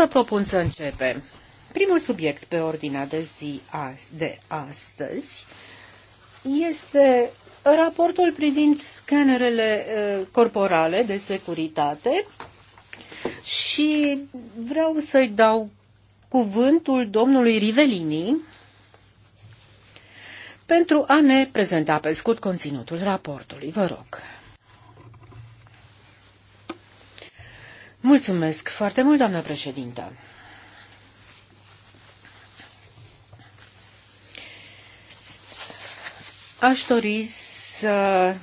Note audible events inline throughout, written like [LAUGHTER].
Vă propun să începem. Primul subiect pe ordinea de zi de astăzi este raportul privind scanerele corporale de securitate și vreau să-i dau cuvântul domnului Rivelini pentru a ne prezenta pe scurt conținutul raportului. Vă rog. Mulțumesc foarte mult, doamnă președintă. Aș dori să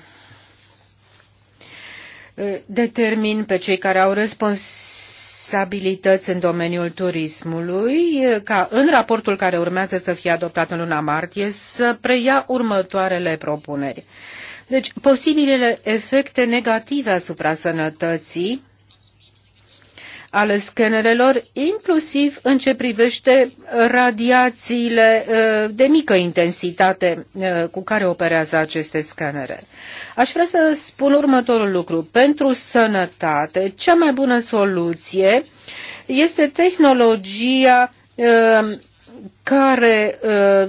determin pe cei care au responsabilități în domeniul turismului ca în raportul care urmează să fie adoptat în luna martie să preia următoarele propuneri. Deci, posibilele efecte negative asupra sănătății ale scanerelor, inclusiv în ce privește radiațiile uh, de mică intensitate uh, cu care operează aceste scanere. Aș vrea să spun următorul lucru. Pentru sănătate, cea mai bună soluție este tehnologia uh, care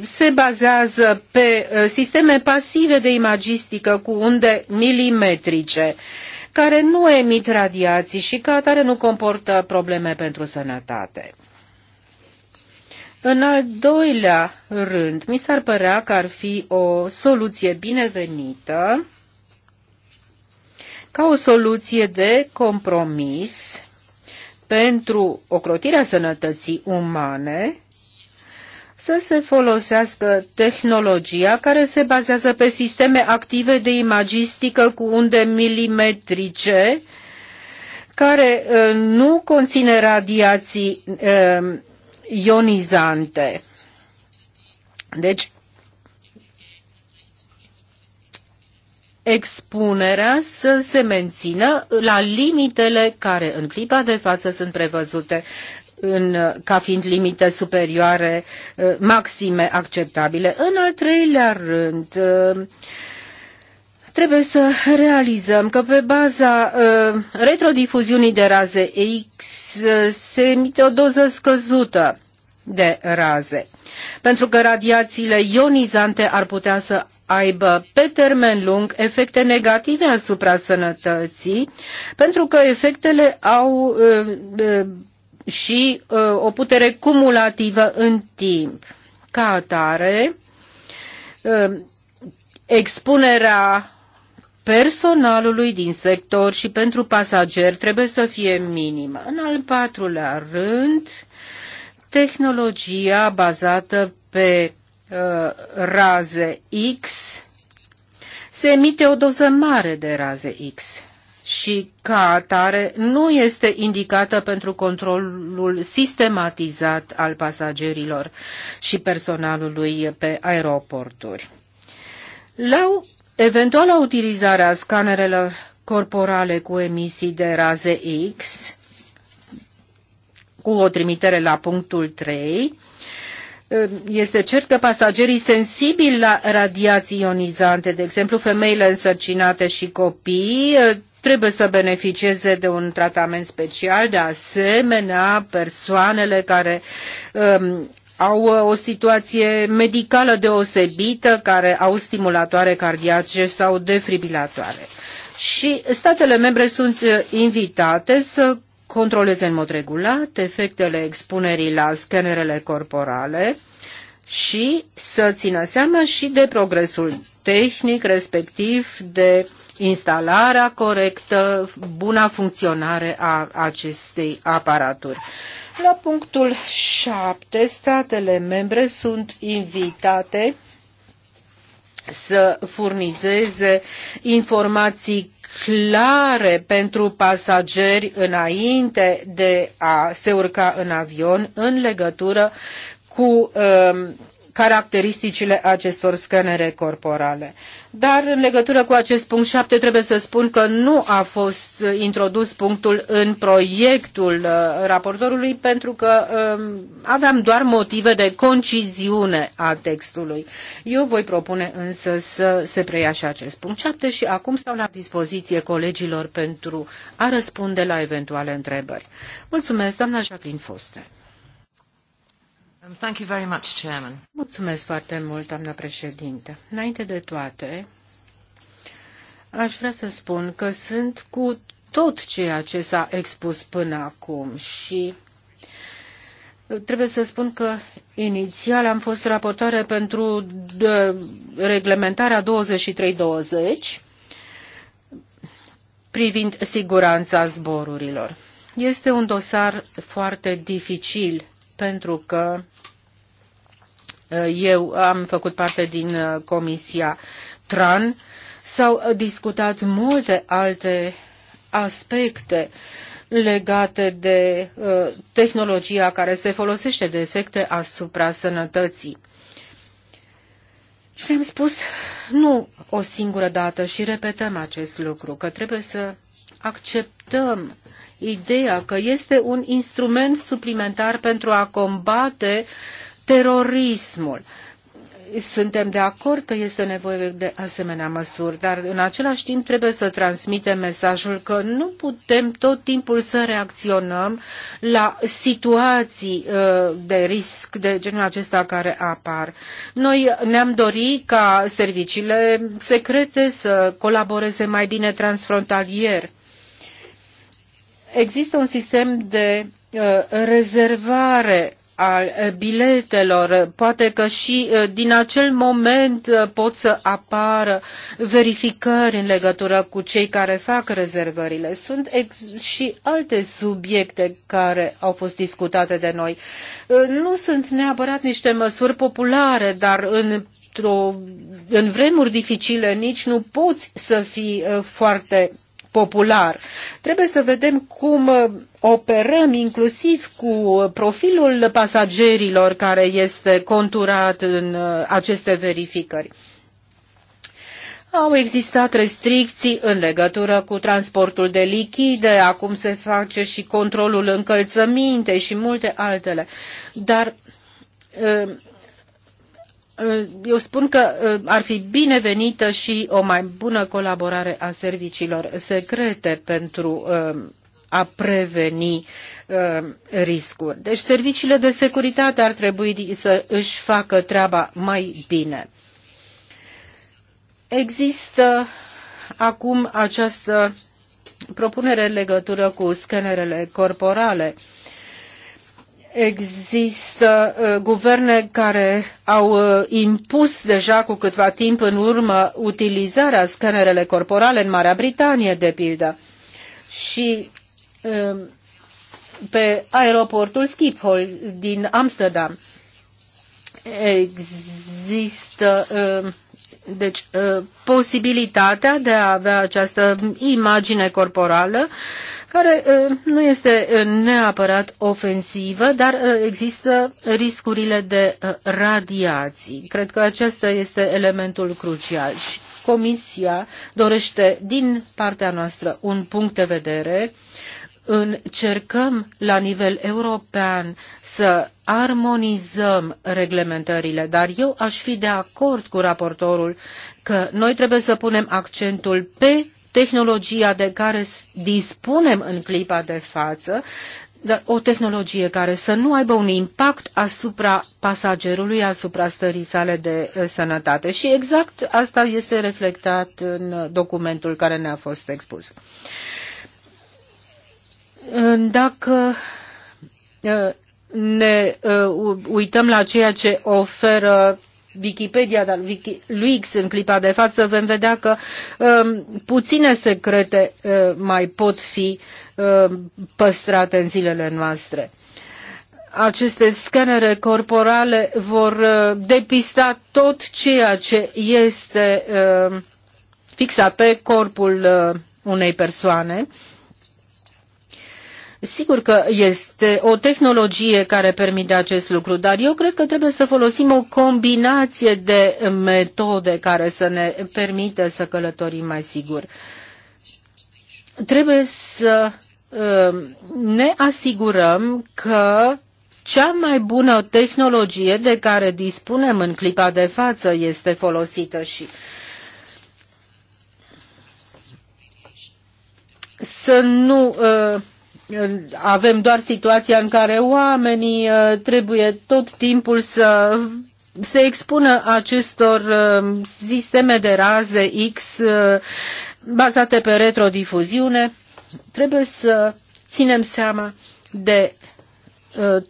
se bazează pe sisteme pasive de imagistică cu unde milimetrice care nu emit radiații și ca atare nu comportă probleme pentru sănătate. În al doilea rând, mi s-ar părea că ar fi o soluție binevenită ca o soluție de compromis pentru ocrotirea sănătății umane să se folosească tehnologia care se bazează pe sisteme active de imagistică cu unde milimetrice, care uh, nu conține radiații uh, ionizante. Deci, expunerea să se mențină la limitele care în clipa de față sunt prevăzute în, ca fiind limite superioare uh, maxime acceptabile. În al treilea rând, uh, trebuie să realizăm că pe baza uh, retrodifuziunii de raze X se emite o doză scăzută de raze. Pentru că radiațiile ionizante ar putea să aibă pe termen lung efecte negative asupra sănătății, pentru că efectele au și uh, o putere cumulativă în timp. Ca atare, uh, expunerea personalului din sector și pentru pasageri trebuie să fie minimă. În al patrulea rând, tehnologia bazată pe uh, raze X se emite o doză mare de raze X și ca atare nu este indicată pentru controlul sistematizat al pasagerilor și personalului pe aeroporturi. La eventuala utilizare a scanerelor corporale cu emisii de raze X, cu o trimitere la punctul 3, eh, este cert că pasagerii sensibili la radiații ionizante, de exemplu femeile însărcinate și copii, eh, trebuie să beneficieze de un tratament special. De asemenea, persoanele care um, au uh, o situație medicală deosebită, care au stimulatoare cardiace sau defibrilatoare. Și statele membre sunt uh, invitate să controleze în mod regulat efectele expunerii la scanerele corporale și să țină seama și de progresul tehnic, respectiv de instalarea corectă, buna funcționare a acestei aparaturi. La punctul 7, statele membre sunt invitate să furnizeze informații clare pentru pasageri înainte de a se urca în avion în legătură cu uh, caracteristicile acestor scanere corporale. Dar în legătură cu acest punct 7 trebuie să spun că nu a fost uh, introdus punctul în proiectul uh, raportorului pentru că um, aveam doar motive de conciziune a textului. Eu voi propune însă să se preia și acest punct 7 și acum stau la dispoziție colegilor pentru a răspunde la eventuale întrebări. Mulțumesc, doamna Jacqueline Foster. Thank you very much, Chairman. Mulțumesc foarte mult, doamnă președinte. Înainte de toate, aș vrea să spun că sunt cu tot ceea ce s-a expus până acum și Trebuie să spun că inițial am fost raportoare pentru reglementarea 2320 privind siguranța zborurilor. Este un dosar foarte dificil pentru că uh, eu am făcut parte din uh, Comisia TRAN. S-au discutat multe alte aspecte legate de uh, tehnologia care se folosește de efecte asupra sănătății. Și am spus nu o singură dată și repetăm acest lucru, că trebuie să acceptăm ideea că este un instrument suplimentar pentru a combate terorismul. Suntem de acord că este nevoie de asemenea măsuri, dar în același timp trebuie să transmitem mesajul că nu putem tot timpul să reacționăm la situații uh, de risc de genul acesta care apar. Noi ne-am dorit ca serviciile secrete să colaboreze mai bine transfrontalier Există un sistem de uh, rezervare al uh, biletelor. Poate că și uh, din acel moment pot să apară verificări în legătură cu cei care fac rezervările. Sunt și alte subiecte care au fost discutate de noi. Nu sunt neapărat niște măsuri populare, dar în în vremuri dificile nici nu poți să fii foarte popular. Trebuie să vedem cum uh, operăm inclusiv cu uh, profilul pasagerilor care este conturat în uh, aceste verificări. Au existat restricții în legătură cu transportul de lichide, acum se face și controlul încălțămintei și multe altele. Dar Uh, eu spun că uh, ar fi binevenită și o mai bună colaborare a serviciilor secrete pentru uh, a preveni riscuri. Deci serviciile de securitate ar trebui să își facă treaba mai bine. Există acum această propunere în legătură cu scanerele corporale. Uh, Există uh, guverne care au uh, impus deja cu câtva timp în urmă utilizarea scanerele corporale în Marea Britanie, de pildă. Și um, pe aeroportul Schiphol din Amsterdam există um, deci, uh, posibilitatea de a avea această imagine corporală, care uh, nu este uh, neapărat ofensivă, dar există riscurile de radiații. Cred că acesta este elementul crucial. Și Comisia dorește din partea noastră un punct de vedere încercăm la nivel european să armonizăm reglementările, dar eu aș fi de acord cu raportorul că noi trebuie să punem accentul pe tehnologia de care dispunem în clipa de față, dar o tehnologie care să nu aibă un impact asupra pasagerului, asupra stării sale de sănătate. Și exact asta este reflectat în documentul care ne-a fost expus. Dacă uh, ne uh, uităm la ceea ce oferă Wikipedia, dar Wikileaks în clipa de față, vom vedea că um, puține secrete uh, mai pot fi uh, păstrate în zilele noastre. Aceste scanere corporale vor uh, depista tot ceea ce este uh, fixat pe corpul uh, unei persoane. Uh, Sigur că este o tehnologie care permite acest lucru, dar eu cred că trebuie să folosim o combinație de metode care să ne permită să călătorim mai sigur. Trebuie să um, ne asigurăm că cea mai bună tehnologie de care dispunem în clipa de față este folosită și să nu uh, avem doar situația în care oamenii uh, trebuie tot timpul să se expună acestor uh, sisteme de raze X uh, bazate pe retrodifuziune, trebuie să ținem seama de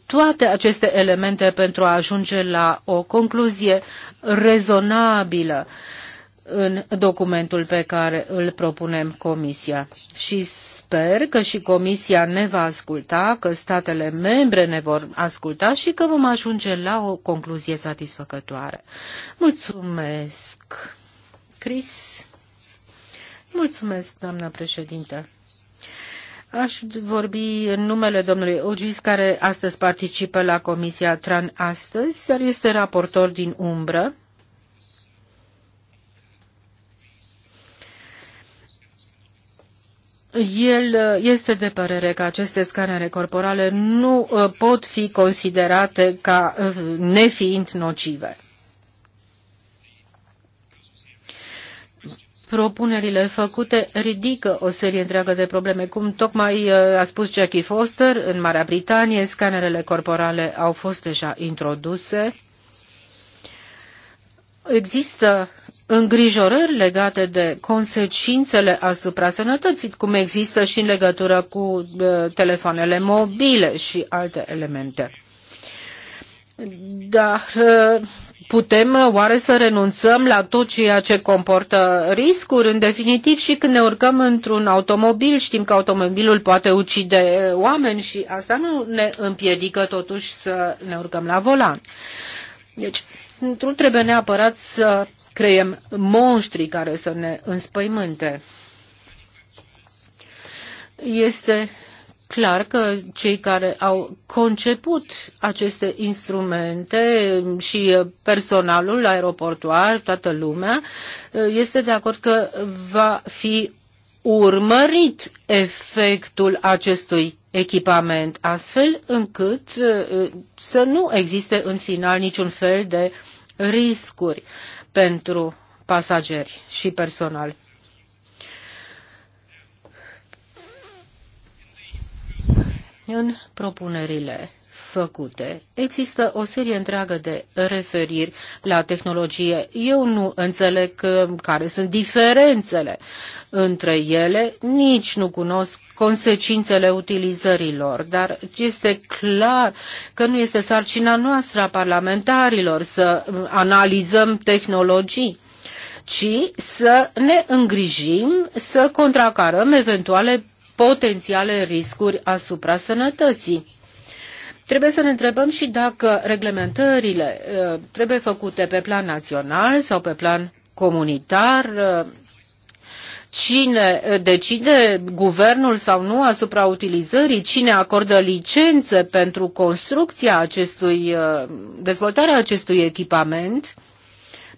toate aceste elemente pentru a ajunge la o concluzie rezonabilă în documentul pe care îl propunem Comisia. Și sper că și Comisia ne va asculta, că statele membre ne vor asculta și că vom ajunge la o concluzie satisfăcătoare. Mulțumesc, Chris. Mulțumesc, doamna președintă. Aș vorbi în numele domnului Ogis, care astăzi participă la Comisia TRAN astăzi, dar este raportor din umbră el uh, este de părere că aceste scanere corporale nu uh, pot fi considerate ca uh, nefiind nocive. Propunerile făcute ridică o serie întreagă de probleme. Cum tocmai a spus Jackie Foster, în Marea Britanie scanerele corporale au fost deja introduse. Există îngrijorări legate de consecințele asupra sănătății, cum există și în legătură cu uh, telefoanele mobile și alte elemente. Dar uh, putem uh, oare să renunțăm la tot ceea ce comportă riscuri? În definitiv și când ne urcăm într-un automobil, știm că automobilul poate ucide oameni și asta nu ne împiedică totuși să ne urcăm la volan. Deci, nu trebuie neapărat să creăm monștri care să ne înspăimânte. Este clar că cei care au conceput aceste instrumente și personalul aeroportuar, toată lumea, este de acord că va fi urmărit efectul acestui echipament, astfel încât uh, să nu existe în final niciun fel de riscuri pentru pasageri și personal. în propunerile făcute. Există o serie întreagă de referiri la tehnologie. Eu nu înțeleg care sunt diferențele între ele, nici nu cunosc consecințele utilizărilor, dar este clar că nu este sarcina noastră a parlamentarilor să analizăm tehnologii ci să ne îngrijim să contracarăm eventuale potențiale riscuri asupra sănătății. Trebuie să ne întrebăm și dacă reglementările uh, trebuie făcute pe plan național sau pe plan comunitar, uh, cine decide guvernul sau nu asupra utilizării, cine acordă licențe pentru construcția acestui, uh, dezvoltarea acestui echipament,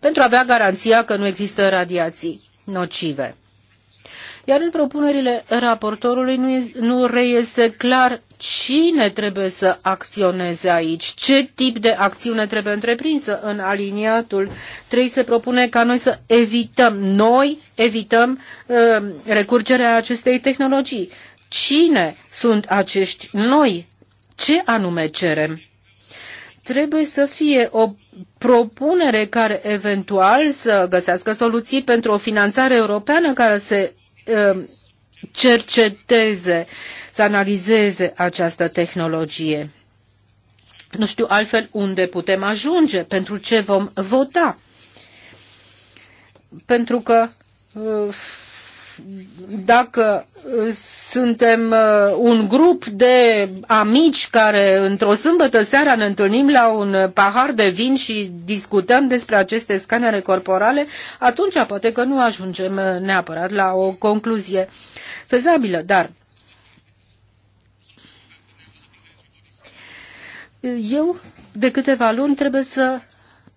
pentru a avea garanția că nu există radiații nocive. Iar în propunerile raportorului nu, nu reiese clar cine trebuie să acționeze aici, ce tip de acțiune trebuie întreprinsă. În aliniatul 3 se propune ca noi să evităm, noi evităm uh, recurgerea acestei tehnologii. Cine sunt acești noi? Ce anume cerem? trebuie să fie o propunere care eventual să găsească soluții pentru o finanțare europeană care se Um, cerceteze, să analizeze această tehnologie. Nu știu altfel unde putem ajunge, pentru ce vom vota. Pentru că uh, dacă uh, suntem uh, un grup de amici care într-o sâmbătă seara ne întâlnim la un uh, pahar de vin și discutăm despre aceste scanere corporale, atunci poate că nu ajungem neapărat la o concluzie fezabilă, dar eu de câteva luni trebuie să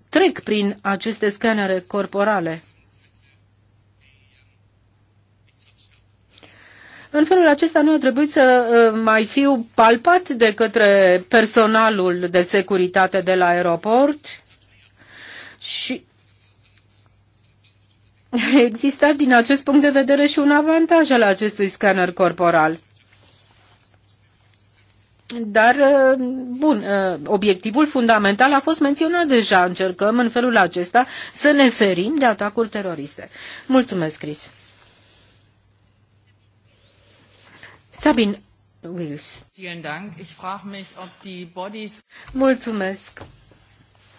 trec prin aceste scanere corporale În felul acesta nu a trebuit să uh, mai fiu palpat de către personalul de securitate de la aeroport și [LAUGHS] exista din acest punct de vedere și un avantaj al acestui scanner corporal. Dar, uh, bun, uh, obiectivul fundamental a fost menționat deja. Încercăm în felul acesta să ne ferim de atacuri teroriste. Mulțumesc, Cris. Sabin Wills. Mulțumesc.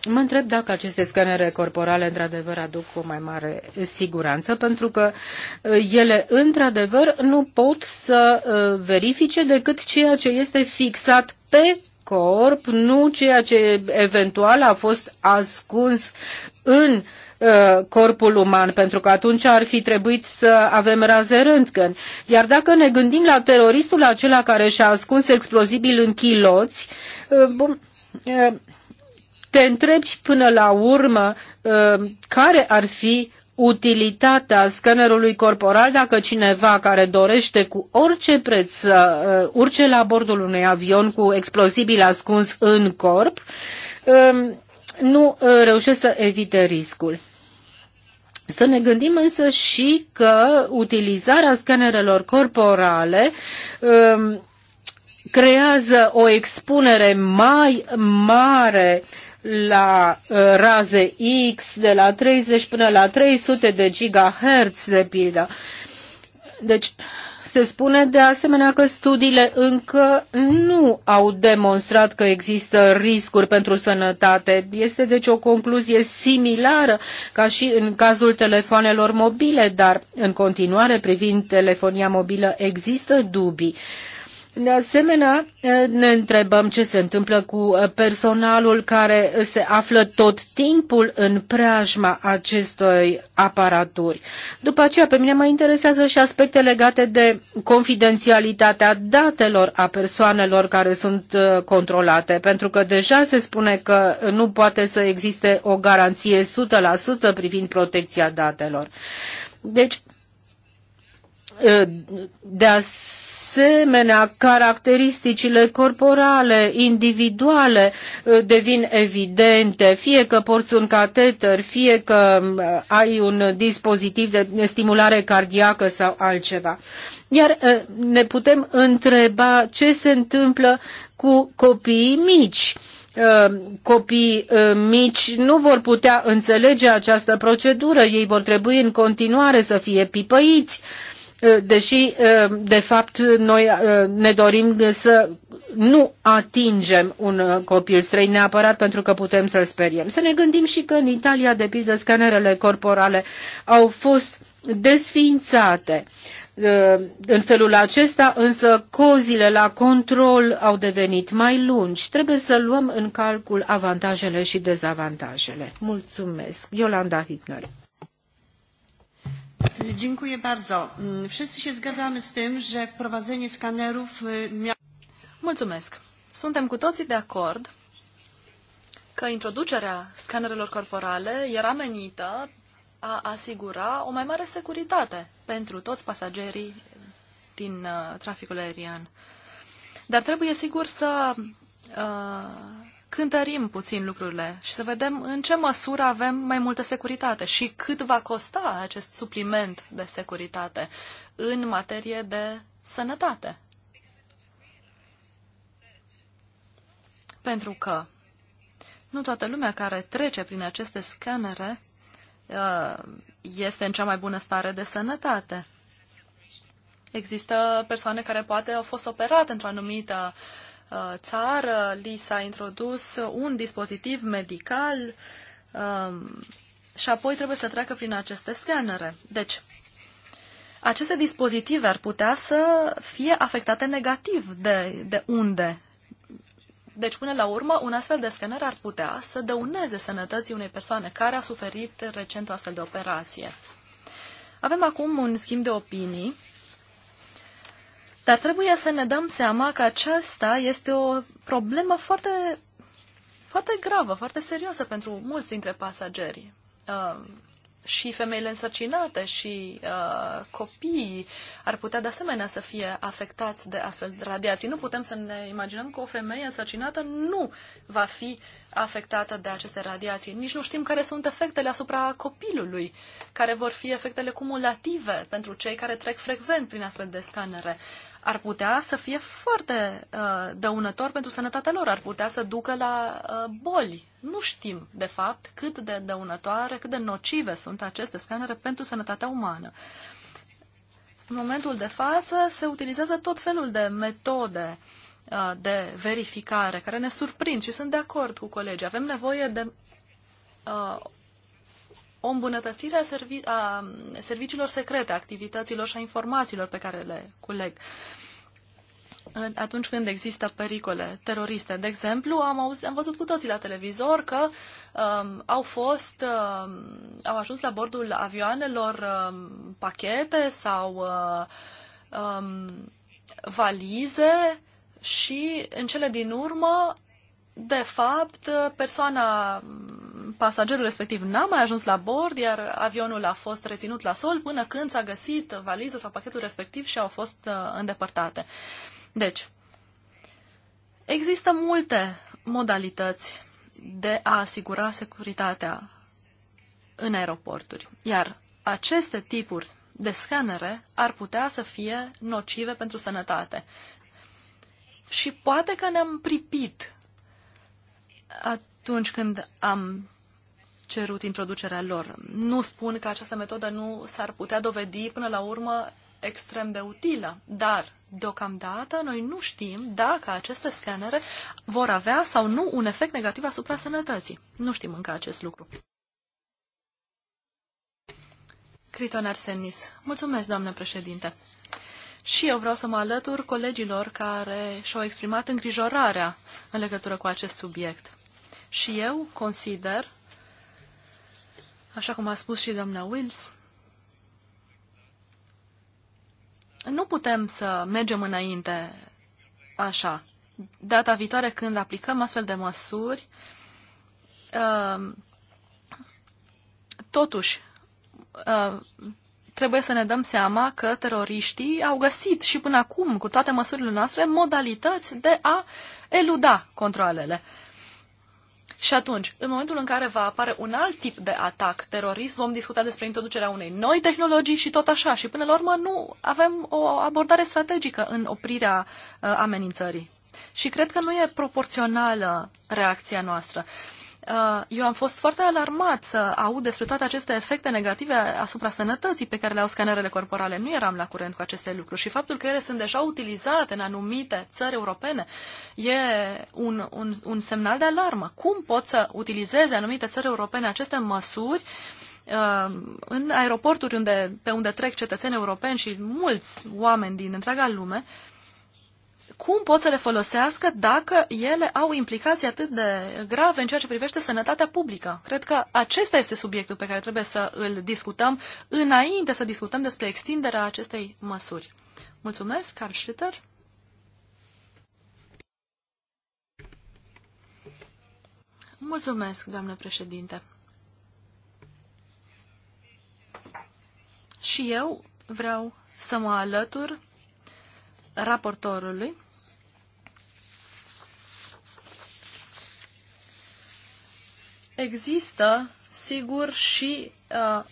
Mă întreb dacă aceste scanere corporale într-adevăr aduc o mai mare siguranță, pentru că uh, ele într-adevăr nu pot să uh, verifice decât ceea ce este fixat pe corp, nu ceea ce eventual a fost ascuns în uh, Uh, corpul uman, pentru că atunci ar fi trebuit să avem raze röntgen. Iar dacă ne gândim la teroristul acela care și-a ascuns explozibil în chiloți, uh, uh, te întrebi până la urmă care ar fi utilitatea scanerului corporal dacă cineva care dorește cu orice preț să urce la bordul unui avion cu explozibil ascuns în corp, nu reușesc să evite riscul. Să ne gândim însă și că utilizarea scanerelor corporale um, creează o expunere mai mare la uh, raze X de la 30 până la 300 de gigahertz de pildă. Deci se spune de asemenea că studiile încă nu au demonstrat că există riscuri pentru sănătate. Este deci o concluzie similară ca și în cazul telefoanelor mobile, dar în continuare privind telefonia mobilă există dubii. De asemenea, ne întrebăm ce se întâmplă cu personalul care se află tot timpul în preajma acestei aparaturi. După aceea, pe mine mă interesează și aspecte legate de confidențialitatea datelor a persoanelor care sunt uh, controlate, pentru că deja se spune că nu poate să existe o garanție 100% privind protecția datelor. Deci, uh, de asemenea, asemenea, caracteristicile corporale, individuale uh, devin evidente, fie că porți un cateter, fie că uh, ai un dispozitiv de stimulare cardiacă sau altceva. Iar uh, ne putem întreba ce se întâmplă cu copiii mici copii mici nu vor putea înțelege această procedură, ei vor trebui în continuare să fie pipăiți. Eh, deși eh, de fapt noi eh, ne dorim să nu atingem un copil străin neapărat pentru că putem să-l speriem. Să ne gândim și că în Italia, de pildă, scanerele corporale au fost desființate. În felul acesta, însă, cozile la control au devenit mai lungi. Trebuie să luăm în calcul avantajele și dezavantajele. Mulțumesc. Iolanda Hipner. Dziękuję bardzo. Mm, wszyscy się zgadzamy z tym, że wprowadzenie skanerów Mulțumesc. Suntem cu toții de acord că introducerea scanerelor corporale era menită a asigura o mai mare securitate pentru toți pasagerii din uh, traficul aerian. Dar trebuie sigur să uh, cântărim puțin lucrurile și să vedem în ce măsură avem mai multă securitate și cât va costa acest supliment de securitate în materie de sănătate. Pentru că nu toată lumea care trece prin aceste scanere uh, este în cea mai bună stare de sănătate. Există persoane care poate au fost operate într-o anumită uh, Uh, țară li s-a introdus un dispozitiv medical um, și apoi trebuie să treacă prin aceste scanere. Deci, aceste dispozitive ar putea să fie afectate negativ de, de unde. Deci, până la urmă, un astfel de scanner ar putea să dăuneze sănătății unei persoane care a suferit recent o astfel de operație. Avem acum un schimb de opinii dar trebuie să ne dăm seama că aceasta este o problemă foarte, foarte gravă, foarte serioasă pentru mulți dintre pasageri. Uh, și femeile însărcinate și uh, copiii ar putea de asemenea să fie afectați de astfel de radiații. Nu putem să ne imaginăm că o femeie însărcinată nu va fi afectată de aceste radiații. Nici nu știm care sunt efectele asupra copilului, care vor fi efectele cumulative pentru cei care trec frecvent prin astfel de scanere ar putea să fie foarte uh, dăunător pentru sănătatea lor, ar putea să ducă la uh, boli. Nu știm, de fapt, cât de dăunătoare, cât de nocive sunt aceste scanere pentru sănătatea umană. În momentul de față se utilizează tot felul de metode uh, de verificare care ne surprind și sunt de acord cu colegii. Avem nevoie de uh, o îmbunătățire a, servi- a serviciilor secrete, a activităților și a informațiilor pe care le culeg atunci când există pericole teroriste. De exemplu, am, auzit, am văzut cu toții la televizor că um, au fost, um, au ajuns la bordul avioanelor um, pachete sau uh, um, valize și în cele din urmă, de fapt, persoana pasagerul respectiv n-a mai ajuns la bord, iar avionul a fost reținut la sol până când s-a găsit valiza sau pachetul respectiv și au fost uh, îndepărtate. Deci, există multe modalități de a asigura securitatea în aeroporturi, iar aceste tipuri de scanere ar putea să fie nocive pentru sănătate. Și poate că ne-am pripit atunci când am cerut introducerea lor. Nu spun că această metodă nu s-ar putea dovedi până la urmă extrem de utilă, dar deocamdată noi nu știm dacă aceste scanere vor avea sau nu un efect negativ asupra sănătății. Nu știm încă acest lucru. Criton Arsenis. Mulțumesc, doamnă președinte. Și eu vreau să mă alătur colegilor care și-au exprimat îngrijorarea în legătură cu acest subiect. Și eu consider, așa cum a spus și doamna Wills, nu putem să mergem înainte așa. Data viitoare când aplicăm astfel de măsuri, uh, totuși uh, trebuie să ne dăm seama că teroriștii au găsit și până acum, cu toate măsurile noastre, modalități de a eluda controlele. Și atunci, în momentul în care va apare un alt tip de atac terorist, vom discuta despre introducerea unei noi tehnologii și tot așa. Și până la urmă nu avem o abordare strategică în oprirea uh, amenințării. Și cred că nu e proporțională reacția noastră. Uh, Uh, eu am fost foarte alarmat să aud despre toate aceste efecte negative asupra sănătății pe care le au scanerele corporale. Nu eram la curent cu aceste lucruri și faptul că ele sunt deja utilizate în anumite țări europene e un, un, un semnal de alarmă. Cum pot să utilizeze anumite țări europene aceste măsuri uh, în aeroporturi unde, pe unde trec cetățeni europeni și mulți oameni din întreaga lume, cum pot să le folosească dacă ele au implicații atât de grave în ceea ce privește sănătatea publică. Cred că acesta este subiectul pe care trebuie să îl discutăm înainte să discutăm despre extinderea acestei măsuri. Mulțumesc, Carl Schlitter. Mulțumesc, doamnă președinte. Și eu vreau să mă alătur raportorului Există, sigur, și uh,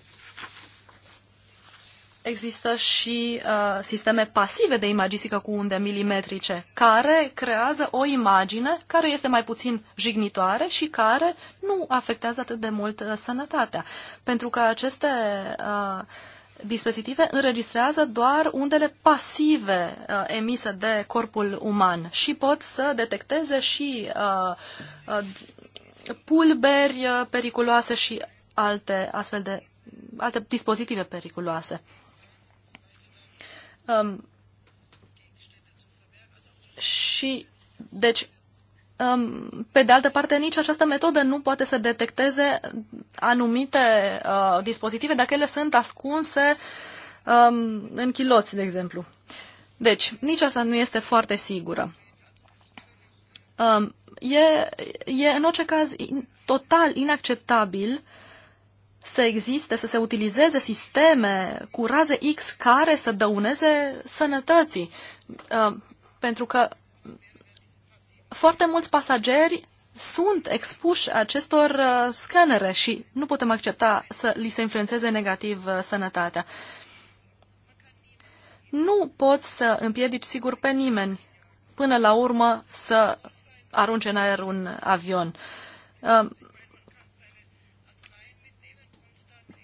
există și uh, sisteme pasive de imagistică cu unde milimetrice, care creează o imagine care este mai puțin jignitoare și care nu afectează atât de mult uh, sănătatea. Pentru că aceste uh, dispozitive înregistrează doar undele pasive uh, emise de corpul uman și pot să detecteze și uh, uh, pulberi uh, periculoase și alte astfel de alte dispozitive periculoase. Um, și, deci, um, pe de altă parte, nici această metodă nu poate să detecteze anumite uh, dispozitive dacă ele sunt ascunse um, în chiloți, de exemplu. Deci, nici asta nu este foarte sigură. Um, e, e în orice caz total inacceptabil să existe, să se utilizeze sisteme cu raze X care să dăuneze sănătății. Uh, pentru că foarte mulți pasageri sunt expuși acestor uh, scanere și nu putem accepta să li se influențeze negativ uh, sănătatea. Nu poți să împiedici sigur pe nimeni până la urmă să arunce în aer un avion. Um,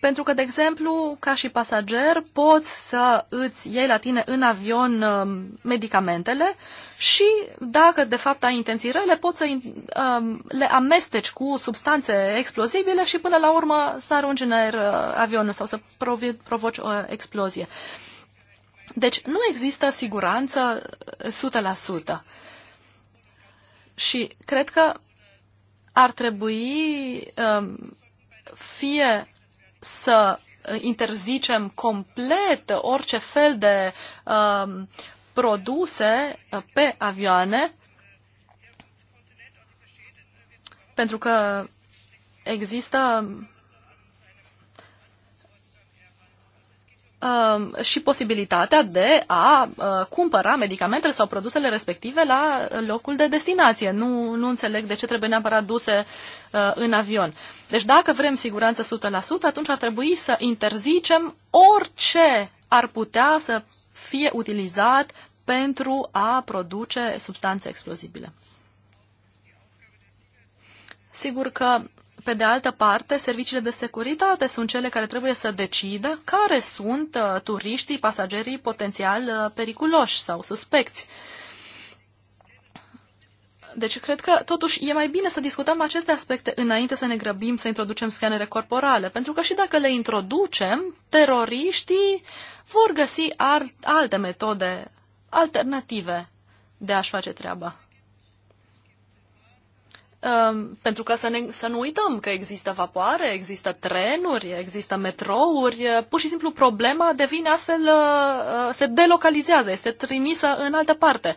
pentru că, de exemplu, ca și pasager, poți să îți iei la tine în avion um, medicamentele și, dacă de fapt ai intenții rele, poți să um, le amesteci cu substanțe explozibile și, până la urmă, să arunci în aer uh, avionul sau să provoci o explozie. Deci nu există siguranță 100%. Și cred că ar trebui um, fie să interzicem complet orice fel de um, produse uh, pe avioane, pentru că există Um, și posibilitatea de a uh, cumpăra medicamentele sau produsele respective la locul de destinație. Nu, nu înțeleg de ce trebuie neapărat duse uh, în avion. Deci dacă vrem siguranță 100%, atunci ar trebui să interzicem orice ar putea să fie utilizat pentru a produce substanțe explozibile. Sigur că pe de altă parte, serviciile de securitate sunt cele care trebuie să decidă care sunt uh, turiștii, pasagerii potențial uh, periculoși sau suspecți. Deci cred că totuși e mai bine să discutăm aceste aspecte înainte să ne grăbim să introducem scanere corporale, pentru că și dacă le introducem, teroriștii vor găsi alte metode alternative de a-și face treaba. Ehm, pentru că să, ne, să nu uităm că există vapoare, există trenuri, există metrouri, pur și simplu problema devine astfel, se delocalizează, este trimisă în altă parte.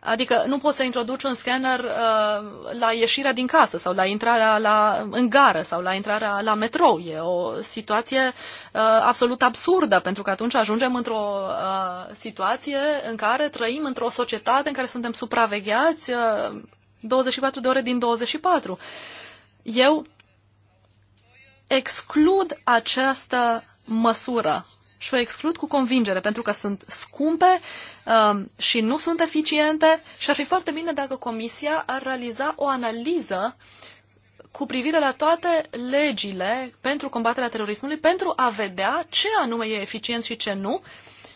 Adică nu poți să introduci un scanner uh, la ieșirea din casă sau la intrarea la, în gară sau la intrarea la metrou. E o situație uh, absolut absurdă, pentru că atunci ajungem într-o uh, situație în care trăim într-o societate în care suntem supravegheați, uh, 24 de ore din 24. Eu exclud această măsură și o exclud cu convingere, pentru că sunt scumpe um, și nu sunt eficiente și ar fi foarte bine dacă Comisia ar realiza o analiză cu privire la toate legile pentru combaterea terorismului, pentru a vedea ce anume e eficient și ce nu,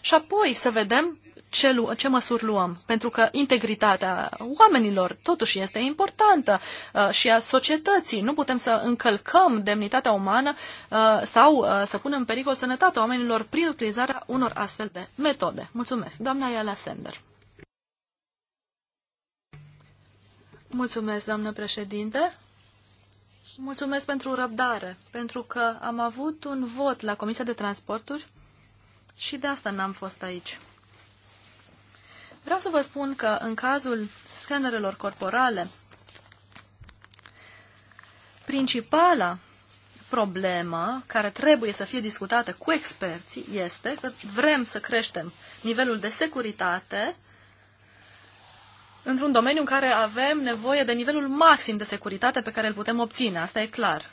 și apoi să vedem ce, lu- ce măsuri luăm, pentru că integritatea oamenilor totuși este importantă uh, și a societății. Nu putem să încălcăm demnitatea umană uh, sau uh, să punem în pericol sănătatea oamenilor prin utilizarea unor astfel de metode. Mulțumesc. Doamna Iala Sender. Mulțumesc, doamnă președinte. Mulțumesc pentru răbdare, pentru că am avut un vot la Comisia de Transporturi și de asta n-am fost aici. Vreau să vă spun că în cazul scanerelor corporale, principala problemă care trebuie să fie discutată cu experții este că vrem să creștem nivelul de securitate într-un domeniu în care avem nevoie de nivelul maxim de securitate pe care îl putem obține. Asta e clar.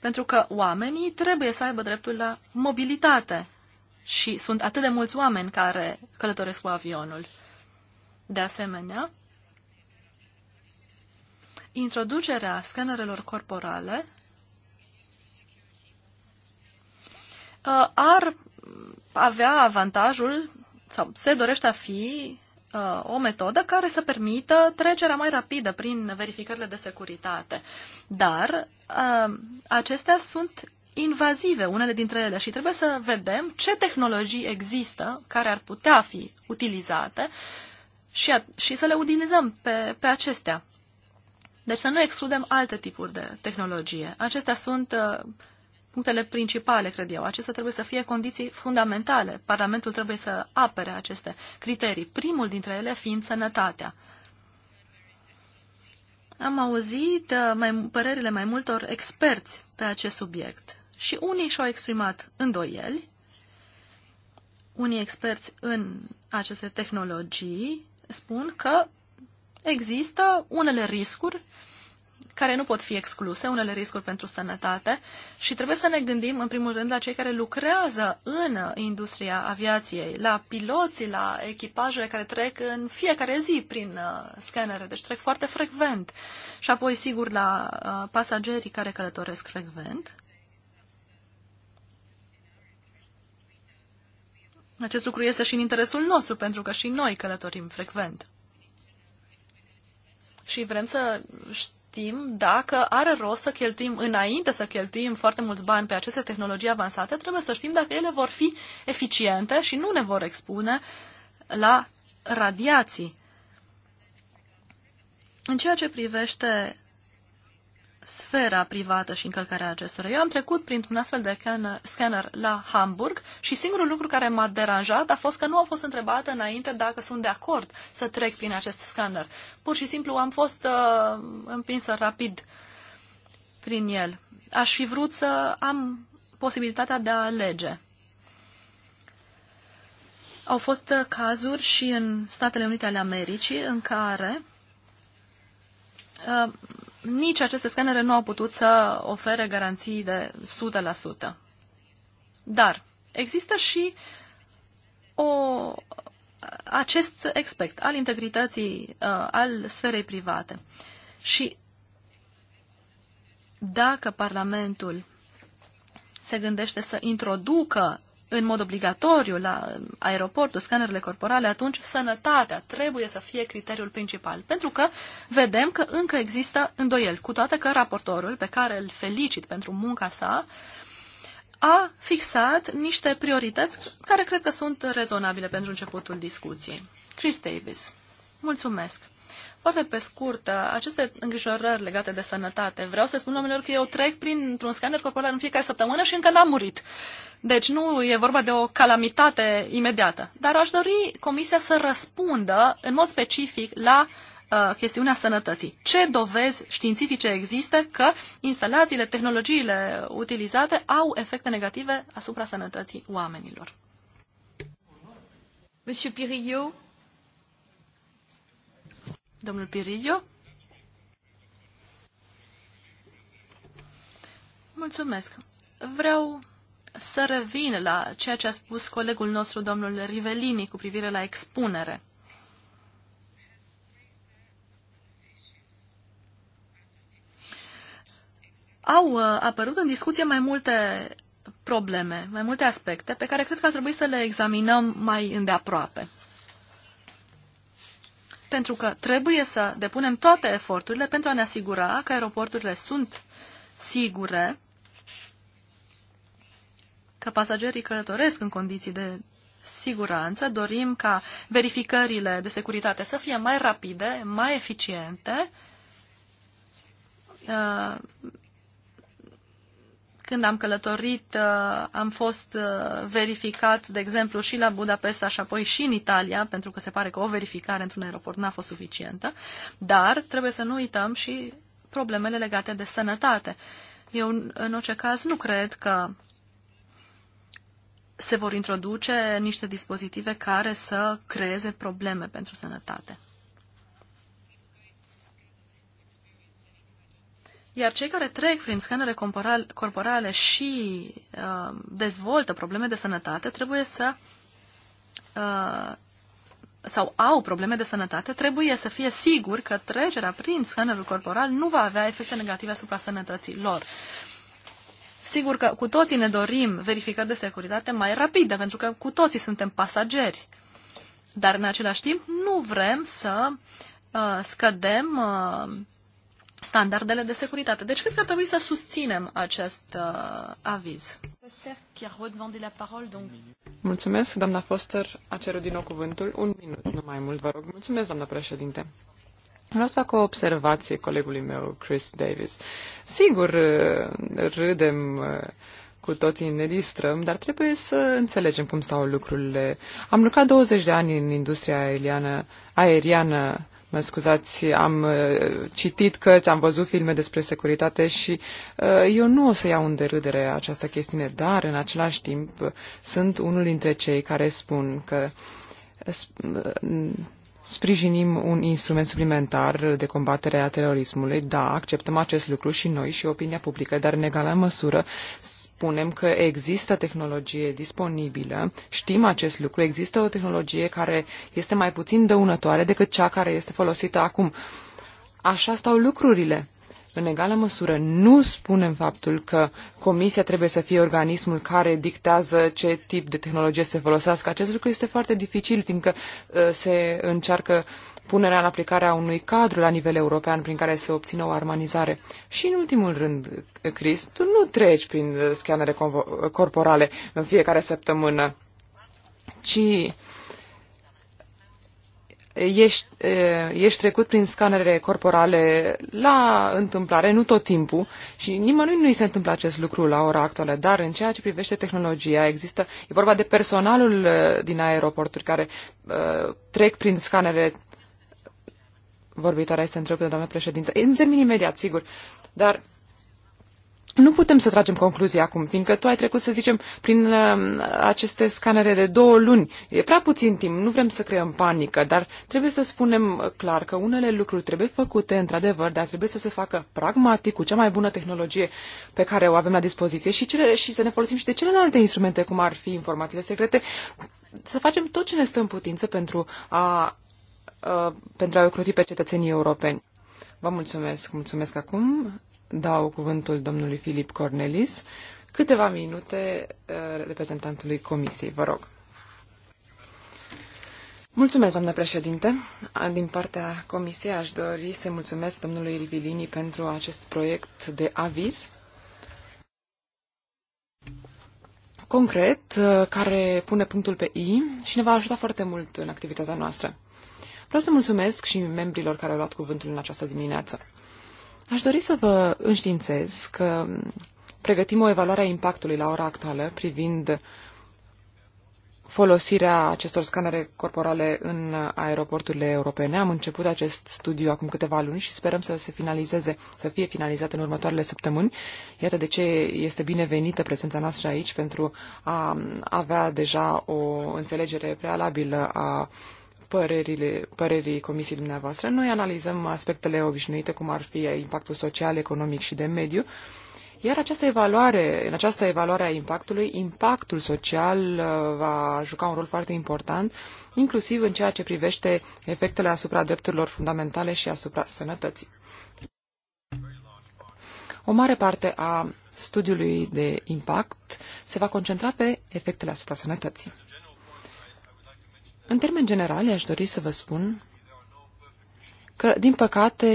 Pentru că oamenii trebuie să aibă dreptul la mobilitate și sunt atât de mulți oameni care călătoresc cu avionul. De asemenea, introducerea scanerelor corporale uh, ar avea avantajul sau se dorește a fi uh, o metodă care să permită trecerea mai rapidă prin verificările de securitate. Dar uh, acestea sunt invazive, unele dintre ele, și trebuie să vedem ce tehnologii există care ar putea fi utilizate și, a, și să le utilizăm pe, pe acestea. Deci să nu excludem alte tipuri de tehnologie. Acestea sunt uh, punctele principale, cred eu. Acestea trebuie să fie condiții fundamentale. Parlamentul trebuie să apere aceste criterii, primul dintre ele fiind sănătatea. Am auzit uh, mai, părerile mai multor experți pe acest subiect și unii și-au exprimat îndoieli, unii experți în aceste tehnologii spun că există unele riscuri care nu pot fi excluse, unele riscuri pentru sănătate și trebuie să ne gândim în primul rând la cei care lucrează în industria aviației, la piloții, la echipajele care trec în fiecare zi prin uh, scanere, deci trec foarte frecvent și apoi sigur la uh, pasagerii care călătoresc frecvent Acest lucru este și în interesul nostru, pentru că și noi călătorim frecvent. Și vrem să știm dacă are rost să cheltuim, înainte să cheltuim foarte mulți bani pe aceste tehnologii avansate, trebuie să știm dacă ele vor fi eficiente și nu ne vor expune la radiații. În ceea ce privește sfera privată și încălcarea acestora. Eu am trecut printr-un astfel de scanner la Hamburg și singurul lucru care m-a deranjat a fost că nu a fost întrebată înainte dacă sunt de acord să trec prin acest scanner. Pur și simplu am fost uh, împinsă rapid prin el. Aș fi vrut să am posibilitatea de a alege. Au fost uh, cazuri și în Statele Unite ale Americii în care uh, nici aceste scanere nu au putut să ofere garanții de 100%. Dar există și o, acest aspect al integrității, uh, al sferei private. Și dacă Parlamentul se gândește să introducă în mod obligatoriu la aeroportul, scanerele corporale, atunci sănătatea trebuie să fie criteriul principal. Pentru că vedem că încă există îndoieli, cu toate că raportorul, pe care îl felicit pentru munca sa, a fixat niște priorități care cred că sunt rezonabile pentru începutul discuției. Chris Davis, mulțumesc! Foarte pe scurt, uh, aceste îngrijorări legate de sănătate. Vreau să spun oamenilor că eu trec printr-un scanner corporal în fiecare săptămână și încă n-am murit. Deci nu e vorba de o calamitate imediată. Dar aș dori Comisia să răspundă în mod specific la uh, chestiunea sănătății. Ce dovezi științifice există că instalațiile, tehnologiile utilizate au efecte negative asupra sănătății oamenilor? Monsieur Pirillo, Domnul Pirillo? Mulțumesc. Vreau să revin la ceea ce a spus colegul nostru, domnul Rivelini, cu privire la expunere. Au uh, apărut în discuție mai multe probleme, mai multe aspecte pe care cred că ar trebui să le examinăm mai îndeaproape pentru că trebuie să depunem toate eforturile pentru a ne asigura că aeroporturile sunt sigure, că pasagerii călătoresc în condiții de siguranță, dorim ca verificările de securitate să fie mai rapide, mai eficiente, uh, când am călătorit, uh, am fost uh, verificat, de exemplu, și la Budapesta și apoi și în Italia, pentru că se pare că o verificare într-un aeroport n-a fost suficientă, dar trebuie să nu uităm și problemele legate de sănătate. Eu, în orice caz, nu cred că se vor introduce niște dispozitive care să creeze probleme pentru sănătate. Iar cei care trec prin scanere corporale și uh, dezvoltă probleme de sănătate trebuie să uh, sau au probleme de sănătate, trebuie să fie sigur că trecerea prin scanerul corporal nu va avea efecte negative asupra sănătății lor. Sigur că cu toții ne dorim verificări de securitate mai rapide, pentru că cu toții suntem pasageri. Dar în același timp nu vrem să uh, scădem uh, standardele de securitate. Deci cred că ar trebui să susținem acest uh, aviz. Mulțumesc, doamna Foster a cerut din nou cuvântul. Un minut, nu mai mult, vă rog. Mulțumesc, doamna președinte. Vreau să fac o observație colegului meu, Chris Davis. Sigur, uh, râdem uh, cu toții ne distrăm, dar trebuie să înțelegem cum stau lucrurile. Am lucrat 20 de ani în industria aeriană, aeriană mă scuzați, am uh, citit cărți, am văzut filme despre securitate și uh, eu nu o să iau în derâdere această chestiune, dar în același timp uh, sunt unul dintre cei care spun că sprijinim un instrument suplimentar de combatere a terorismului. Da, acceptăm acest lucru și noi și opinia publică, dar în egală măsură spunem că există tehnologie disponibilă, știm acest lucru, există o tehnologie care este mai puțin dăunătoare decât cea care este folosită acum. Așa stau lucrurile. În egală măsură, nu spunem faptul că comisia trebuie să fie organismul care dictează ce tip de tehnologie se folosească. Acest lucru este foarte dificil, fiindcă uh, se încearcă punerea în aplicare a unui cadru la nivel european prin care să obțină o armonizare. Și în ultimul rând, Chris, tu nu treci prin uh, scanere uh, corporale în fiecare săptămână, ci ești, uh, ești trecut prin scanere corporale la întâmplare, nu tot timpul, și nimănui nu i se întâmplă acest lucru la ora actuală, dar în ceea ce privește tehnologia, există, e vorba de personalul din aeroporturi care uh, trec prin scanere Vorbitoarea este întrebă, de doamna președintă. În termin imediat, sigur. Dar nu putem să tragem concluzii acum, fiindcă tu ai trecut, să zicem, prin uh, aceste scanere de două luni. E prea puțin timp, nu vrem să creăm panică, dar trebuie să spunem clar că unele lucruri trebuie făcute, într-adevăr, dar trebuie să se facă pragmatic, cu cea mai bună tehnologie pe care o avem la dispoziție și, cele, și să ne folosim și de celelalte instrumente, cum ar fi informațiile secrete, să facem tot ce ne stă în putință pentru a Uh, pentru a ocruti pe cetățenii europeni. Vă mulțumesc. Mulțumesc acum. Dau cuvântul domnului Filip Cornelis. Câteva minute uh, reprezentantului comisiei. Vă rog. Mulțumesc, doamnă președinte. Din partea comisiei aș dori să mulțumesc domnului Rivilini pentru acest proiect de aviz. concret, uh, care pune punctul pe I și ne va ajuta foarte mult în activitatea noastră. Vreau să mulțumesc și membrilor care au luat cuvântul în această dimineață. Aș dori să vă înștiințez că pregătim o evaluare a impactului la ora actuală privind folosirea acestor scanere corporale în aeroporturile europene. Am început acest studiu acum câteva luni și sperăm să se finalizeze, să fie finalizat în următoarele săptămâni. Iată de ce este binevenită prezența noastră aici pentru a avea deja o înțelegere prealabilă a părerile, părerii comisiei dumneavoastră. Noi analizăm aspectele obișnuite, cum ar fi impactul social, economic și de mediu, iar această evaluare, în această evaluare a impactului, impactul social uh, va juca un rol foarte important, inclusiv în ceea ce privește efectele asupra drepturilor fundamentale și asupra sănătății. O mare parte a studiului de impact se va concentra pe efectele asupra sănătății. În termeni generale, aș dori să vă spun că, din păcate,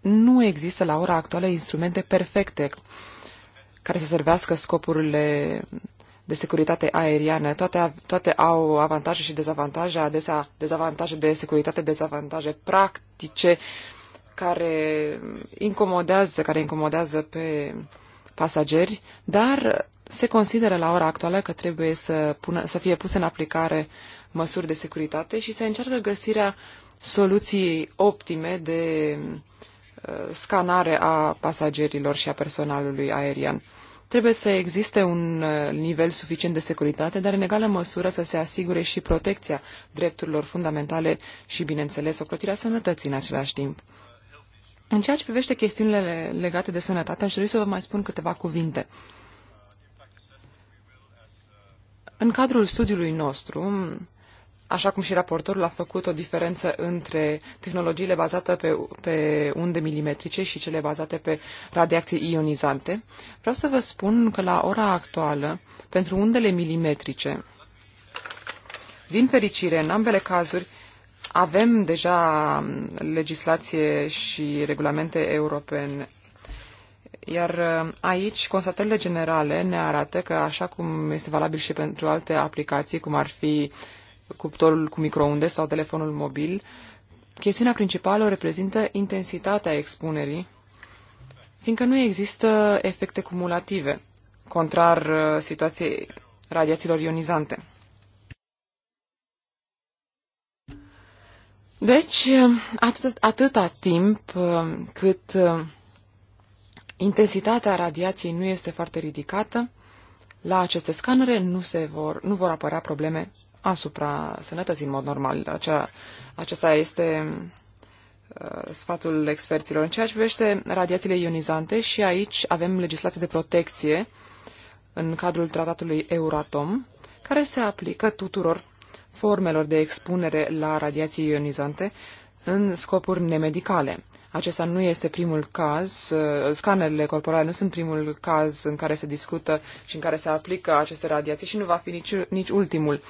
nu există la ora actuală instrumente perfecte care să servească scopurile de securitate aeriană. Toate, toate au avantaje și dezavantaje, adesea dezavantaje de securitate, dezavantaje practice care incomodează, care incomodează pe pasageri, dar se consideră la ora actuală că trebuie să, pună, să fie puse în aplicare măsuri de securitate și se încearcă găsirea soluției optime de uh, scanare a pasagerilor și a personalului aerian. Trebuie să existe un uh, nivel suficient de securitate, dar în egală măsură să se asigure și protecția drepturilor fundamentale și, bineînțeles, ocrotirea sănătății în același timp. În ceea ce privește chestiunile legate de sănătate, aș dori să vă mai spun câteva cuvinte. În cadrul studiului nostru, așa cum și raportorul a făcut o diferență între tehnologiile bazate pe, pe unde milimetrice și cele bazate pe radiații ionizante, vreau să vă spun că la ora actuală, pentru undele milimetrice, din fericire, în ambele cazuri, avem deja legislație și regulamente europene, iar uh, aici constatările generale ne arată că, așa cum este valabil și pentru alte aplicații, cum ar fi cuptorul cu microunde sau telefonul mobil, chestiunea principală o reprezintă intensitatea expunerii, fiindcă nu există efecte cumulative, contrar uh, situației radiațiilor ionizante. Deci, atât, atâta timp uh, cât uh, intensitatea radiației nu este foarte ridicată, la aceste scanere nu, se vor, nu vor apărea probleme asupra sănătății în mod normal. Acea, acesta este uh, sfatul experților. În ceea ce privește radiațiile ionizante și aici avem legislație de protecție în cadrul tratatului Euratom, care se aplică tuturor formelor de expunere la radiații ionizante în scopuri nemedicale. Acesta nu este primul caz, uh, scanerele corporale nu sunt primul caz în care se discută și în care se aplică aceste radiații și nu va fi nici, nici ultimul.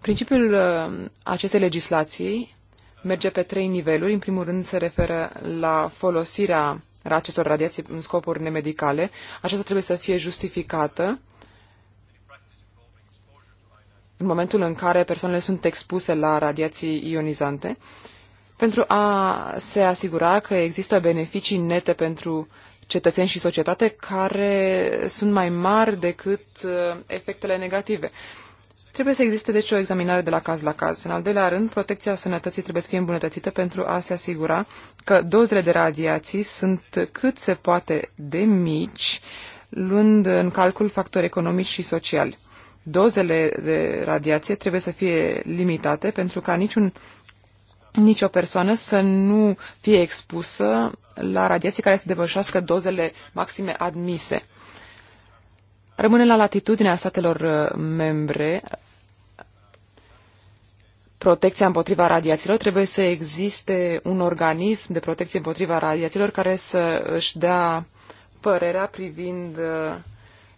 Principiul uh, acestei legislații merge pe trei niveluri. În primul rând se referă la folosirea acestor radiații în scopuri nemedicale. Aceasta trebuie să fie justificată în momentul în care persoanele sunt expuse la radiații ionizante, pentru a se asigura că există beneficii nete pentru cetățeni și societate care sunt mai mari decât uh, efectele negative. Trebuie să existe, deci, o examinare de la caz la caz. În al doilea rând, protecția sănătății trebuie să fie îmbunătățită pentru a se asigura că dozele de radiații sunt cât se poate de mici, luând în calcul factori economici și sociali dozele de radiație trebuie să fie limitate pentru ca niciun, nicio persoană să nu fie expusă la radiații care să depășească dozele maxime admise. Rămâne la latitudinea statelor uh, membre protecția împotriva radiațiilor, trebuie să existe un organism de protecție împotriva radiațiilor care să își dea părerea privind uh,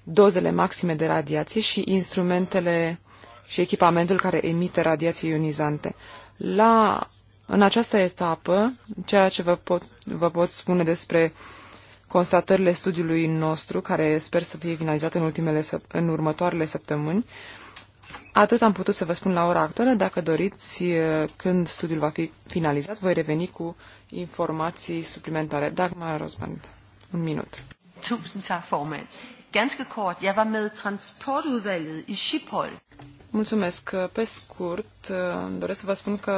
dozele maxime de radiație și instrumentele și echipamentul care emite radiații ionizante. La, în această etapă, ceea ce vă pot, vă pot spune despre constatările studiului nostru, care sper să fie finalizat în, ultimele, în următoarele săptămâni, Atât am putut să vă spun la ora actuală. Dacă doriți, eh, când studiul va fi finalizat, voi reveni cu informații suplimentare. Dagmar Rosband, un minut. Tusind tak, formand. Ganske kort, jeg var med transportudvalget i Schiphol. Mulțumesc. Pe scurt, doresc să vă spun că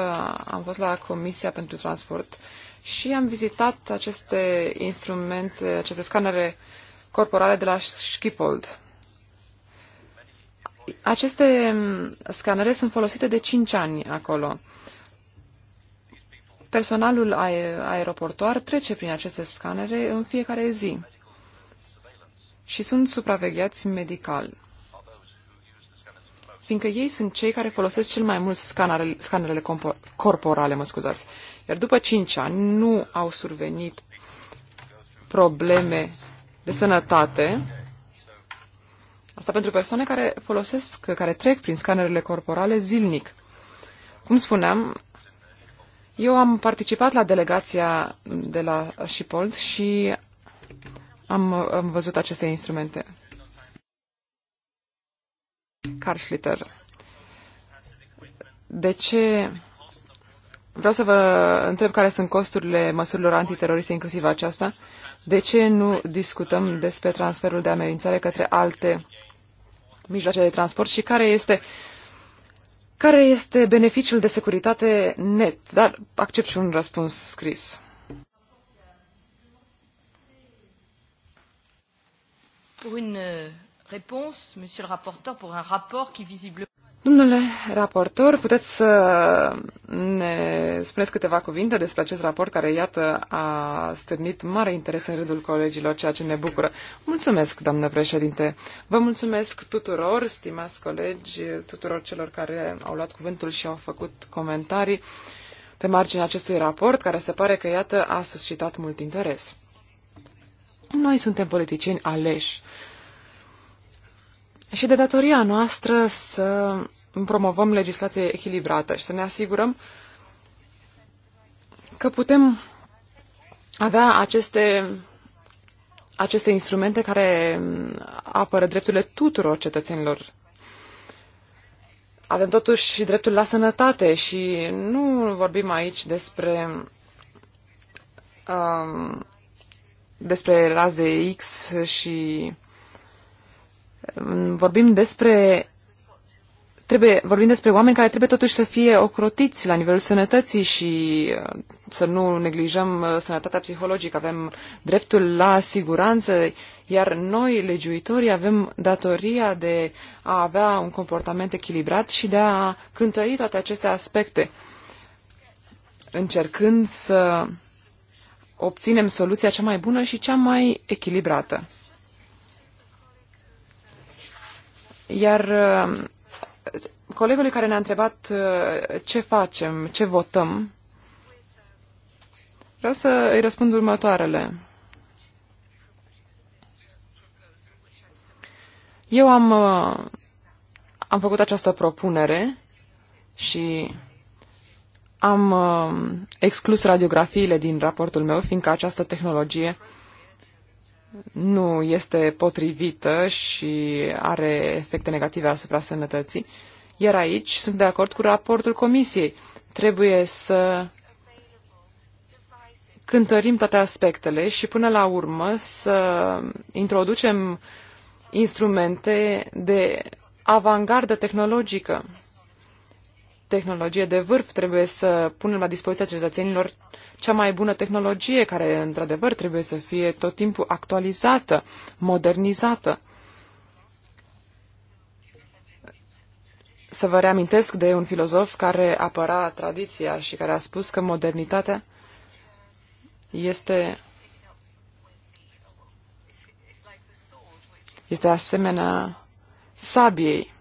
am fost la Comisia pentru Transport și am vizitat aceste instrumente, aceste scanere corporale de la Schiphol. Aceste scanere sunt folosite de 5 ani acolo. Personalul aeroportuar trece prin aceste scanere în fiecare zi și sunt supravegheați medical, fiindcă ei sunt cei care folosesc cel mai mult scanerele, scanerele corporale, mă scuzați. Iar după 5 ani nu au survenit probleme de sănătate, asta pentru persoane care folosesc, care trec prin scanerele corporale zilnic. Cum spuneam, eu am participat la delegația de la Shipold și am, am văzut aceste instrumente. Carl Schlitter. De ce... Vreau să vă întreb care sunt costurile măsurilor antiteroriste, inclusiv aceasta. De ce nu discutăm despre transferul de amenințare către alte mijloace de transport și care este care este beneficiul de securitate net? Dar accept și un răspuns scris. pour une euh, réponse, monsieur le rapporteur, pour un rapport qui visiblement... Domnule raportor, puteți să ne spuneți câteva cuvinte despre acest raport care, iată, a stârnit mare interes în rândul colegilor, ceea ce ne bucură. Mulțumesc, doamnă președinte. Vă mulțumesc tuturor, stimați colegi, tuturor celor care au luat cuvântul și au făcut comentarii pe marginea acestui raport, care se pare că, iată, a suscitat mult interes. Noi suntem politicieni aleși și de datoria noastră să promovăm legislație echilibrată și să ne asigurăm că putem avea aceste, aceste instrumente care apără drepturile tuturor cetățenilor. Avem totuși dreptul la sănătate și nu vorbim aici despre um, despre raze X și mm, vorbim despre trebuie, vorbim despre oameni care trebuie totuși să fie ocrotiți la nivelul sănătății și uh, să nu neglijăm uh, sănătatea psihologică. Avem dreptul la siguranță, iar noi, legiuitorii, avem datoria de a avea un comportament echilibrat și de a cântări toate aceste aspecte, încercând să obținem soluția cea mai bună și cea mai echilibrată. Iar uh, colegului care ne-a întrebat uh, ce facem, ce votăm, vreau să îi răspund următoarele. Eu am, uh, am făcut această propunere și am uh, exclus radiografiile din raportul meu, fiindcă această tehnologie nu este potrivită și are efecte negative asupra sănătății. Iar aici sunt de acord cu raportul comisiei. Trebuie să cântărim toate aspectele și până la urmă să introducem instrumente de avangardă tehnologică tehnologie de vârf. Trebuie să punem la dispoziția cetățenilor cea mai bună tehnologie, care într-adevăr trebuie să fie tot timpul actualizată, modernizată. Să vă reamintesc de un filozof care apăra tradiția și care a spus că modernitatea este este asemenea sabiei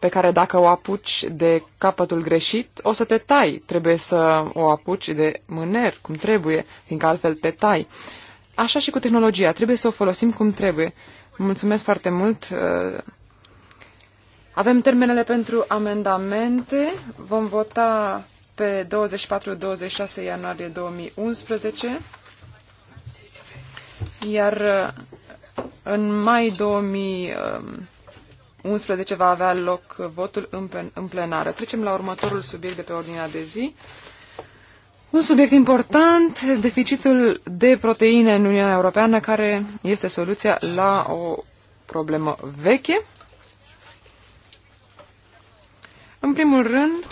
pe care dacă o apuci de capătul greșit, o să te tai. Trebuie să o apuci de mâner, cum trebuie, fiindcă altfel te tai. Așa și cu tehnologia. Trebuie să o folosim cum trebuie. Mulțumesc foarte mult. Uh, avem termenele pentru amendamente. Vom vota pe 24-26 ianuarie 2011. Iar uh, în mai 2000 11 va avea loc votul în, plen în plenară. Trecem la următorul subiect de pe ordinea de zi. Un subiect important, deficitul de proteine în Uniunea Europeană, care este soluția la o problemă veche. În primul rând,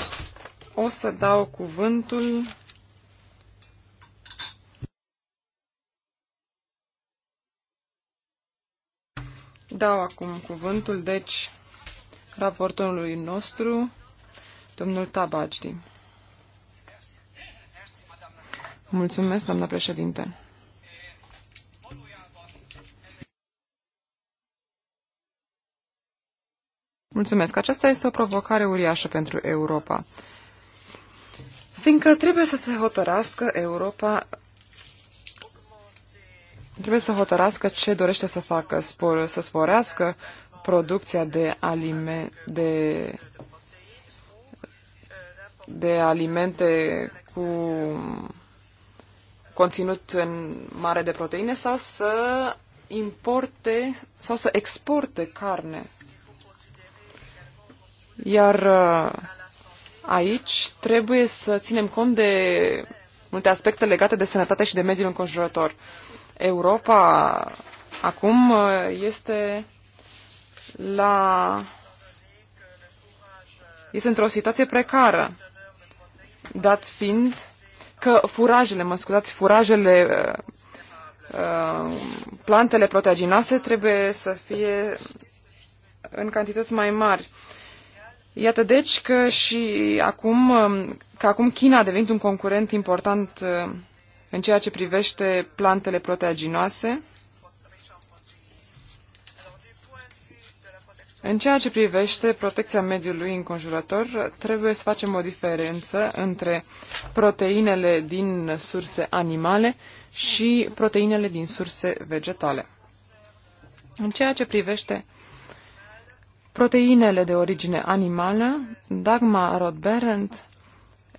o să dau cuvântul Dau acum cuvântul, deci, raportorului nostru, domnul Tabajdi. Mulțumesc, doamna președinte. Mulțumesc. Aceasta este o provocare uriașă pentru Europa. Fiindcă trebuie să se hotărască Europa trebuie să hotărască ce dorește să facă, spor, să sporească producția de, alime, de, de alimente cu conținut în mare de proteine sau să importe sau să exporte carne. Iar uh, aici trebuie să ținem cont de multe aspecte legate de sănătate și de mediul înconjurător. Europa acum uh, este la este într-o situație precară, dat fiind că furajele, mă scuzați, furajele, uh, uh, plantele proteaginase trebuie să fie în cantități mai mari. Iată deci că și acum, um, că acum China a devenit un concurent important în ceea ce privește plantele proteaginoase, În ceea ce privește protecția mediului înconjurător, trebuie să facem o diferență între proteinele din surse animale și proteinele din surse vegetale. În ceea ce privește proteinele de origine animală, Dagmar Rodberend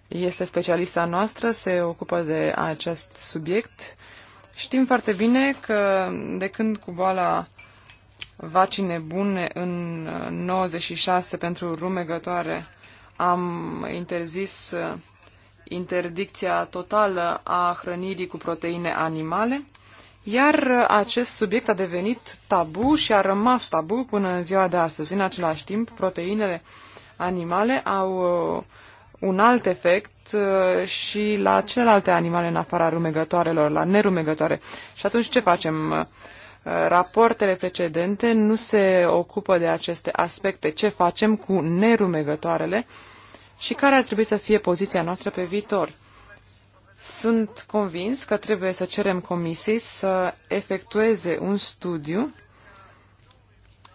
este specialista noastră, se ocupă de acest subiect. Știm foarte bine că de când cu boala vacine bune în 96 uh, pentru rumegătoare am interzis uh, interdicția totală a hrănirii cu proteine animale, iar uh, acest subiect a devenit tabu și a rămas tabu până în ziua de astăzi. În același timp, proteinele animale au un alt efect uh, și la celelalte animale în afara rumegătoarelor, la nerumegătoare. Și atunci ce facem? Uh, rapoartele precedente nu se ocupă de aceste aspecte. Ce facem cu nerumegătoarele și care ar trebui să fie poziția noastră pe viitor? Sunt convins că trebuie să cerem comisiei să efectueze un studiu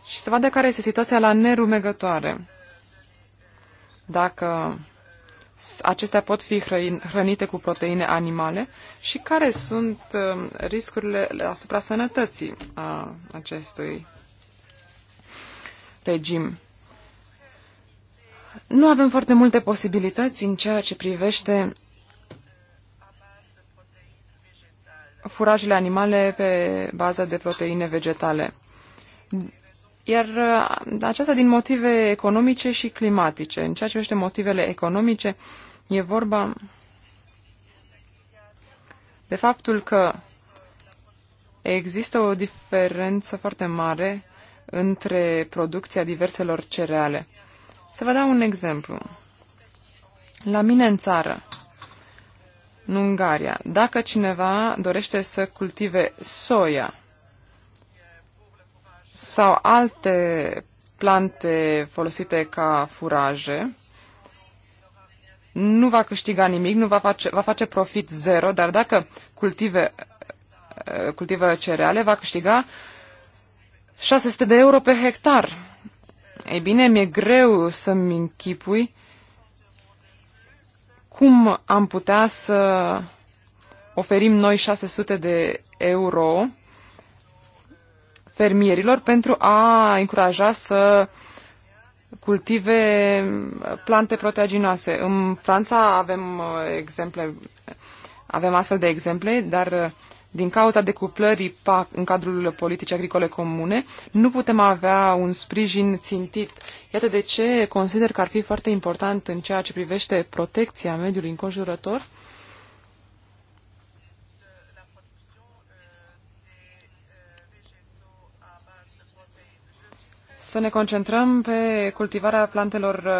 și să vadă care este situația la nerumegătoare. Dacă acestea pot fi hrănite cu proteine animale și care sunt um, riscurile asupra sănătății a acestui regim. Nu avem foarte multe posibilități în ceea ce privește furajele animale pe bază de proteine vegetale. Iar uh, aceasta din motive economice și climatice. În ceea ce vește motivele economice, e vorba de faptul că există o diferență foarte mare între producția diverselor cereale. Să vă dau un exemplu. La mine în țară, în Ungaria, dacă cineva dorește să cultive soia, sau alte plante folosite ca furaje, nu va câștiga nimic, nu va face, va face profit zero, dar dacă cultive, cultivă cereale, va câștiga 600 de euro pe hectar. Ei bine, mi-e greu să-mi închipui cum am putea să oferim noi 600 de euro fermierilor pentru a încuraja să cultive plante proteaginoase. În Franța avem uh, exemple, avem astfel de exemple, dar uh, din cauza decuplării PAC în cadrul politicii agricole comune, nu putem avea un sprijin țintit. Iată de ce consider că ar fi foarte important în ceea ce privește protecția mediului înconjurător să ne concentrăm pe cultivarea plantelor uh,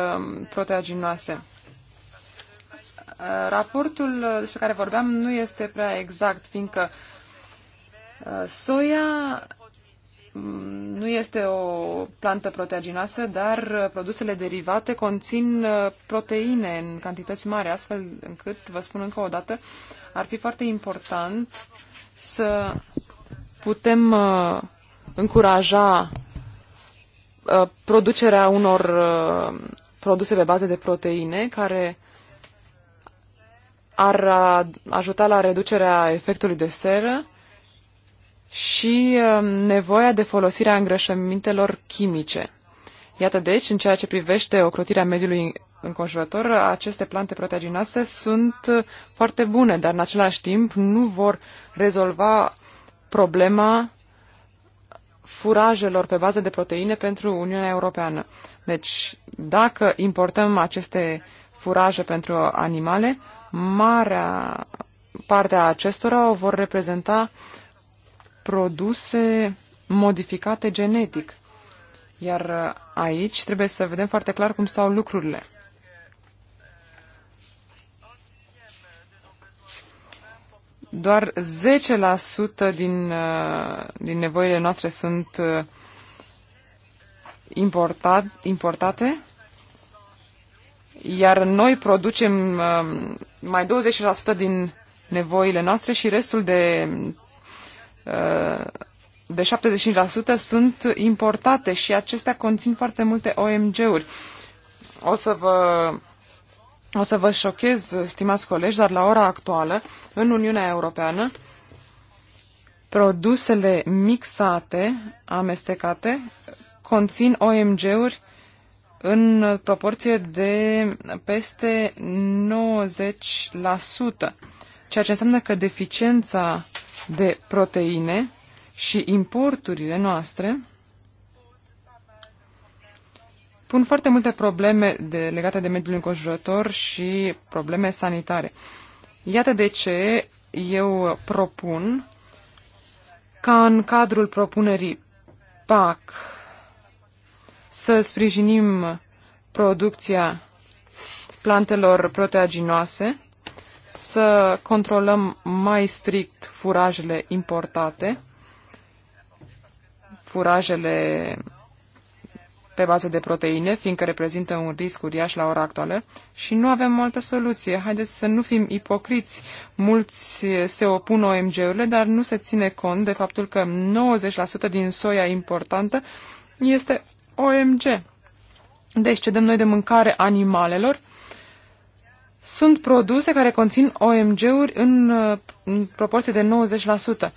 proteaginoase. Uh, raportul uh, despre care vorbeam nu este prea exact, fiindcă soia mm, nu este o plantă proteaginoasă, dar produsele derivate conțin proteine în cantități mari, astfel încât, vă spun încă o dată, ar fi foarte important să putem încuraja Uh, producerea unor uh, produse pe bază de proteine care ar ajuta la reducerea efectului de seră și um, nevoia de folosire a îngrășămintelor chimice. Iată deci, în ceea ce privește ocrotirea mediului înconjurător, aceste plante proteaginase sunt foarte bune, dar în același timp nu vor rezolva problema furajelor pe bază de proteine pentru Uniunea Europeană. Deci, dacă importăm aceste furaje pentru animale, marea parte a acestora o vor reprezenta produse modificate genetic. Iar uh, aici trebuie să vedem foarte clar cum stau lucrurile. doar 10% din, uh, din nevoile noastre sunt uh, importat, importate, iar noi producem um, mai 20% din nevoile noastre și restul de, uh, de 75% sunt importate și acestea conțin foarte multe OMG-uri. O să vă o să vă șochez, stimați colegi, dar la ora actuală, în Uniunea Europeană, produsele mixate, amestecate, conțin OMG-uri în proporție de peste 90%, ceea ce înseamnă că deficiența de proteine și importurile noastre pun foarte multe probleme de, legate de mediul înconjurător și probleme sanitare. Iată de ce eu propun ca în cadrul propunerii PAC să sprijinim producția plantelor proteaginoase, să controlăm mai strict furajele importate, furajele pe bază de proteine, fiindcă reprezintă un risc uriaș la ora actuală și nu avem altă soluție. Haideți să nu fim ipocriți. Mulți se opun OMG-urile, dar nu se ține cont de faptul că 90% din soia importantă este OMG. Deci ce dăm noi de mâncare animalelor sunt produse care conțin OMG-uri în, în proporție de 90%.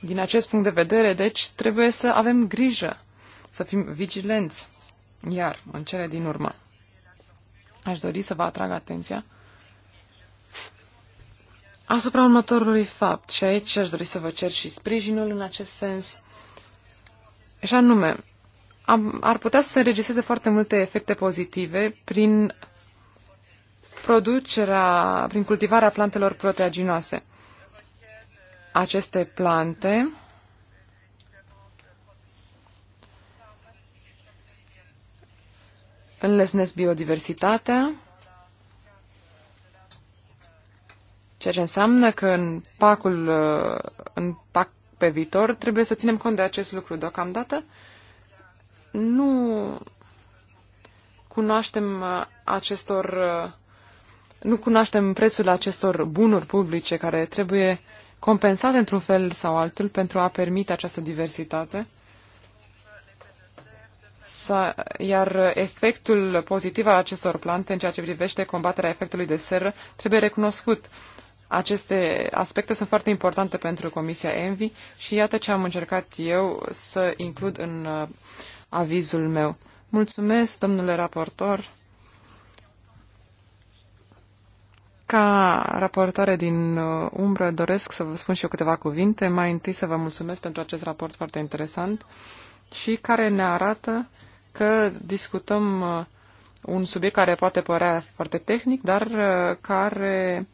Din acest punct de vedere, deci, trebuie să avem grijă, să fim vigilenți. Iar, în cele din urmă, aș dori să vă atrag atenția asupra următorului fapt și aici aș dori să vă cer și sprijinul în acest sens. Și anume, am, ar putea să se înregistreze foarte multe efecte pozitive prin producerea, prin cultivarea plantelor proteaginoase. Aceste plante înlesnesc biodiversitatea, ceea ce înseamnă că în pacul, uh, în pac pe viitor, trebuie să ținem cont de acest lucru. Deocamdată nu cunoaștem uh, acestor uh, nu cunoaștem prețul acestor bunuri publice care trebuie compensate într-un fel sau altul pentru a permite această diversitate iar efectul pozitiv al acestor plante în ceea ce privește combaterea efectului de seră trebuie recunoscut. Aceste aspecte sunt foarte importante pentru Comisia Envi și iată ce am încercat eu să includ în uh, avizul meu. Mulțumesc, domnule raportor. Ca raportare din uh, umbră doresc să vă spun și eu câteva cuvinte. Mai întâi să vă mulțumesc pentru acest raport foarte interesant și care ne arată că discutăm uh, un subiect care poate părea foarte tehnic, dar uh, care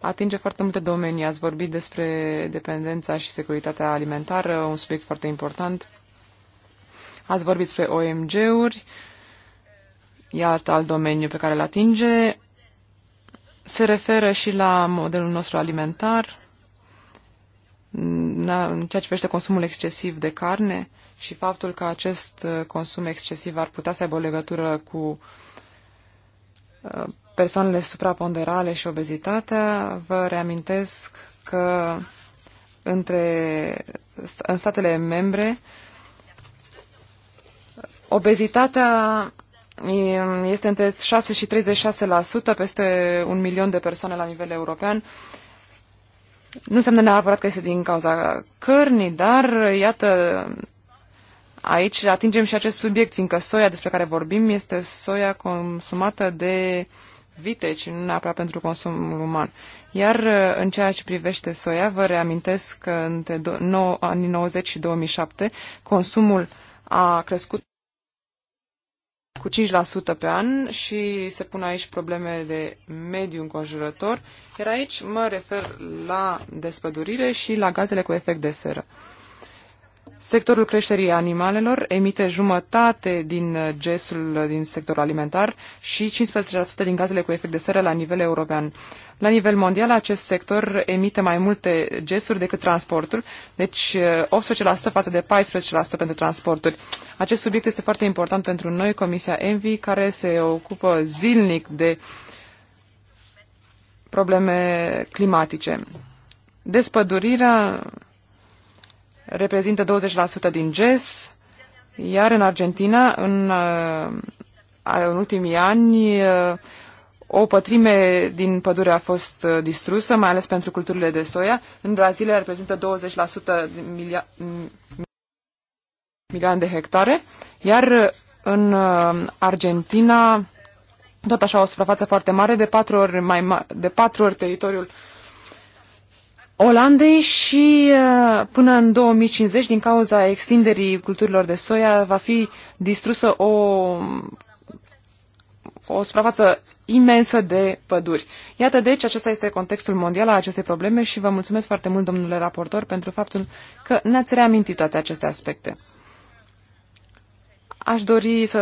atinge foarte multe domenii. Ați vorbit despre dependența și securitatea alimentară, un subiect foarte important. Ați vorbit despre OMG-uri, iată alt domeniu pe care îl atinge. Se referă și la modelul nostru alimentar, în ceea ce privește consumul excesiv de carne și faptul că acest uh, consum excesiv ar putea să aibă o legătură cu uh, persoanele supraponderale și obezitatea, vă reamintesc că între, în statele membre obezitatea este între 6 și 36%, peste un milion de persoane la nivel european. Nu înseamnă neapărat că este din cauza cărnii, dar iată, aici atingem și acest subiect, fiindcă soia despre care vorbim este soia consumată de viteci, nu neapărat pentru consumul uman. Iar uh, în ceea ce privește soia, vă reamintesc că între anii 90 și 2007 consumul a crescut cu 5% pe an și se pun aici probleme de mediu înconjurător, iar aici mă refer la despădurire și la gazele cu efect de seră. Sectorul creșterii animalelor emite jumătate din uh, gesul uh, din sectorul alimentar și 15% din gazele cu efect de seră la nivel european. La nivel mondial, acest sector emite mai multe gesuri decât transportul, deci 18% uh, față de 14% pentru transporturi. Acest subiect este foarte important pentru noi, Comisia Envi, care se ocupă zilnic de probleme climatice. Despădurirea reprezintă 20% din GES, iar în Argentina, în, uh, în ultimii ani, uh, o pătrime din pădure a fost uh, distrusă, mai ales pentru culturile de soia. În Brazilia reprezintă 20% milio- milioane de hectare, iar în Argentina, tot așa o suprafață foarte mare, de patru ori, mai ma- de patru ori teritoriul Olandei și uh, până în 2050, din cauza extinderii culturilor de soia, va fi distrusă o, o suprafață imensă de păduri. Iată deci, acesta este contextul mondial al acestei probleme și vă mulțumesc foarte mult, domnule raportor, pentru faptul că ne-ați reamintit toate aceste aspecte. Aș dori să,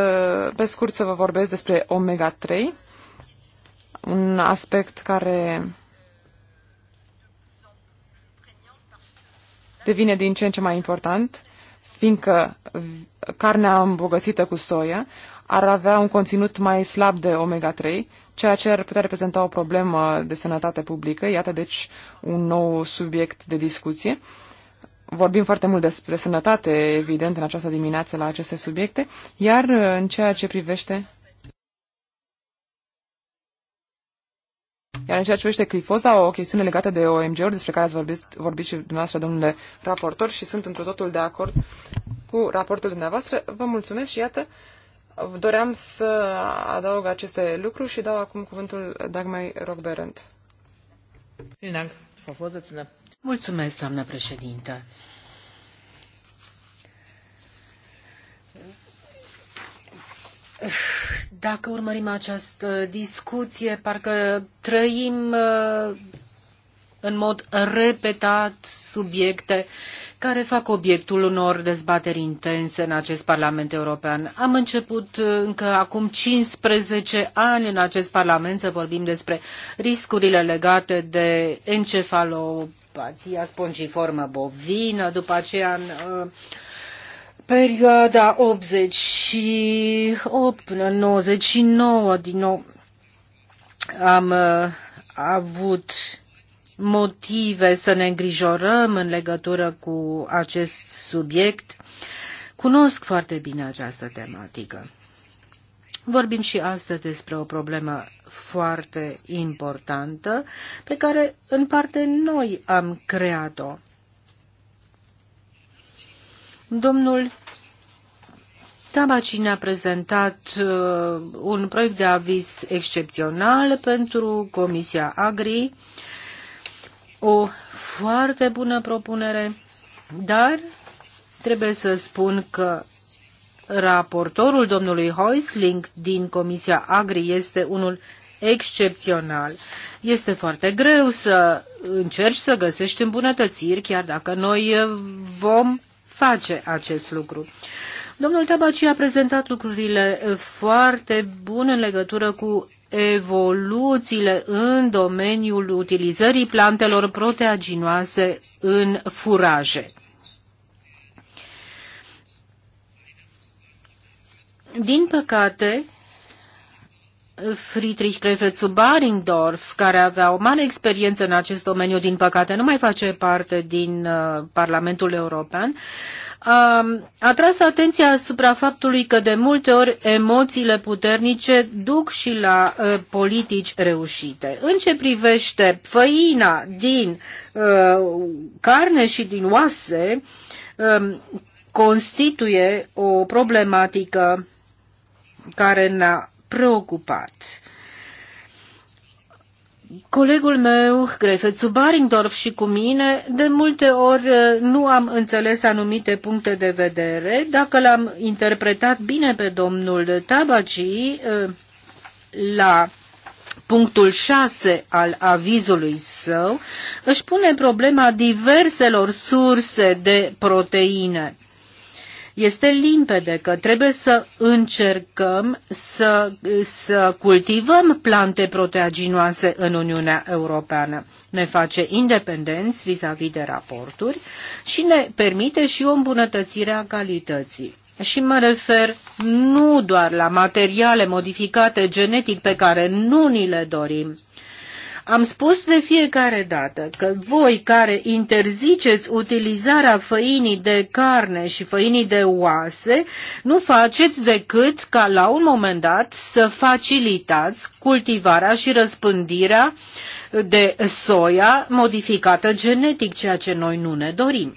pe scurt să vă vorbesc despre omega-3, un aspect care devine din ce în ce mai important, fiindcă carnea îmbogățită cu soia ar avea un conținut mai slab de omega-3, ceea ce ar putea reprezenta o problemă de sănătate publică. Iată, deci, un nou subiect de discuție. Vorbim foarte mult despre sănătate, evident, în această dimineață la aceste subiecte, iar în ceea ce privește Iar în ceea ce privește clifoza, o chestiune legată de OMG-uri, despre care ați vorbit, vorbit și dumneavoastră, domnule raportor, și sunt într totul de acord cu raportul dumneavoastră. Vă mulțumesc și iată, doream să adaug aceste lucruri și dau acum cuvântul Dagmai Rogberent. Mulțumesc, doamnă președintă. Dacă urmărim această discuție, parcă trăim uh, în mod repetat subiecte care fac obiectul unor dezbateri intense în acest Parlament European. Am început uh, încă acum 15 ani în acest Parlament să vorbim despre riscurile legate de encefalopatia spongiformă bovină, după aceea în uh, perioada 88 până 99 din nou am uh, avut motive să ne îngrijorăm în legătură cu acest subiect. Cunosc foarte bine această tematică. Vorbim și astăzi despre o problemă foarte importantă pe care în parte noi am creat-o. Domnul Tabaci ne-a prezentat uh, un proiect de aviz excepțional pentru Comisia Agri, o foarte bună propunere, dar trebuie să spun că raportorul domnului Hoisling din Comisia Agri este unul excepțional. Este foarte greu să încerci să găsești îmbunătățiri, chiar dacă noi uh, vom face acest lucru. Domnul Tabaci a prezentat lucrurile eh, foarte bune în legătură cu evoluțiile în domeniul utilizării plantelor proteaginoase în furaje. Din păcate, Friedrich Grefe zu Baringdorf, care avea o mare experiență în acest domeniu, din păcate nu mai face parte din uh, Parlamentul European, um, a tras atenția asupra faptului că de multe ori emoțiile puternice duc și la uh, politici reușite. În ce privește făina din uh, carne și din oase, uh, constituie o problematică care ne-a preocupat. Colegul meu, Grefețu Baringdorf și cu mine, de multe ori uh, nu am înțeles anumite puncte de vedere. Dacă l-am interpretat bine pe domnul Tabaci, uh, la punctul 6 al avizului său, își pune problema diverselor surse de proteine. Este limpede că trebuie să încercăm să, să cultivăm plante proteaginoase în Uniunea Europeană. Ne face independenți vis-a-vis -vis de raporturi și ne permite și o îmbunătățire a calității. Și mă refer nu doar la materiale modificate genetic pe care nu ni le dorim, am spus de fiecare dată că voi care interziceți utilizarea făinii de carne și făinii de oase, nu faceți decât ca la un moment dat să facilitați cultivarea și răspândirea de soia modificată genetic, ceea ce noi nu ne dorim.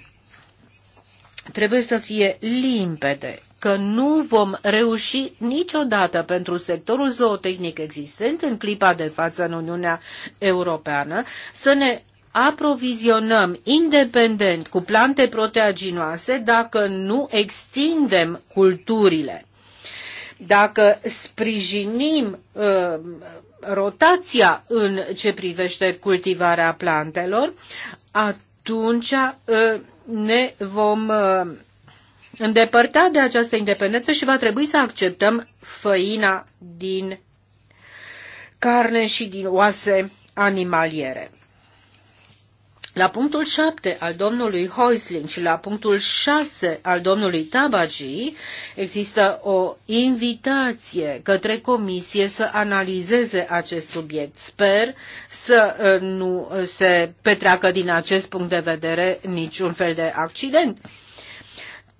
Trebuie să fie limpede că nu vom reuși niciodată pentru sectorul zootehnic existent în clipa de față în Uniunea Europeană să ne aprovizionăm independent cu plante proteaginoase dacă nu extindem culturile. Dacă sprijinim uh, rotația în ce privește cultivarea plantelor, atunci uh, ne vom uh, îndepărta de această independență și va trebui să acceptăm făina din carne și din oase animaliere. La punctul 7 al domnului Hoisling și la punctul 6 al domnului Tabagi există o invitație către comisie să analizeze acest subiect. Sper să uh, nu se petreacă din acest punct de vedere niciun fel de accident.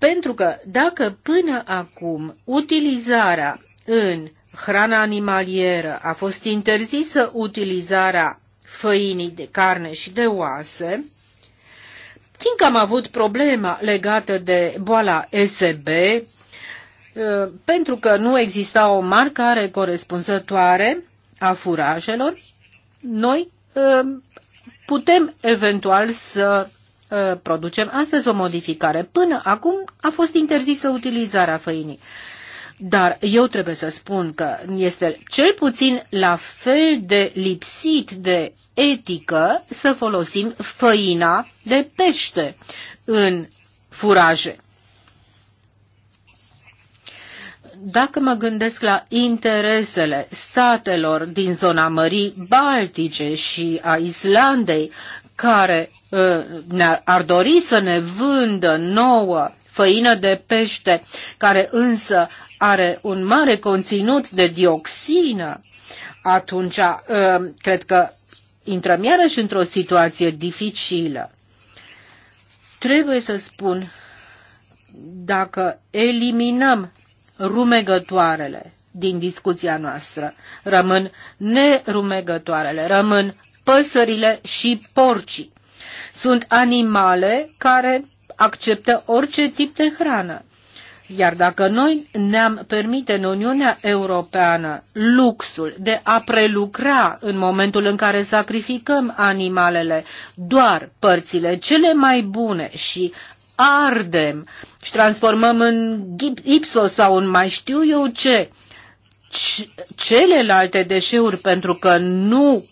Pentru că dacă până acum utilizarea în hrana animalieră a fost interzisă utilizarea făinii de carne și de oase, fiindcă am avut problema legată de boala SB, ă, pentru că nu exista o marcare corespunzătoare a furajelor, noi ă, putem eventual să Uh, producem astăzi o modificare. Până acum a fost interzisă utilizarea făinii. Dar eu trebuie să spun că este cel puțin la fel de lipsit de etică să folosim făina de pește în furaje. Dacă mă gândesc la interesele statelor din zona Mării Baltice și a Islandei, care Uh, ar dori să ne vândă nouă făină de pește, care însă are un mare conținut de dioxină, atunci uh, cred că intrăm iarăși într-o situație dificilă. Trebuie să spun, dacă eliminăm rumegătoarele din discuția noastră, rămân nerumegătoarele, rămân păsările și porcii. Sunt animale care acceptă orice tip de hrană. Iar dacă noi ne-am permite în Uniunea Europeană luxul de a prelucra în momentul în care sacrificăm animalele doar părțile cele mai bune și ardem și transformăm în ipsos sau în mai știu eu ce celelalte deșeuri pentru că nu uh,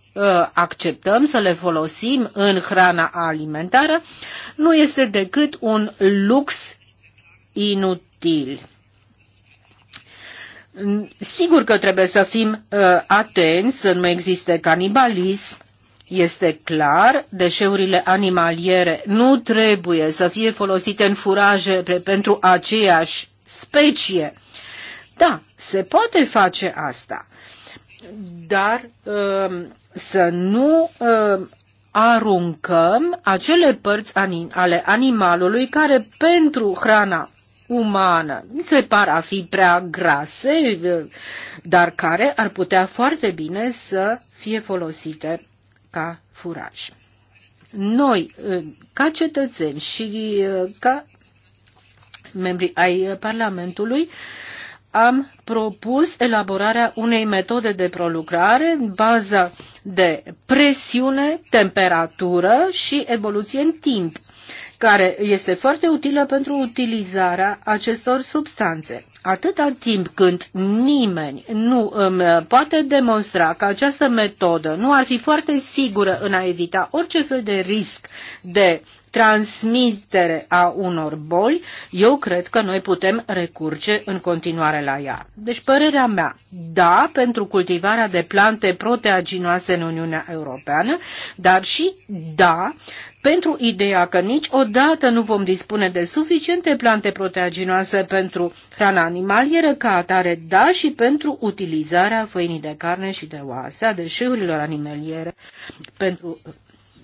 acceptăm să le folosim în hrana alimentară, nu este decât un lux inutil. Sigur că trebuie să fim uh, atenți, să nu existe canibalism. Este clar, deșeurile animaliere nu trebuie să fie folosite în furaje pentru aceeași specie. Da, se poate face asta, dar um, să nu um, aruncăm acele părți ale animalului care pentru hrana umană. Mi se par a fi prea grase, dar care ar putea foarte bine să fie folosite ca furaj. Noi, uh, ca cetățeni și uh, ca membrii ai Parlamentului, am propus elaborarea unei metode de prolucrare în baza de presiune, temperatură și evoluție în timp, care este foarte utilă pentru utilizarea acestor substanțe. Atâta timp când nimeni nu îmi um, poate demonstra că această metodă nu ar fi foarte sigură în a evita orice fel de risc de transmitere a unor boli, eu cred că noi putem recurge în continuare la ea. Deci părerea mea, da, pentru cultivarea de plante proteaginoase în Uniunea Europeană, dar și da, pentru ideea că niciodată nu vom dispune de suficiente plante proteaginoase pentru hrana animalieră ca atare, da, și pentru utilizarea făinii de carne și de oase a deșeurilor animaliere pentru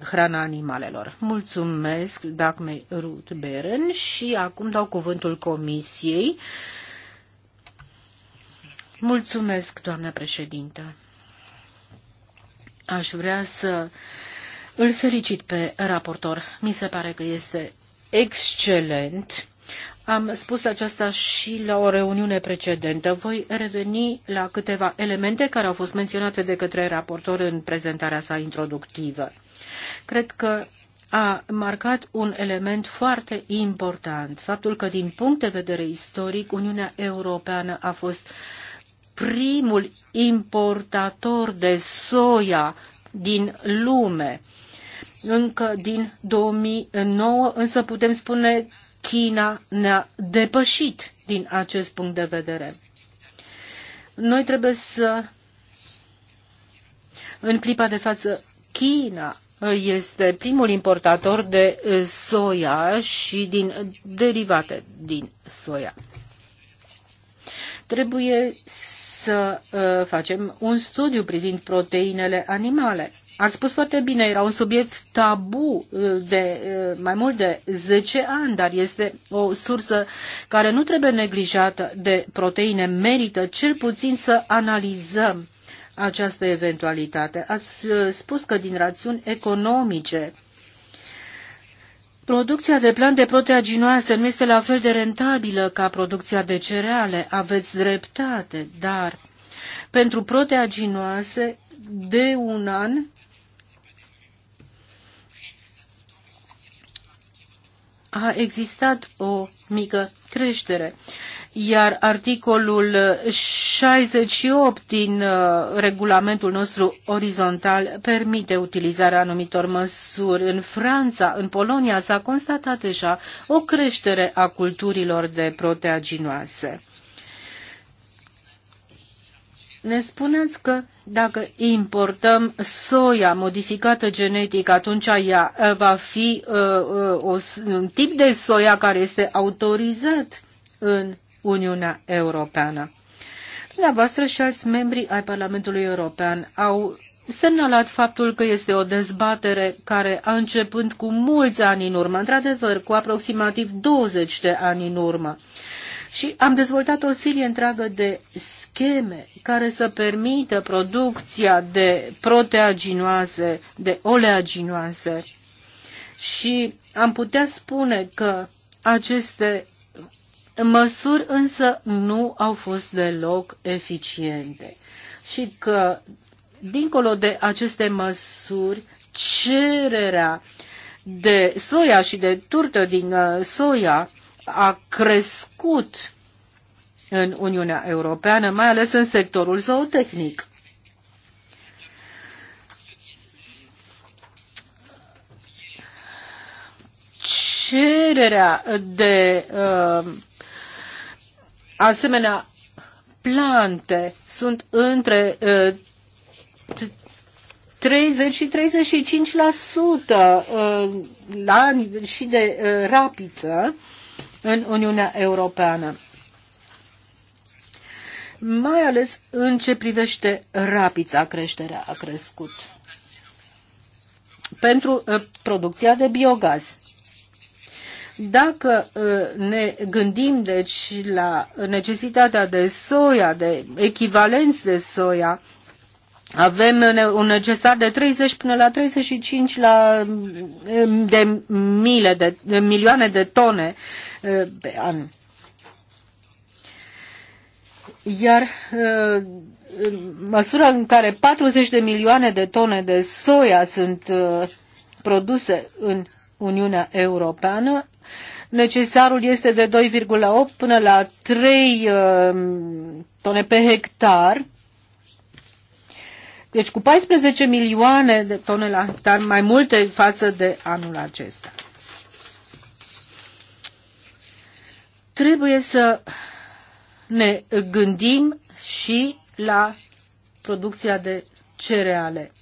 hrana animalelor. Mulțumesc, Dagmei Ruth Beren, și acum dau cuvântul Comisiei. Mulțumesc, doamna președintă. Aș vrea să îl felicit pe raportor. Mi se pare că este excelent. Am spus aceasta și la o reuniune precedentă. Voi reveni la câteva elemente care au fost menționate de către raportor în prezentarea sa introductivă cred că a marcat un element foarte important, faptul că din punct de vedere istoric Uniunea Europeană a fost primul importator de soia din lume. Încă din 2009, însă putem spune China ne-a depășit din acest punct de vedere. Noi trebuie să, în clipa de față, China este primul importator de uh, soia și din derivate din soia. Trebuie să uh, facem un studiu privind proteinele animale. Ați spus foarte bine, era un subiect tabu uh, de mai mult de 10 ani, dar este o sursă care nu trebuie neglijată de proteine. Merită cel puțin să analizăm această eventualitate. Ați uh, spus că din rațiuni economice Producția de plante proteaginoase nu este la fel de rentabilă ca producția de cereale, aveți dreptate, dar pentru proteaginoase de un an a existat o mică creștere iar articolul 68 din uh, regulamentul nostru orizontal permite utilizarea anumitor măsuri. În Franța, în Polonia s-a constatat deja o creștere a culturilor de proteaginoase. Ne spuneți că dacă importăm soia modificată genetic, atunci ea uh, va fi uh, uh, o, un tip de soia care este autorizat în Uniunea Europeană. Dumneavoastră și alți membri ai Parlamentului European au semnalat faptul că este o dezbatere care a început cu mulți ani în urmă, într-adevăr, cu aproximativ 20 de ani în urmă. Și am dezvoltat o serie întreagă de scheme care să permită producția de proteaginoase, de oleaginoase. Și am putea spune că aceste măsuri însă nu au fost deloc eficiente și că, dincolo de aceste măsuri, cererea de soia și de turtă din uh, soia a crescut în Uniunea Europeană, mai ales în sectorul zootehnic. Cererea de uh, asemenea plante sunt între 30 uh, și 35% uh, la nivel și de uh, rapiță în Uniunea Europeană. Mai ales în ce privește rapița, creșterea a crescut pentru producția de biogaz. Dacă ă, ne gândim deci la necesitatea de soia, de echivalenți de soia, avem un necesar de 30 până la 35 la, ă, de, mile de, de milioane de tone ă, pe an. Iar măsura în care 40 de milioane de tone de soia sunt produse în Uniunea Europeană, necesarul este de 2,8 până la 3 uh, tone pe hectar. Deci cu 14 milioane de tone la hectar mai multe față de anul acesta. Trebuie să ne gândim și la producția de cereale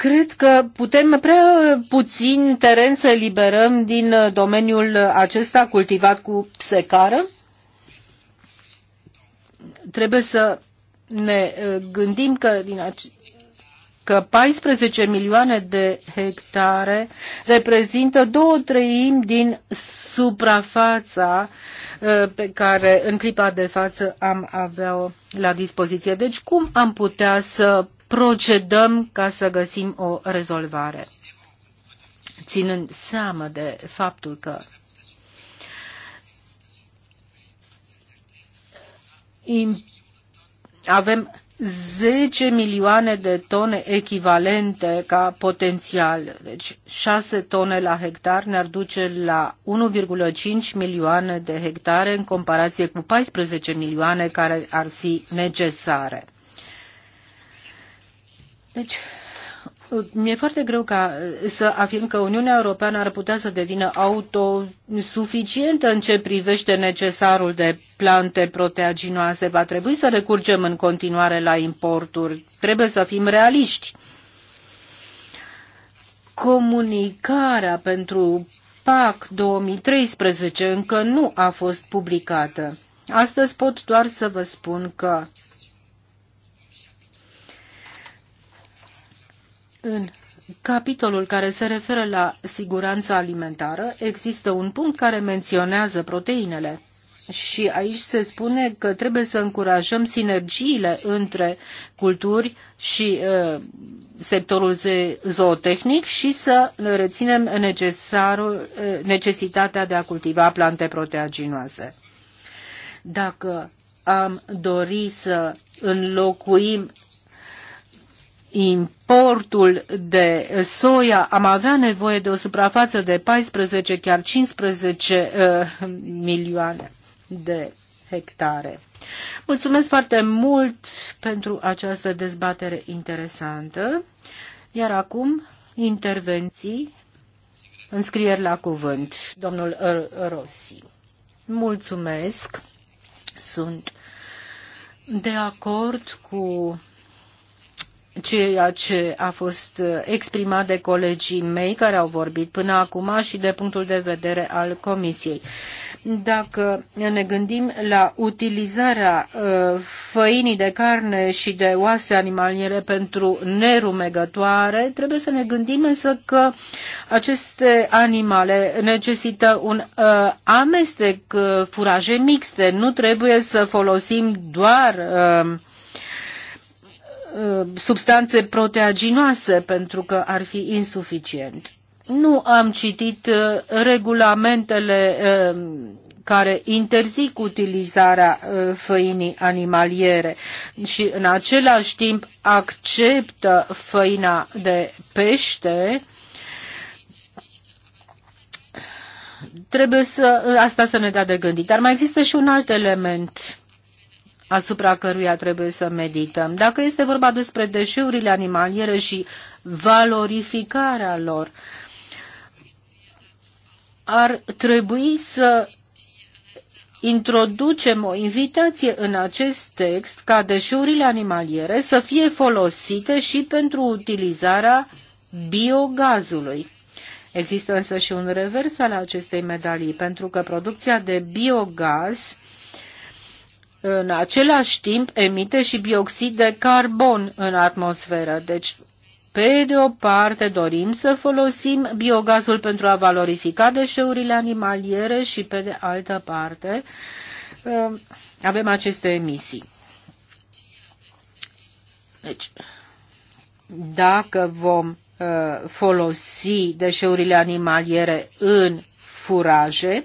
Cred că putem prea puțin teren să liberăm din uh, domeniul acesta cultivat cu secară. Trebuie să ne uh, gândim că, din ace- că 14 milioane de hectare reprezintă două treimi din suprafața uh, pe care în clipa de față am avea-o la dispoziție. Deci cum am putea să procedăm ca să găsim o rezolvare. Ținând seama de faptul că avem 10 milioane de tone echivalente ca potențial. Deci 6 tone la hectar ne-ar duce la 1,5 milioane de hectare în comparație cu 14 milioane care ar fi necesare. Deci, mi-e foarte greu ca uh, să afirm că Uniunea Europeană ar putea să devină autosuficientă în ce privește necesarul de plante proteaginoase. Va trebui să recurgem în continuare la importuri. Trebuie să fim realiști. Comunicarea pentru PAC 2013 încă nu a fost publicată. Astăzi pot doar să vă spun că În capitolul care se referă la siguranța alimentară există un punct care menționează proteinele. Și aici se spune că trebuie să încurajăm sinergiile între culturi și uh, sectorul zootehnic și să reținem necesarul, uh, necesitatea de a cultiva plante proteaginoase. Dacă am dori să înlocuim importul de soia am avea nevoie de o suprafață de 14, chiar 15 uh, eh, milioane de hectare. Mulțumesc foarte mult pentru această dezbatere interesantă. Iar acum, intervenții, înscrieri la cuvânt. Domnul eh, Rossi. Mulțumesc. Sunt de acord cu ceea ce a fost uh, exprimat de colegii mei care au vorbit până acum și de punctul de vedere al Comisiei. Dacă ne gândim la utilizarea uh, făinii de carne și de oase animaliere pentru nerumegătoare, trebuie să ne gândim însă că aceste animale necesită un uh, amestec furaje mixte. Nu trebuie să folosim doar Uh, substanțe proteaginoase pentru că ar fi insuficient. Nu am citit uh, regulamentele uh, care interzic utilizarea făinii animaliere și în același timp acceptă făina de pește trebuie să, asta să ne dea de gândit. Dar mai există și un alt element asupra căruia trebuie să medităm. Dacă este vorba despre deșeurile animaliere și valorificarea lor, ar trebui să introducem o invitație în acest text ca deșeurile animaliere să fie folosite și pentru utilizarea biogazului. Există însă și un revers al acestei medalii, pentru că producția de biogaz în același timp emite și bioxid de carbon în atmosferă. Deci, pe de o parte, dorim să folosim biogazul pentru a valorifica deșeurile animaliere și, pe de altă parte, um, avem aceste emisii. Deci, dacă vom uh, folosi deșeurile animaliere în furaje,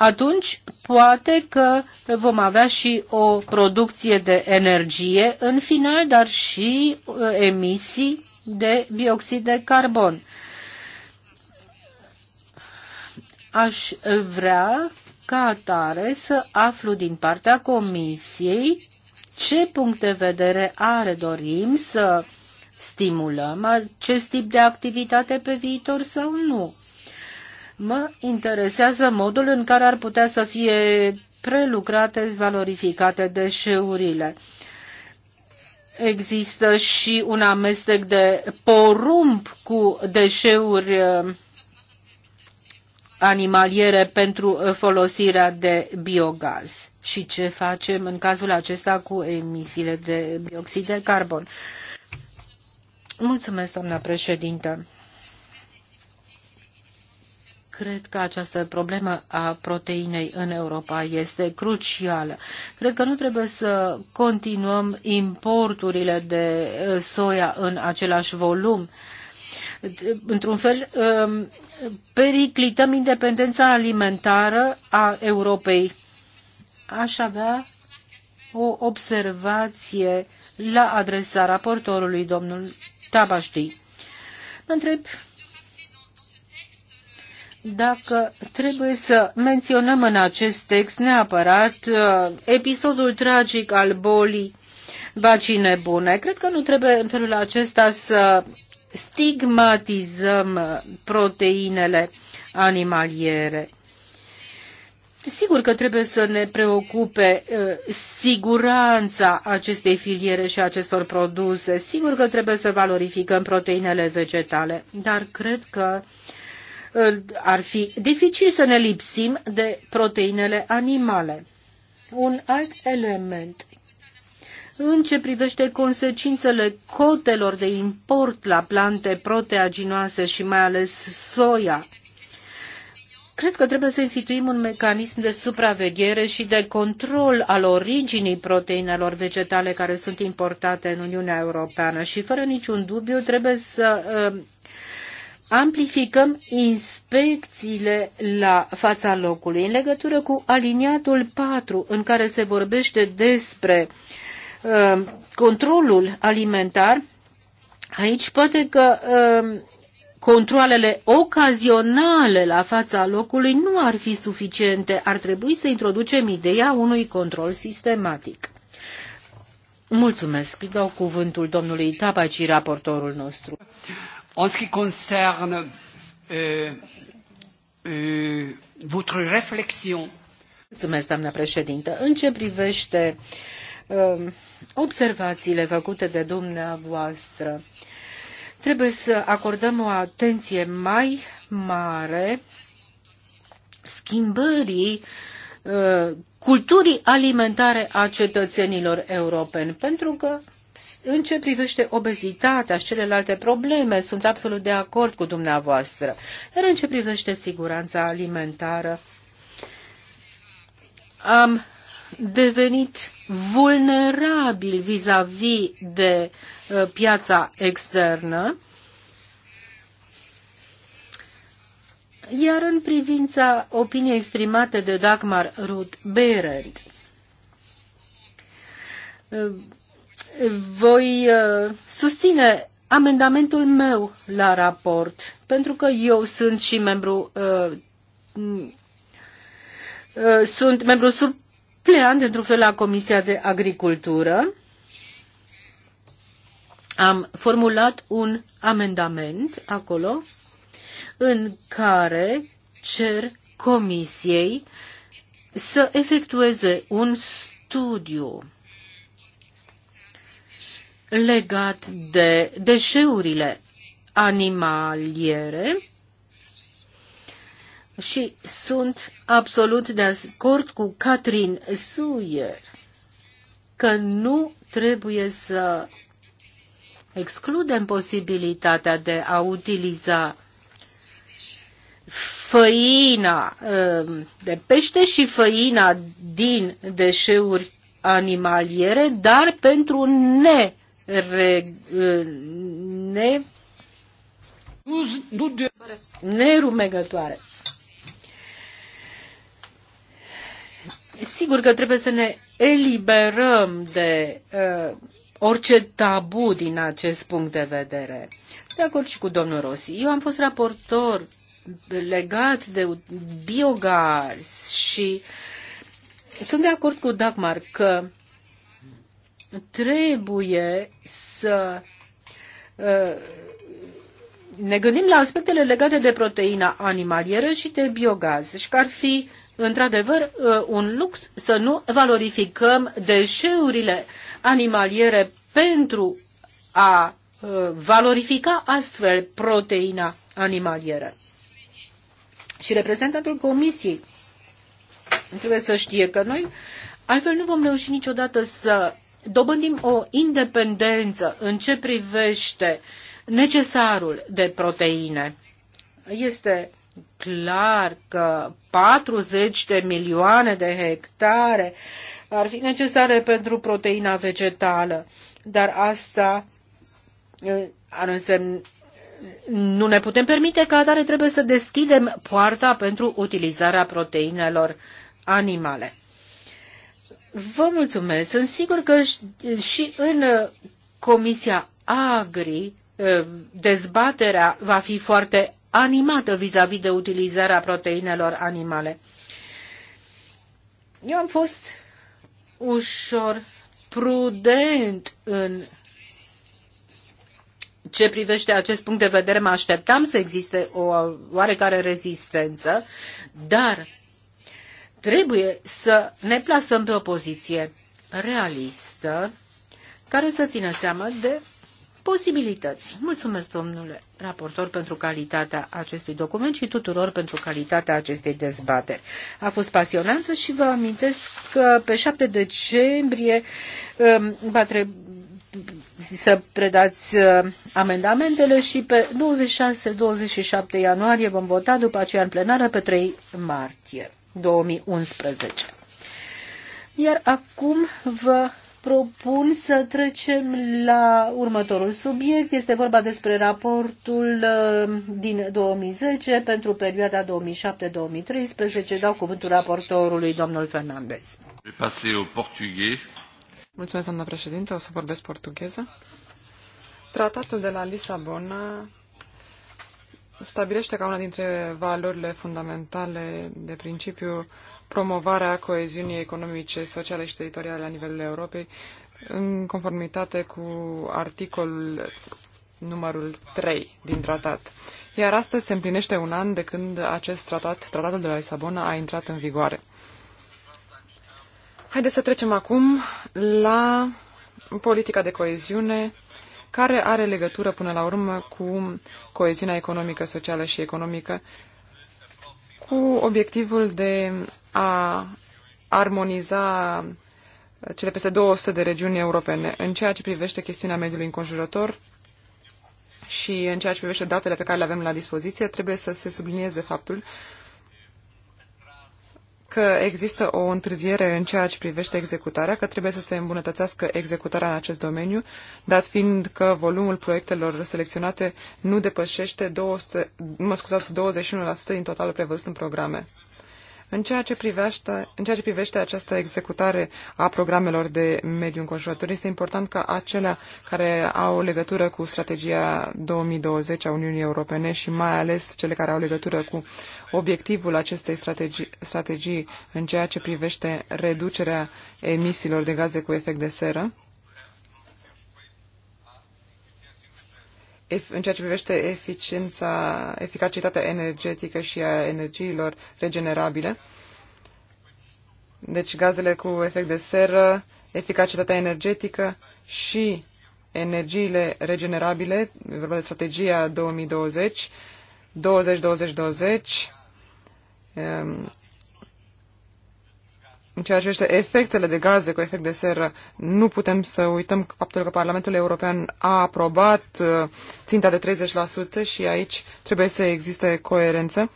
atunci poate că vom avea și o producție de energie în final, dar și uh, emisii de bioxid de carbon. Aș vrea ca atare să aflu din partea Comisiei ce punct de vedere are. Dorim să stimulăm acest tip de activitate pe viitor sau nu? Mă interesează modul în care ar putea să fie prelucrate, valorificate deșeurile. Există și un amestec de porumb cu deșeuri uh, animaliere pentru uh, folosirea de biogaz. Și ce facem în cazul acesta cu emisiile de dioxid de carbon? Mulțumesc, doamna președintă. Cred că această problemă a proteinei în Europa este crucială. Cred că nu trebuie să continuăm importurile de uh, soia în același volum. Într-un fel, um, periclităm independența alimentară a Europei. Aș avea o observație la adresa raportorului domnul Tabaști. Mă întreb dacă trebuie să menționăm în acest text neapărat uh, episodul tragic al bolii vacine bune. Cred că nu trebuie în felul acesta să stigmatizăm uh, proteinele animaliere. Sigur că trebuie să ne preocupe uh, siguranța acestei filiere și acestor produse. Sigur că trebuie să valorificăm proteinele vegetale, dar cred că uh, ar fi dificil să ne lipsim de proteinele animale. Un alt element în ce privește consecințele cotelor de import la plante proteaginoase și mai ales soia. Cred că trebuie să instituim un mecanism de supraveghere și de control al originii proteinelor vegetale care sunt importate în Uniunea Europeană și fără niciun dubiu trebuie să amplificăm inspecțiile la fața locului în legătură cu aliniatul 4 în care se vorbește despre uh, controlul alimentar. Aici poate că uh, controlele ocazionale la fața locului nu ar fi suficiente, ar trebui să introducem ideea unui control sistematic. Mulțumesc, dau cuvântul domnului Tabaci, raportorul nostru. En ce qui concerne euh, euh, votre réflexion. Mulțumesc, doamna președintă. În ce privește uh, observațiile făcute de dumneavoastră, trebuie să acordăm o atenție mai mare schimbării uh, culturii alimentare a cetățenilor europeni, pentru că în ce privește obezitatea și celelalte probleme, sunt absolut de acord cu dumneavoastră. Iar în ce privește siguranța alimentară, am devenit vulnerabil vis-a-vis -vis de uh, piața externă, iar în privința opiniei exprimate de Dagmar Ruth Behrendt, uh, voi uh, susține amendamentul meu la raport, pentru că eu sunt și membru uh, uh, sunt membru supleant într-un fel la Comisia de Agricultură. Am formulat un amendament acolo în care cer Comisiei să efectueze un studiu legat de deșeurile animaliere și sunt absolut de acord cu Catherine Suyer că nu trebuie să excludem posibilitatea de a utiliza făina um, de pește și făina din deșeuri animaliere, dar pentru ne ne, nerumegătoare. Sigur că trebuie să ne eliberăm de uh, orice tabu din acest punct de vedere. De acord și cu domnul Rossi. Eu am fost raportor legat de biogaz și sunt de acord cu Dagmar că trebuie să uh, ne gândim la aspectele legate de proteina animalieră și de biogaz și că ar fi într-adevăr uh, un lux să nu valorificăm deșeurile animaliere pentru a uh, valorifica astfel proteina animalieră. Și reprezentantul comisiei trebuie să știe că noi altfel nu vom reuși niciodată să dobândim o independență în ce privește necesarul de proteine. Este clar că 40 de milioane de hectare ar fi necesare pentru proteina vegetală, dar asta ar însemna nu ne putem permite ca atare trebuie să deschidem poarta pentru utilizarea proteinelor animale. Vă mulțumesc. Sunt sigur că și în uh, Comisia Agri uh, dezbaterea va fi foarte animată vis-a-vis -vis de utilizarea proteinelor animale. Eu am fost ușor prudent în ce privește acest punct de vedere, mă așteptam să existe o oarecare rezistență, dar trebuie să ne plasăm pe o poziție realistă care să țină seama de posibilități. Mulțumesc, domnule raportor, pentru calitatea acestui document și tuturor pentru calitatea acestei dezbateri. A fost pasionantă și vă amintesc că pe 7 decembrie um, va trebui să predați uh, amendamentele și pe 26-27 ianuarie vom vota, după aceea în plenară pe 3 martie. 2011. Iar acum vă propun să trecem la următorul subiect. Este vorba despre raportul uh, din 2010 pentru perioada 2007-2013. Dau cuvântul raportorului, domnul Fernandez. Mulțumesc, doamna președinte. O să vorbesc portugheză. Tratatul de la Lisabona stabilește ca una dintre valorile fundamentale de principiu promovarea coeziunii economice, sociale și teritoriale la nivelul Europei, în conformitate cu articolul numărul 3 din tratat. Iar astăzi se împlinește un an de când acest tratat, tratatul de la Lisabona, a intrat în vigoare. Haideți să trecem acum la politica de coeziune care are legătură până la urmă cu coeziunea economică, socială și economică, cu obiectivul de a armoniza cele peste 200 de regiuni europene în ceea ce privește chestiunea mediului înconjurător și în ceea ce privește datele pe care le avem la dispoziție, trebuie să se sublinieze faptul că există o întârziere în ceea ce privește executarea, că trebuie să se îmbunătățească executarea în acest domeniu, dat fiind că volumul proiectelor selecționate nu depășește 200, mă scuzați, 21% din totalul prevăzut în programe. În ceea ce privește, în ceea ce privește această executare a programelor de mediu înconjurător, este important ca acelea care au legătură cu strategia 2020 a Uniunii Europene și mai ales cele care au legătură cu obiectivul acestei strategii, strategii în ceea ce privește reducerea emisiilor de gaze cu efect de seră, în ceea ce privește eficiența, eficacitatea energetică și a energiilor regenerabile. Deci gazele cu efect de seră, eficacitatea energetică și energiile regenerabile, vorba de strategia 2020, 20-20-20, în ceea ce privește efectele de gaze cu efect de seră, nu putem să uităm faptul că Parlamentul European a aprobat uh, ținta de 30% și aici trebuie să existe coerență.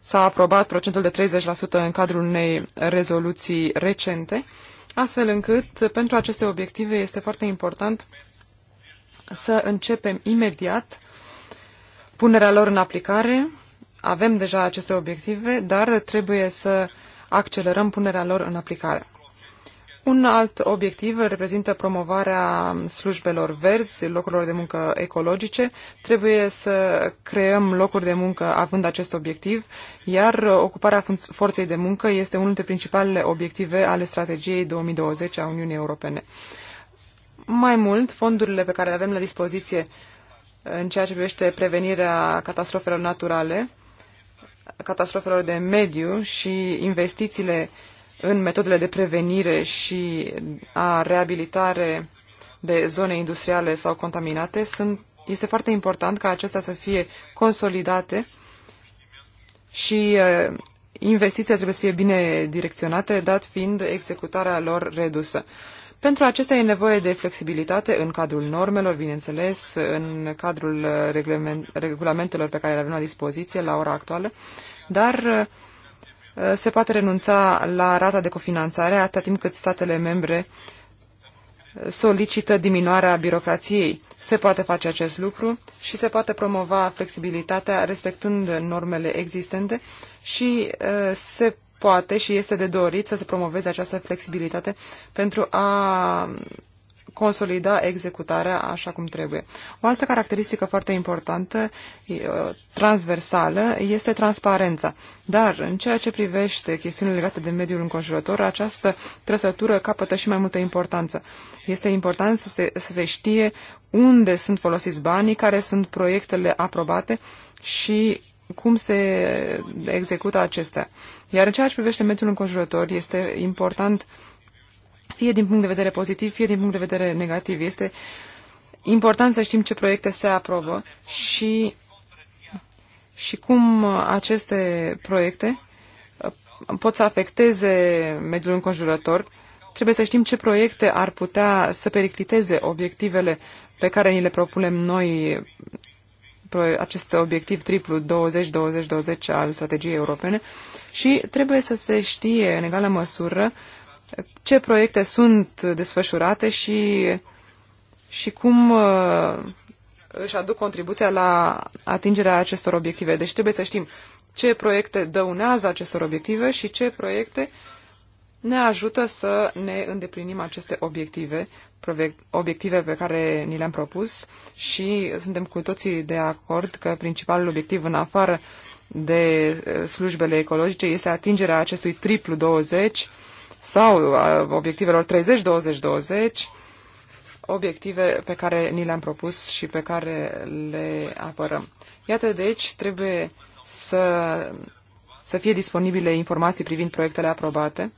S-a aprobat procentul de 30% în cadrul unei rezoluții recente, astfel încât uh, pentru aceste obiective este foarte important să începem imediat punerea lor în aplicare. Avem deja aceste obiective, dar trebuie să uh, accelerăm punerea lor în aplicare. Un alt obiectiv reprezintă promovarea slujbelor verzi, locurilor de muncă ecologice. Trebuie să creăm locuri de muncă având acest obiectiv, iar ocuparea forței de muncă este unul dintre principalele obiective ale strategiei 2020 a Uniunii Europene. Mai mult, fondurile pe care le avem la dispoziție în ceea ce privește prevenirea catastrofelor naturale, catastrofelor de mediu și investițiile în metodele de prevenire și a reabilitare de zone industriale sau contaminate, sunt, este foarte important ca acestea să fie consolidate și uh, investițiile trebuie să fie bine direcționate, dat fiind executarea lor redusă. Pentru acestea e nevoie de flexibilitate în cadrul normelor, bineînțeles, în cadrul uh, regulamentelor pe care le avem la dispoziție la ora actuală, dar uh, se poate renunța la rata de cofinanțare atâta timp cât statele membre solicită diminuarea birocrației. Se poate face acest lucru și se poate promova flexibilitatea respectând normele existente și uh, se poate și este de dorit să se promoveze această flexibilitate pentru a consolida executarea așa cum trebuie. O altă caracteristică foarte importantă, uh, transversală, este transparența. Dar în ceea ce privește chestiunile legate de mediul înconjurător, această trăsătură capătă și mai multă importanță. Este important să se, să se știe unde sunt folosiți banii, care sunt proiectele aprobate și cum se execută acestea. Iar în ceea ce privește mediul înconjurător, este important, fie din punct de vedere pozitiv, fie din punct de vedere negativ, este important să știm ce proiecte se aprobă și, și cum aceste proiecte uh, pot să afecteze mediul înconjurător. Trebuie să știm ce proiecte ar putea să pericliteze obiectivele pe care ni le propunem noi acest obiectiv triplu 20-20-20 al strategiei europene și trebuie să se știe în egală măsură ce proiecte sunt desfășurate și, și cum uh, își aduc contribuția la atingerea acestor obiective. Deci trebuie să știm ce proiecte dăunează acestor obiective și ce proiecte ne ajută să ne îndeplinim aceste obiective, obiective pe care ni le-am propus și suntem cu toții de acord că principalul obiectiv în afară de eh, slujbele ecologice este atingerea acestui triplu 20 sau a obiectivelor 30-20-20, obiective pe care ni le-am propus și pe care le apărăm. Iată, deci, trebuie să, să fie disponibile informații privind proiectele aprobate.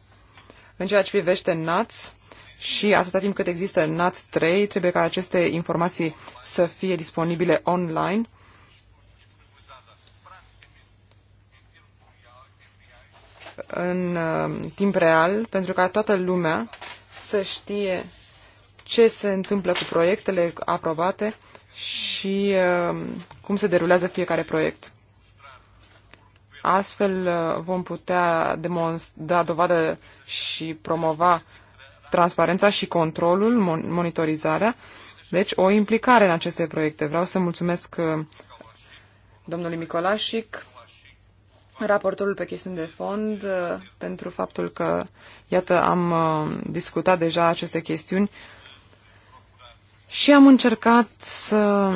În ceea ce privește NATS, și atâta timp cât există NATS 3, trebuie ca aceste informații să fie disponibile online în uh, timp real pentru ca toată lumea să știe ce se întâmplă cu proiectele aprobate și uh, cum se derulează fiecare proiect. Astfel uh, vom putea da dovadă și promova transparența și controlul, monitorizarea, deci o implicare în aceste proiecte. Vreau să mulțumesc domnului Micolașic raportorul pe chestiuni de fond uh, pentru faptul că, iată, am uh, discutat deja aceste chestiuni și am încercat să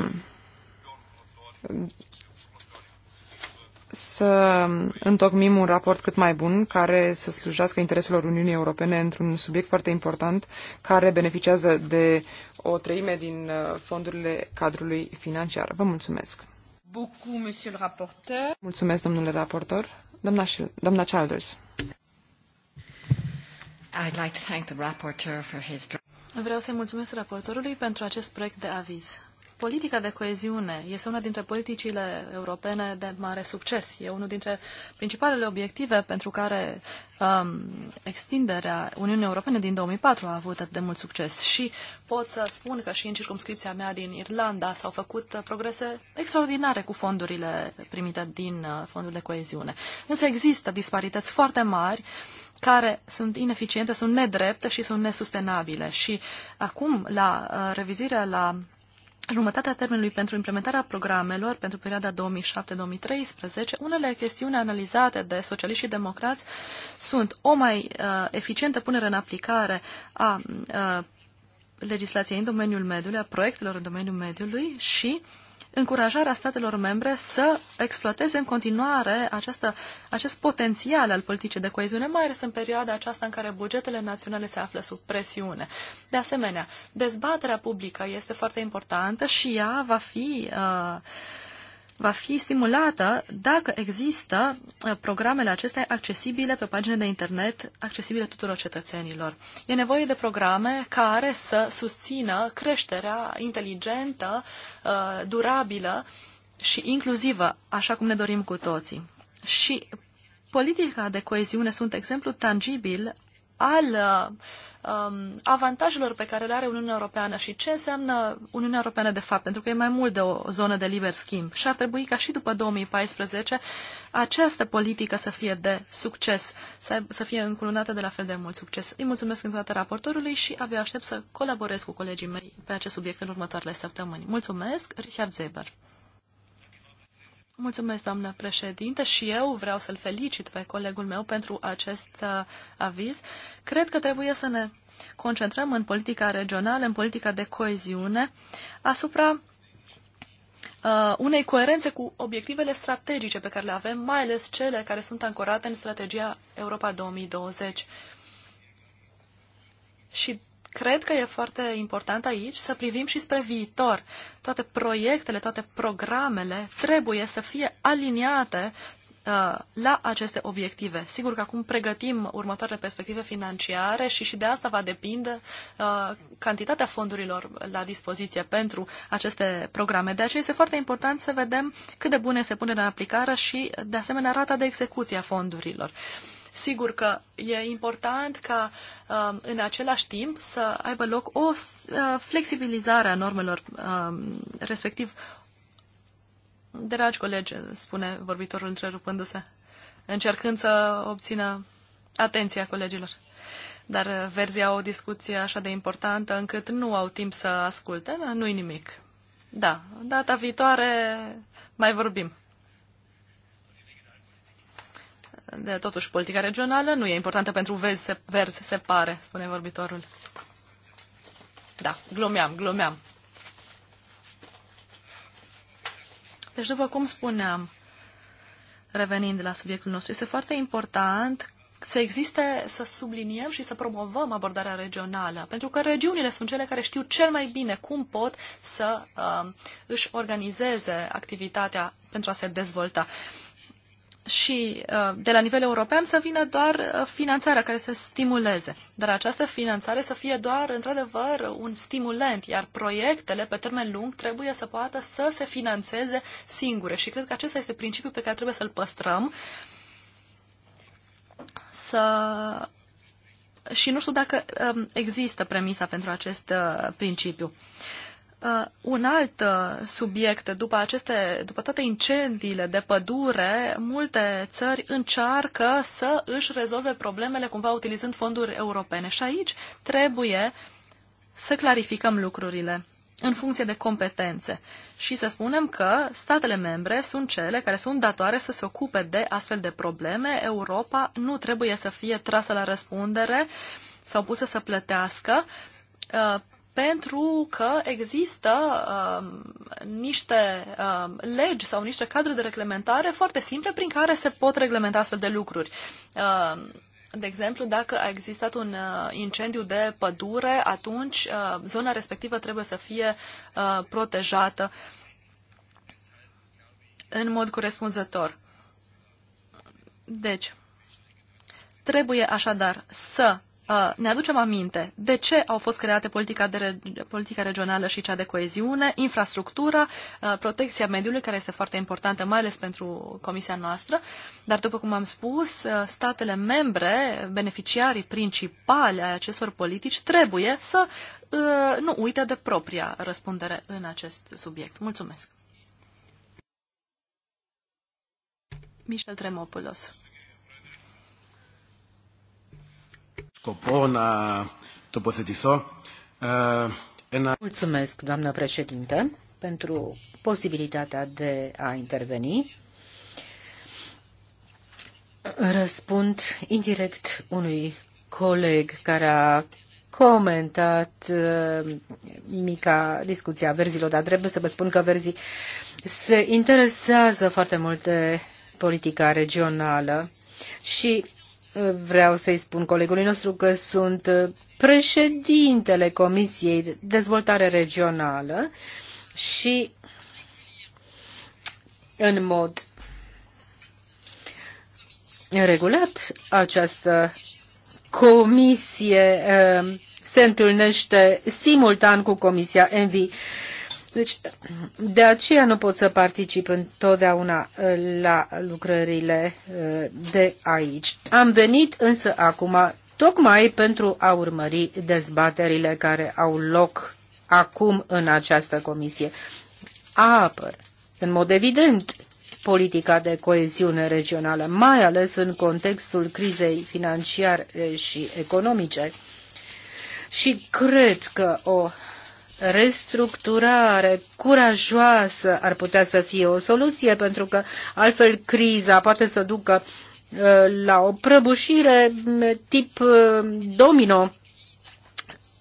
să întocmim un raport cât mai bun care să slujească intereselor Uniunii Europene într-un subiect foarte important care beneficiază de o treime din uh, fondurile cadrului financiar. Vă mulțumesc! beaucoup, monsieur le rapporteur. Mulțumesc, domnule raportor. Doamna, doamna Childers. I'd like to thank the rapporteur for his... Vreau să-i mulțumesc raportorului pentru acest proiect de aviz politica de coeziune este una dintre politicile europene de mare succes. E unul dintre principalele obiective pentru care um, extinderea Uniunii Europene din 2004 a avut atât de mult succes. Și pot să spun că și în circumscripția mea din Irlanda s-au făcut progrese extraordinare cu fondurile primite din uh, fondul de coeziune. Însă există disparități foarte mari care sunt ineficiente, sunt nedrepte și sunt nesustenabile. Și acum, la uh, revizuirea la jumătatea termenului pentru implementarea programelor pentru perioada 2007-2013, unele chestiuni analizate de socialiști și democrați sunt o mai uh, eficientă punere în aplicare a uh, legislației în domeniul mediului, a proiectelor în domeniul mediului și uh, încurajarea statelor membre să exploateze în continuare această, acest potențial al politicii de coeziune, mai ales în perioada aceasta în care bugetele naționale se află sub presiune. De asemenea, dezbaterea publică este foarte importantă și ea va fi uh, va fi stimulată dacă există uh, programele acestea accesibile pe pagine de internet, accesibile tuturor cetățenilor. E nevoie de programe care să susțină creșterea inteligentă, uh, durabilă și inclusivă, așa cum ne dorim cu toții. Și politica de coeziune sunt exemplu tangibil al uh, um, avantajelor pe care le are Uniunea Europeană și ce înseamnă Uniunea Europeană de fapt, pentru că e mai mult de o zonă de liber schimb. Și ar trebui ca și după 2014 această politică să fie de succes, să, să fie încununată de la fel de mult succes. Îi mulțumesc încă o dată raportorului și abia aștept să colaborez cu colegii mei pe acest subiect în următoarele săptămâni. Mulțumesc, Richard Zeber. Mulțumesc, doamnă președinte, și eu vreau să-l felicit pe colegul meu pentru acest uh, aviz. Cred că trebuie să ne concentrăm în politica regională, în politica de coeziune, asupra uh, unei coerențe cu obiectivele strategice pe care le avem, mai ales cele care sunt ancorate în strategia Europa 2020. Și Cred că e foarte important aici să privim și spre viitor. Toate proiectele, toate programele trebuie să fie aliniate uh, la aceste obiective. Sigur că acum pregătim următoarele perspective financiare și și de asta va depinde uh, cantitatea fondurilor la dispoziție pentru aceste programe. De aceea este foarte important să vedem cât de bune se pune în aplicare și, de asemenea, rata de execuție a fondurilor. Uh, Sigur că e important ca um, în același timp să aibă loc o uh, flexibilizare a normelor, um, respectiv, dragi colegi, spune vorbitorul întrerupându-se, încercând să obțină atenția colegilor dar uh, verzii au o discuție așa de importantă încât nu au timp să asculte, nu-i nimic. Da, data viitoare mai vorbim. de, totuși, politica regională nu e importantă pentru vezi, se, verzi, se pare, spune vorbitorul. Da, glumeam, glumeam. Deci, după cum spuneam, revenind la subiectul nostru, este foarte important să existe, să subliniem și să promovăm abordarea regională, pentru că regiunile sunt cele care știu cel mai bine cum pot să uh, își organizeze activitatea pentru a se dezvolta și uh, de la nivel european să vină doar uh, finanțarea care să stimuleze. Dar această finanțare să fie doar, într-adevăr, un stimulent, iar proiectele pe termen lung trebuie să poată să se finanțeze singure. Și cred că acesta este principiul pe care trebuie să-l păstrăm. Să... Și nu știu dacă um, există premisa pentru acest uh, principiu. Uh, un alt uh, subiect, după, aceste, după toate incendiile de pădure, multe țări încearcă să își rezolve problemele cumva utilizând fonduri europene. Și aici trebuie să clarificăm lucrurile în funcție de competențe și să spunem că statele membre sunt cele care sunt datoare să se ocupe de astfel de probleme. Europa nu trebuie să fie trasă la răspundere sau pusă să plătească uh, pentru că există uh, niște uh, legi sau niște cadre de reglementare foarte simple prin care se pot reglementa astfel de lucruri. Uh, de exemplu, dacă a existat un uh, incendiu de pădure, atunci uh, zona respectivă trebuie să fie uh, protejată în mod corespunzător. Deci, trebuie așadar să Uh, ne aducem aminte de ce au fost create politica, de, politica regională și cea de coeziune, infrastructura, uh, protecția mediului, care este foarte importantă, mai ales pentru comisia noastră, dar după cum am spus, uh, statele membre, beneficiarii principali ai acestor politici, trebuie să nu uite de propria răspundere în acest subiect. Mulțumesc! Michel Tremopoulos. σκοπό να uh, Mulțumesc, doamnă președinte, pentru posibilitatea de a interveni. Răspund indirect unui coleg care a comentat uh, mica discuția verzilor, dar trebuie să vă spun că verzii se interesează foarte mult de politica regională și Vreau să-i spun colegului nostru că sunt președintele Comisiei de Dezvoltare Regională și în mod regulat această comisie eh, se întâlnește simultan cu Comisia Envi. Deci, de aceea nu pot să particip întotdeauna uh, la lucrările uh, de aici. Am venit însă acum tocmai pentru a urmări dezbaterile care au loc acum în această comisie. Apăr, în mod evident, politica de coeziune regională, mai ales în contextul crizei financiare și economice. Și cred că o restructurare curajoasă ar putea să fie o soluție, pentru că altfel criza poate să ducă uh, la o prăbușire mm, tip uh, domino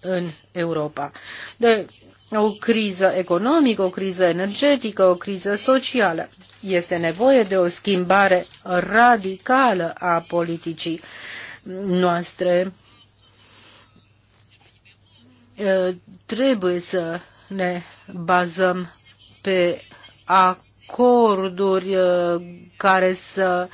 în Europa. De o criză economică, o criză energetică, o criză socială. Este nevoie de o schimbare radicală a politicii noastre uh, trebuie să ne bazăm pe acorduri uh, care să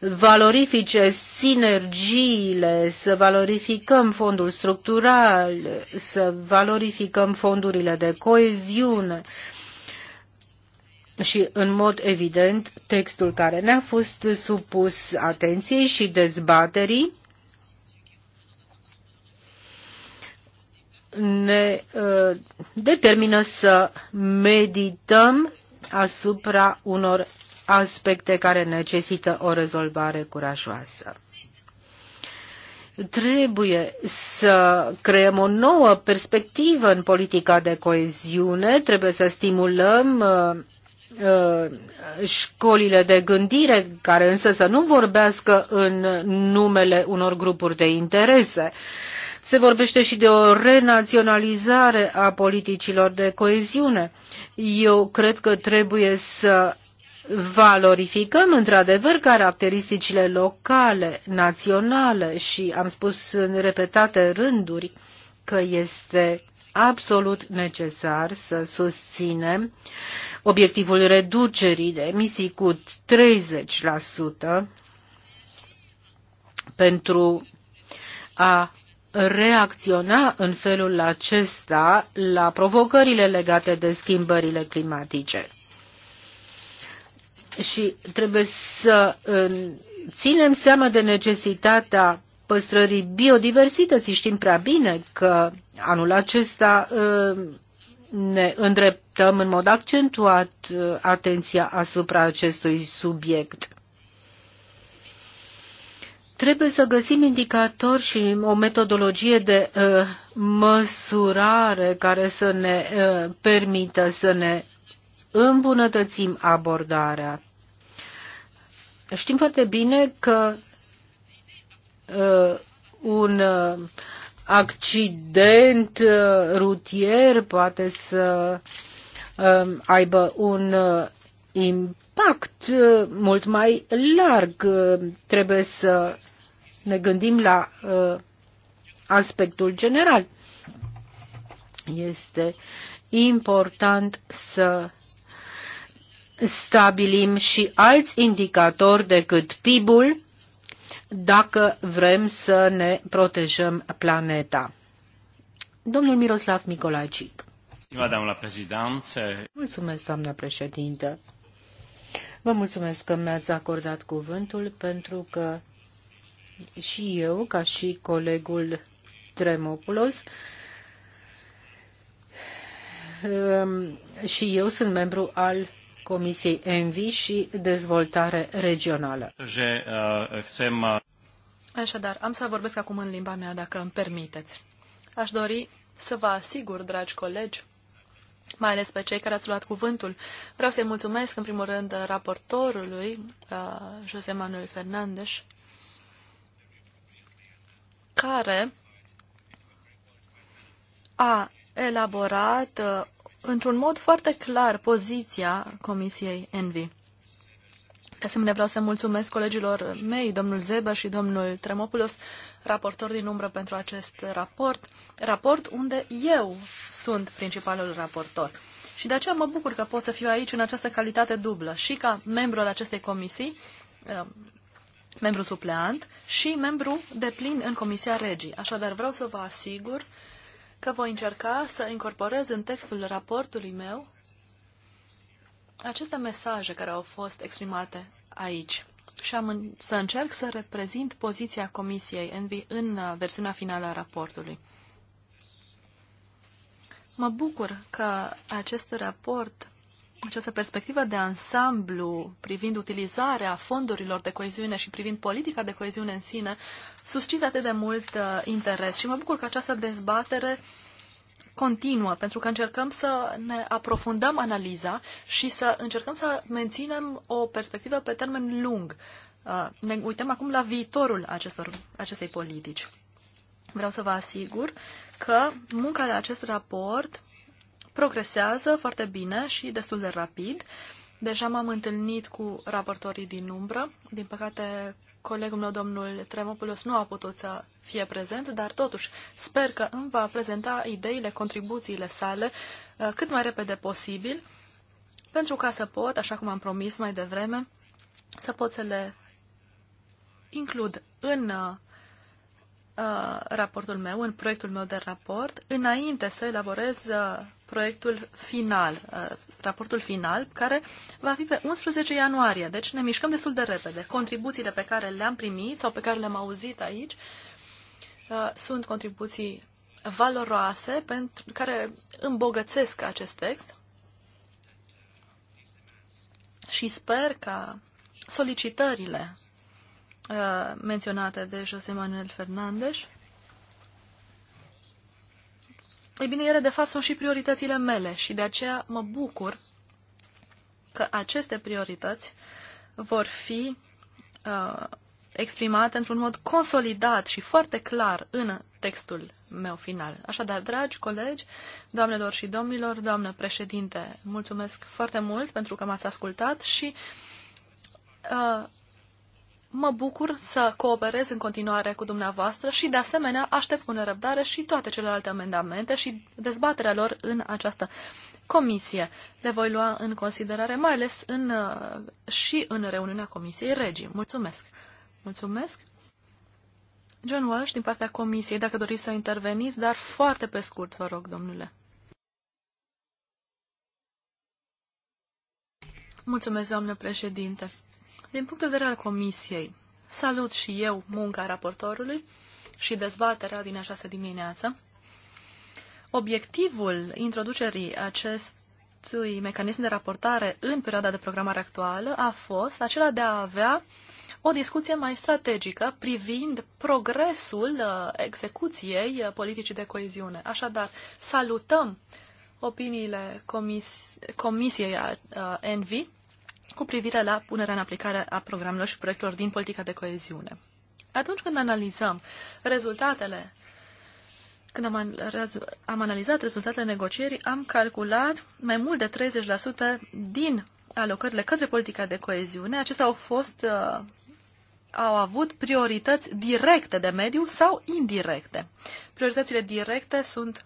valorifice sinergiile, să valorificăm fondul structural, să valorificăm fondurile de coeziune. Și, în mod evident, textul care ne-a fost supus atenției și dezbaterii ne uh, determină să medităm asupra unor aspecte care necesită o rezolvare curajoasă. Trebuie să creăm o nouă perspectivă în politica de coeziune, trebuie să stimulăm uh, uh, școlile de gândire, care însă să nu vorbească în numele unor grupuri de interese. Se vorbește și de o renaționalizare a politicilor de coeziune. Eu cred că trebuie să valorificăm într-adevăr caracteristicile locale, naționale și am spus în repetate rânduri că este absolut necesar să susținem obiectivul reducerii de emisii cu 30% pentru a reacționa în felul acesta la provocările legate de schimbările climatice. Și trebuie să ținem seama de necesitatea păstrării biodiversității. Știm prea bine că anul acesta uh, ne îndreptăm în mod accentuat uh, atenția asupra acestui subiect. Trebuie să găsim indicatori și o metodologie de uh, măsurare care să ne uh, permită să ne îmbunătățim abordarea. Știm foarte bine că uh, un uh, accident uh, rutier poate să uh, aibă un uh, impact uh, mult mai larg. Uh, trebuie să ne gândim la uh, aspectul general. Este important să stabilim și alți indicatori decât PIB-ul dacă vrem să ne protejăm planeta. Domnul Miroslav Nicolaicic. Mulțumesc, doamna președintă. Vă mulțumesc că mi-ați acordat cuvântul pentru că și eu, ca și colegul Tremopoulos, ehm, și eu sunt membru al Comisiei Envi și Dezvoltare Regională. Eh, eh, Așadar, am să vorbesc acum în limba mea, dacă îmi permiteți. Aș dori să vă asigur, dragi colegi, mai ales pe cei care ați luat cuvântul. Vreau să-i mulțumesc, în primul rând, raportorului, eh, José Manuel Fernandes, care a elaborat uh, într-un mod foarte clar poziția Comisiei Envi. De asemenea, vreau să mulțumesc colegilor mei, domnul Zeba și domnul Tremopoulos, raportor din umbră pentru acest raport, raport unde eu sunt principalul raportor. Și de aceea mă bucur că pot să fiu aici în această calitate dublă, și ca membru al acestei comisii, uh, membru supleant și membru de plin în Comisia Regii. Așadar, vreau să vă asigur că voi încerca să incorporez în textul raportului meu aceste mesaje care au fost exprimate aici și am în, să încerc să reprezint poziția Comisiei Envi în uh, versiunea finală a raportului. Mă bucur că acest raport această perspectivă de ansamblu privind utilizarea fondurilor de coeziune și privind politica de coeziune în sine suscită atât de mult uh, interes și mă bucur că această dezbatere continuă, pentru că încercăm să ne aprofundăm analiza și să încercăm să menținem o perspectivă pe termen lung. Uh, ne uităm acum la viitorul acestor, acestei politici. Vreau să vă asigur că munca de acest raport progresează foarte bine și destul de rapid. Deja m-am întâlnit cu raportorii din umbră. Din păcate, colegul meu, domnul Tremopoulos, nu a putut să fie prezent, dar totuși sper că îmi va prezenta ideile, contribuțiile sale uh, cât mai repede posibil, pentru ca să pot, așa cum am promis mai devreme, să pot să le includ în uh, raportul meu, în proiectul meu de raport, înainte să elaborez uh, proiectul final, uh, raportul final, care va fi pe 11 ianuarie. Deci ne mișcăm destul de repede. Contribuțiile pe care le-am primit sau pe care le-am auzit aici uh, sunt contribuții valoroase pentru care îmbogățesc acest text și sper ca solicitările Uh, menționate de José Manuel Fernandes. Ei bine, ele de fapt sunt și prioritățile mele și de aceea mă bucur că aceste priorități vor fi uh, exprimate într-un mod consolidat și foarte clar în textul meu final. Așadar, dragi colegi, doamnelor și domnilor, doamnă președinte, mulțumesc foarte mult pentru că m-ați ascultat și uh, mă bucur să cooperez în continuare cu dumneavoastră și, de asemenea, aștept cu nerăbdare și toate celelalte amendamente și dezbaterea lor în această comisie. Le voi lua în considerare, mai ales în, uh, și în reuniunea Comisiei Regii. Mulțumesc! Mulțumesc! John Walsh, din partea comisiei, dacă doriți să interveniți, dar foarte pe scurt, vă rog, domnule. Mulțumesc, doamnă președinte. Din punct de vedere al Comisiei, salut și eu munca raportorului și dezbaterea din această dimineață. Obiectivul introducerii acestui mecanism de raportare în perioada de programare actuală a fost acela de a avea o discuție mai strategică privind progresul uh, execuției uh, politicii de coeziune. Așadar, salutăm opiniile comis- Comisiei uh, Envi cu privire la punerea în aplicare a programelor și proiectelor din politica de coeziune. Atunci când analizăm rezultatele, când am, am analizat rezultatele negocierii, am calculat mai mult de 30% din alocările către politica de coeziune. Acestea au fost uh, au avut priorități directe de mediu sau indirecte. Prioritățile directe sunt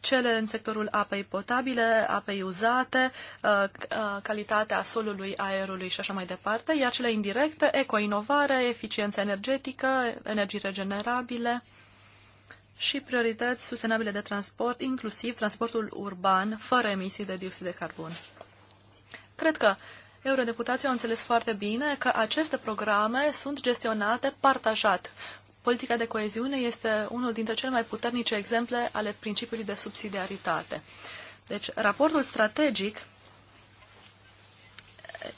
cele în sectorul apei potabile, apei uzate, uh, uh, calitatea solului, aerului și așa mai departe, iar cele indirecte, ecoinovare, eficiență energetică, energii regenerabile și priorități sustenabile de transport, inclusiv transportul urban, fără emisii de dioxid de carbon. Cred că eurodeputații au înțeles foarte bine că aceste programe sunt gestionate partajat politica de coeziune este unul dintre cele mai puternice exemple ale principiului de subsidiaritate. Deci, raportul strategic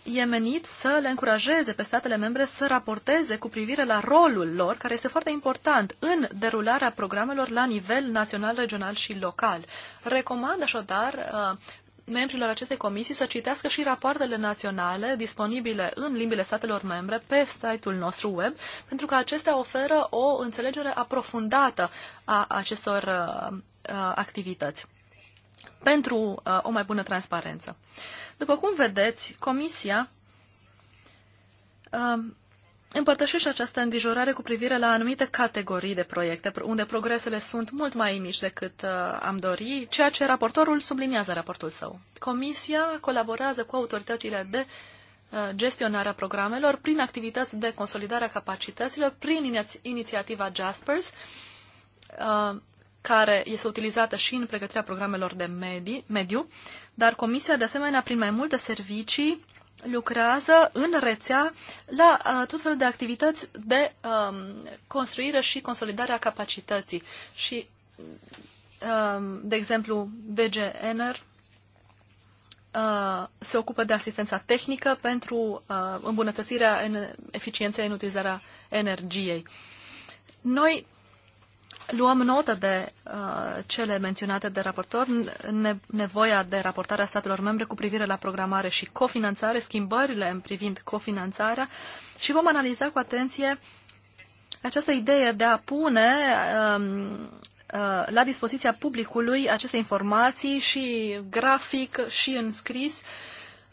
e menit să le încurajeze pe statele membre să raporteze cu privire la rolul lor, care este foarte important în derularea programelor la nivel național, regional și local. Recomand așadar uh, membrilor acestei comisii să citească și rapoartele naționale disponibile în limbile statelor membre pe site-ul nostru web, pentru că acestea oferă o înțelegere aprofundată a acestor uh, uh activități pentru uh, o mai bună transparență. După cum vedeți, Comisia uh, împărtășește această îngrijorare cu privire la anumite categorii de proiecte, unde progresele sunt mult mai mici decât uh, am dori, ceea ce raportorul subliniază în raportul său. Comisia colaborează cu autoritățile de uh, gestionarea programelor prin activități de consolidare a capacităților, prin inițiativa Jaspers, uh, care este utilizată și în pregătirea programelor de mediu, dar Comisia, de asemenea, prin mai multe servicii, lucrează în rețea la uh, tot felul de activități de um, construire și consolidare a capacității. Și, um, de exemplu, DGNR uh, se ocupă de asistența tehnică pentru uh, îmbunătățirea în eficienței în utilizarea energiei. Noi Luăm notă de uh, cele menționate de raportor, ne, nevoia de raportare a statelor membre cu privire la programare și cofinanțare, schimbările în privind cofinanțarea și vom analiza cu atenție această idee de a pune um, uh, la dispoziția publicului aceste informații și grafic și în scris uh,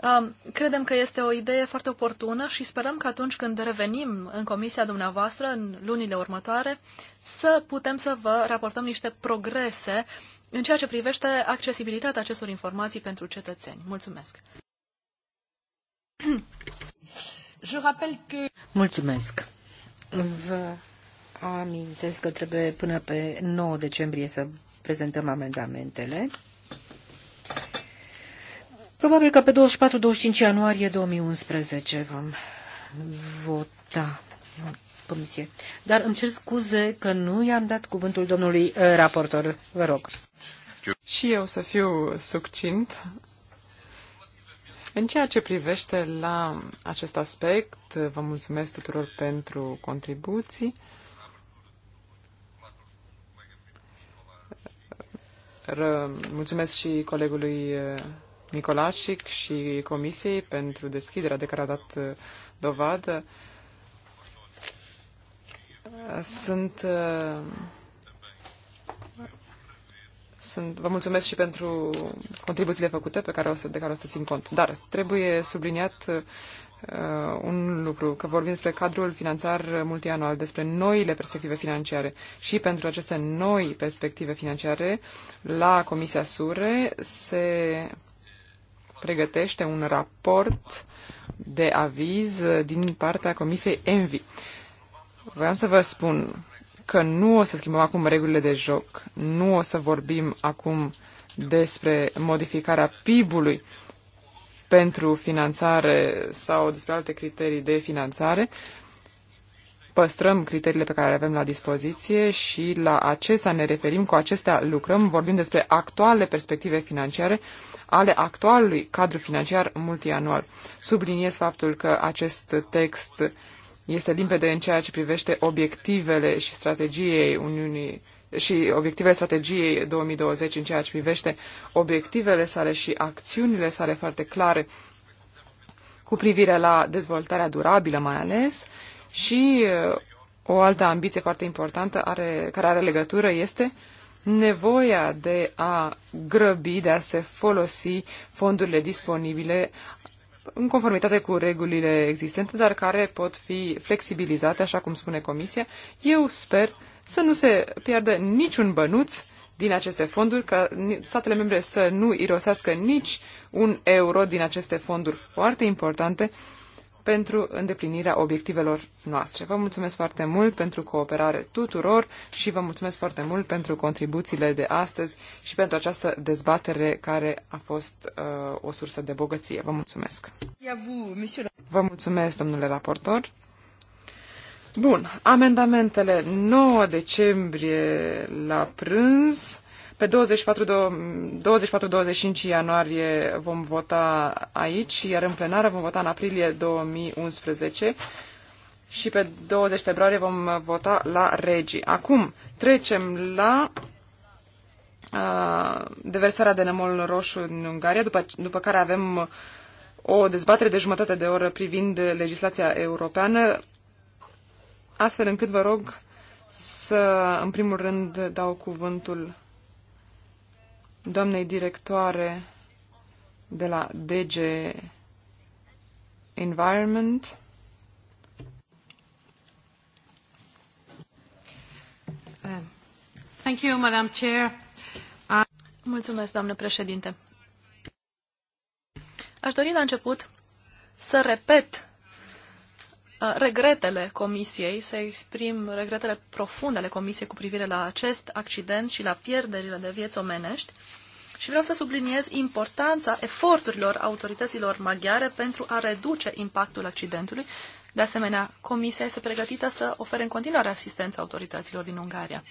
Um, credem că este o idee foarte oportună și sperăm că atunci când revenim în comisia dumneavoastră, în lunile următoare, să putem să vă raportăm niște progrese în ceea ce privește accesibilitatea acestor informații pentru cetățeni. Mulțumesc! Mulțumesc! Vă amintesc că trebuie până pe 9 decembrie să prezentăm amendamentele. Probabil că pe 24-25 ianuarie 2011 vom vota comisie. Dar îmi cer scuze că nu i-am dat cuvântul domnului uh, raportor. Vă rog. Și eu să fiu succint. În ceea ce privește la acest aspect, vă mulțumesc tuturor pentru contribuții. Ră, mulțumesc și colegului uh, Nicolașic și Comisiei pentru deschiderea de care a dat uh, dovadă. Sunt, uh, sunt, vă mulțumesc și pentru contribuțiile făcute pe care o să, de care o să țin cont. Dar trebuie subliniat uh, un lucru, că vorbim despre cadrul finanțar multianual, despre noile perspective financiare și pentru aceste noi perspective financiare la Comisia Sure se pregătește un raport de aviz din partea Comisiei Envi. Vreau să vă spun că nu o să schimbăm acum regulile de joc, nu o să vorbim acum despre modificarea PIB-ului pentru finanțare sau despre alte criterii de finanțare. Păstrăm criteriile pe care le avem la dispoziție și la acestea ne referim, cu acestea lucrăm, vorbim despre actuale perspective financiare ale actualului cadru financiar multianual. Subliniez faptul că acest text este limpede în ceea ce privește obiectivele și strategiei Uniunii și obiectivele strategiei 2020 în ceea ce privește obiectivele sale și acțiunile sale foarte clare cu privire la dezvoltarea durabilă mai ales și uh, o altă ambiție foarte importantă are, care are legătură este uh, nevoia de a grăbi, de a se folosi fondurile disponibile în conformitate cu regulile existente, dar care pot fi flexibilizate, așa cum spune Comisia. Eu sper să nu se piardă niciun bănuț din aceste fonduri, ca statele membre să nu irosească nici un euro din aceste fonduri foarte importante pentru îndeplinirea obiectivelor noastre. Vă mulțumesc foarte mult pentru cooperare tuturor și vă mulțumesc foarte mult pentru contribuțiile de astăzi și pentru această dezbatere care a fost uh, o sursă de bogăție. Vă mulțumesc! Vă mulțumesc, domnule raportor! Bun, amendamentele 9 decembrie la prânz pe 24-25 ianuarie vom vota aici, iar în plenară vom vota în aprilie 2011 și pe 20 februarie vom vota la regii. Acum trecem la uh, deversarea de nemol roșu în Ungaria, după, după care avem o dezbatere de jumătate de oră privind legislația europeană, astfel încât vă rog să, în primul rând, dau cuvântul doamnei directoare de la DG Environment. Thank you, Madam Chair. Uh, Mulțumesc, doamnă președinte. Aș dori la început să repet Uh, regretele comisiei, să exprim regretele profunde ale comisiei cu privire la acest accident și la pierderile de vieți omenești și vreau să subliniez importanța eforturilor autorităților maghiare pentru a reduce impactul accidentului. De asemenea, Comisia este pregătită să ofere în continuare asistență autorităților din Ungaria.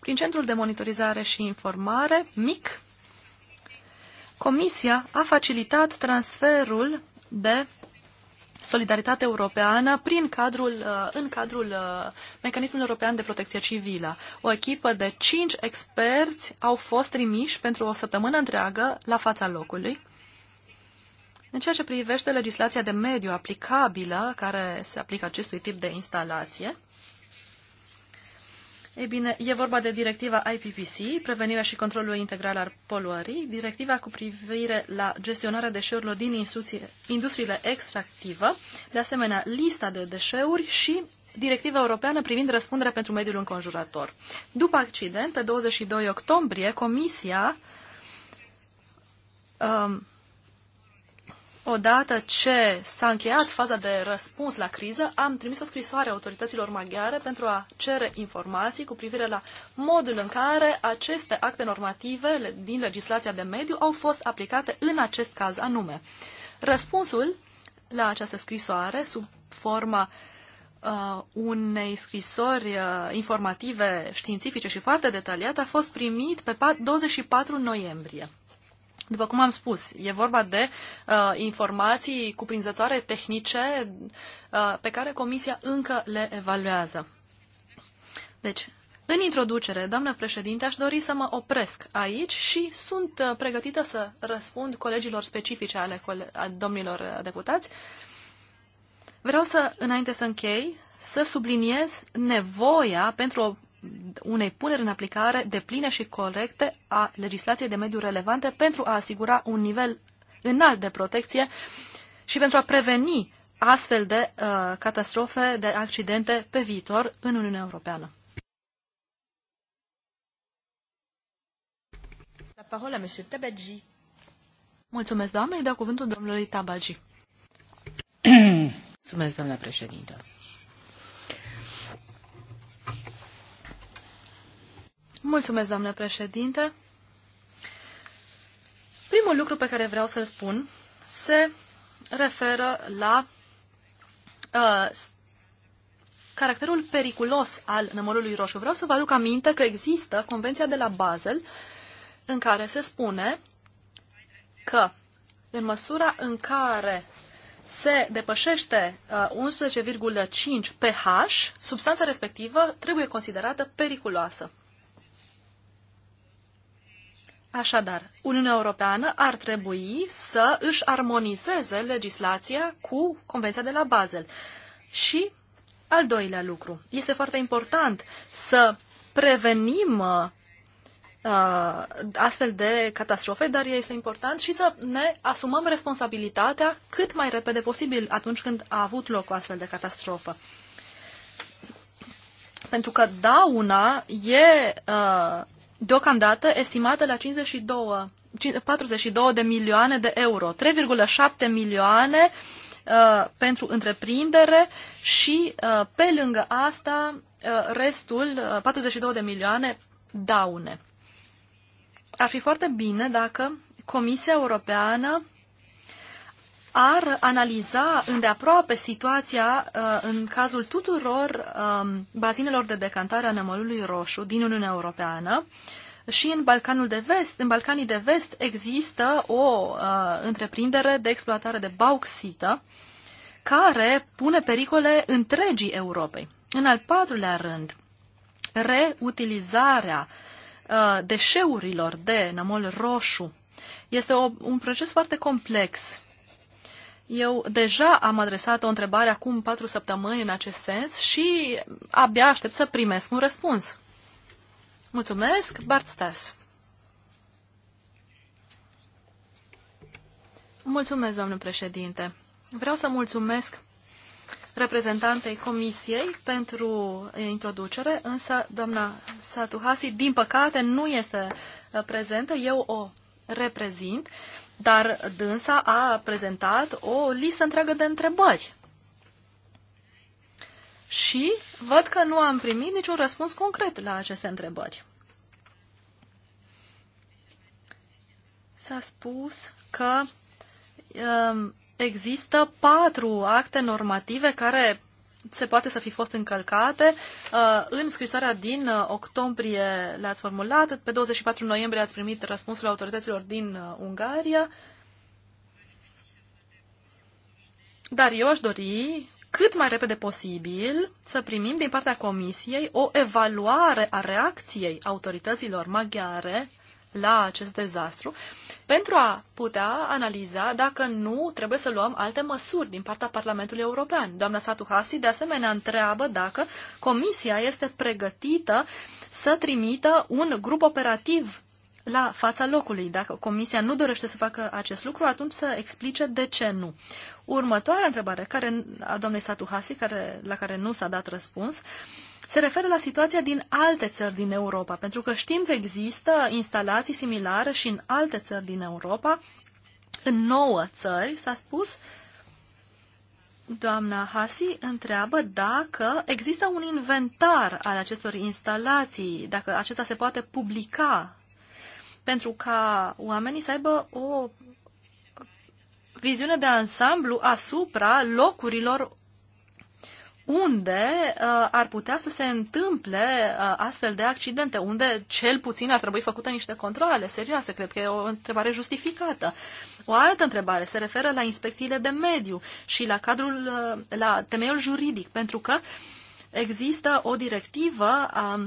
Prin Centrul de Monitorizare și Informare, MIC, Comisia a facilitat transferul de solidaritate europeană prin cadrul, uh, în cadrul uh, mecanismului european de protecție civilă. O echipă de cinci experți au fost trimiși pentru o săptămână întreagă la fața locului. În ceea ce privește legislația de mediu aplicabilă care se aplică acestui tip de instalație, ei bine, e vorba de directiva IPPC, prevenirea și controlul integral al poluării, directiva cu privire la gestionarea deșeurilor din industriile extractivă, de asemenea lista de deșeuri și Directiva Europeană privind răspunderea pentru mediul înconjurător. După accident, pe 22 octombrie, Comisia um, Odată ce s-a încheiat faza de răspuns la criză, am trimis o scrisoare autorităților maghiare pentru a cere informații cu privire la modul în care aceste acte normative din legislația de mediu au fost aplicate în acest caz anume. Răspunsul la această scrisoare, sub forma uh, unei scrisori uh, informative științifice și foarte detaliate, a fost primit pe 24 noiembrie. După cum am spus, e vorba de uh, informații cuprinzătoare tehnice uh, pe care Comisia încă le evaluează. Deci, în introducere, doamnă președinte, aș dori să mă opresc aici și sunt uh, pregătită să răspund colegilor specifice ale cole- a domnilor uh, deputați. Vreau să, înainte să închei, să subliniez nevoia pentru o unei puneri în aplicare depline și corecte a legislației de mediu relevante pentru a asigura un nivel înalt de protecție și pentru a preveni astfel de uh, catastrofe, de accidente pe viitor în Uniunea Europeană. La parola, monsieur Tabagi. Mulțumesc, doamne, îi dau cuvântul domnului Tabagi. Mulțumesc, doamna președintă. Mulțumesc, doamnă președinte. Primul lucru pe care vreau să-l spun se referă la uh, caracterul periculos al nămolului roșu. Vreau să vă aduc aminte că există Convenția de la Basel în care se spune că în măsura în care se depășește 11,5 uh, pH, substanța respectivă trebuie considerată periculoasă. Așadar, Uniunea Europeană ar trebui să își armonizeze legislația cu Convenția de la Basel. Și al doilea lucru, este foarte important să prevenim uh, uh, astfel de catastrofe, dar este important și să ne asumăm responsabilitatea cât mai repede posibil atunci când a avut loc o astfel de catastrofă. Pentru că dauna e uh, deocamdată estimată la 52, 42 de milioane de euro, 3,7 milioane uh, pentru întreprindere și uh, pe lângă asta uh, restul, uh, 42 de milioane, daune. Ar fi foarte bine dacă Comisia Europeană ar analiza îndeaproape situația uh, în cazul tuturor um, bazinelor de decantare a nămolului roșu din Uniunea Europeană. Și în Balcanul de Vest, în Balcanii de Vest există o uh, întreprindere de exploatare de bauxită care pune pericole întregii Europei. În al patrulea rând, reutilizarea uh, deșeurilor de nămol roșu este o, un proces foarte complex eu deja am adresat o întrebare acum patru săptămâni în acest sens și abia aștept să primesc un răspuns. Mulțumesc, Bart Stas. Mulțumesc, domnule președinte. Vreau să mulțumesc reprezentantei comisiei pentru introducere, însă doamna Satuhasi, din păcate, nu este prezentă. Eu o reprezint. Dar dânsa a prezentat o listă întreagă de întrebări. Și văd că nu am primit niciun răspuns concret la aceste întrebări. S-a spus că um, există patru acte normative care se poate să fi fost încălcate. Uh, în scrisoarea din uh, octombrie le-ați formulat, pe 24 noiembrie ați primit răspunsul autorităților din uh, Ungaria. Dar eu aș dori cât mai repede posibil să primim din partea Comisiei o evaluare a reacției autorităților maghiare la acest dezastru, pentru a putea analiza dacă nu trebuie să luăm alte măsuri din partea Parlamentului European. Doamna Satuhasi, de asemenea, întreabă dacă Comisia este pregătită să trimită un grup operativ la fața locului. Dacă comisia nu dorește să facă acest lucru, atunci să explice de ce nu. Următoarea întrebare care, a doamnei Satuhasi, care, la care nu s-a dat răspuns, se referă la situația din alte țări din Europa, pentru că știm că există instalații similare și în alte țări din Europa, în nouă țări, s-a spus. Doamna Hasi întreabă dacă există un inventar al acestor instalații, dacă acesta se poate publica, pentru ca oamenii să aibă o viziune de ansamblu asupra locurilor unde uh, ar putea să se întâmple uh, astfel de accidente, unde cel puțin ar trebui făcute niște controle serioase. Cred că e o întrebare justificată. O altă întrebare se referă la inspecțiile de mediu și la cadrul, uh, la temeiul juridic, pentru că există o directivă uh,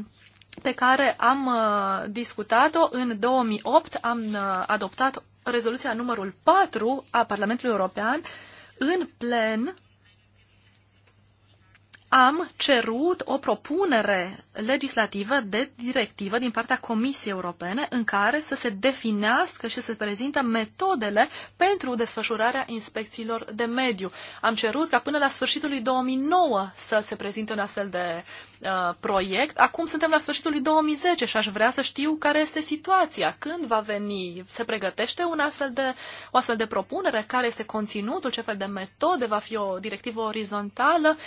pe care am uh, discutat-o în 2008, am uh, adoptat rezoluția numărul 4 a Parlamentului European în plen am cerut o propunere legislativă de directivă din partea Comisiei Europene în care să se definească și să se prezintă metodele pentru desfășurarea inspecțiilor de mediu. Am cerut ca până la sfârșitul lui 2009 să se prezinte un astfel de Uh, proiect. Acum suntem la sfârșitul lui 2010 și aș vrea să știu care este situația, când va veni, se pregătește un astfel de, o astfel de propunere, care este conținutul, ce fel de metode, va fi o directivă orizontală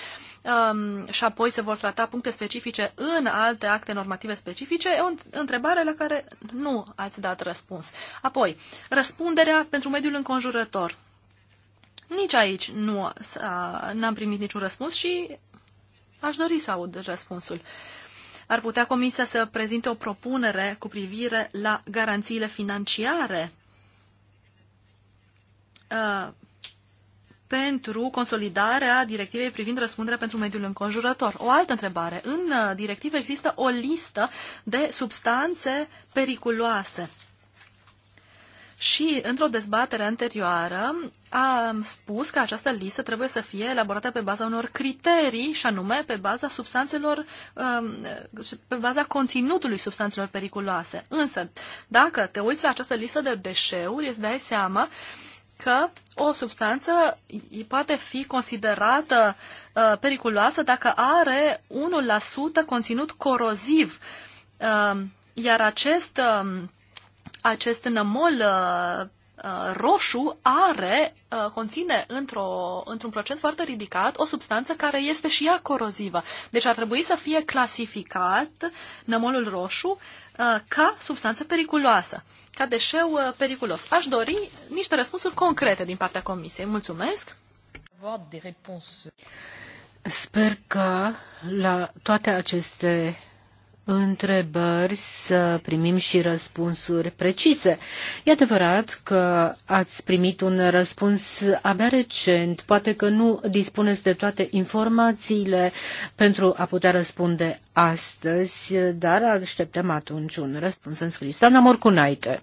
um, și apoi se vor trata puncte specifice în alte acte normative specifice. E o întrebare la care nu ați dat răspuns. Apoi, răspunderea pentru mediul înconjurător. Nici aici nu n-am primit niciun răspuns și Aș dori să aud răspunsul. Ar putea Comisia să prezinte o propunere cu privire la garanțiile financiare uh, pentru consolidarea directivei privind răspunderea pentru mediul înconjurător. O altă întrebare. În uh, directivă există o listă de substanțe periculoase și într-o dezbatere anterioară am spus că această listă trebuie să fie elaborată pe baza unor criterii și anume pe baza substanțelor, um, pe baza conținutului substanțelor periculoase. Însă, dacă te uiți la această listă de deșeuri, îți dai seama că o substanță poate fi considerată uh, periculoasă dacă are 1% conținut coroziv, um, iar acest um, acest nămol uh, uh, roșu are, uh, conține într-o, într-un procent foarte ridicat o substanță care este și ea corozivă. Deci ar trebui să fie clasificat nămolul roșu ca substanță periculoasă, ca deșeu periculos. Aș dori niște răspunsuri concrete din partea Comisiei. Mulțumesc! Sper că la toate aceste întrebări, să primim și răspunsuri precise. E adevărat că ați primit un răspuns abia recent, poate că nu dispuneți de toate informațiile pentru a putea răspunde astăzi, dar așteptăm atunci un răspuns în scris. Doamna Morcunaite.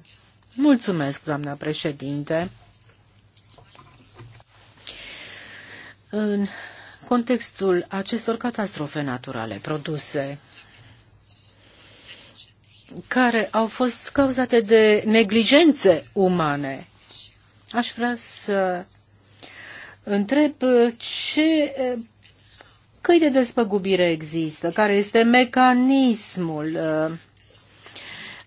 Mulțumesc, doamna președinte. În contextul acestor catastrofe naturale produse care au fost cauzate de neglijențe umane. Aș vrea să întreb ce căi de despăgubire există, care este mecanismul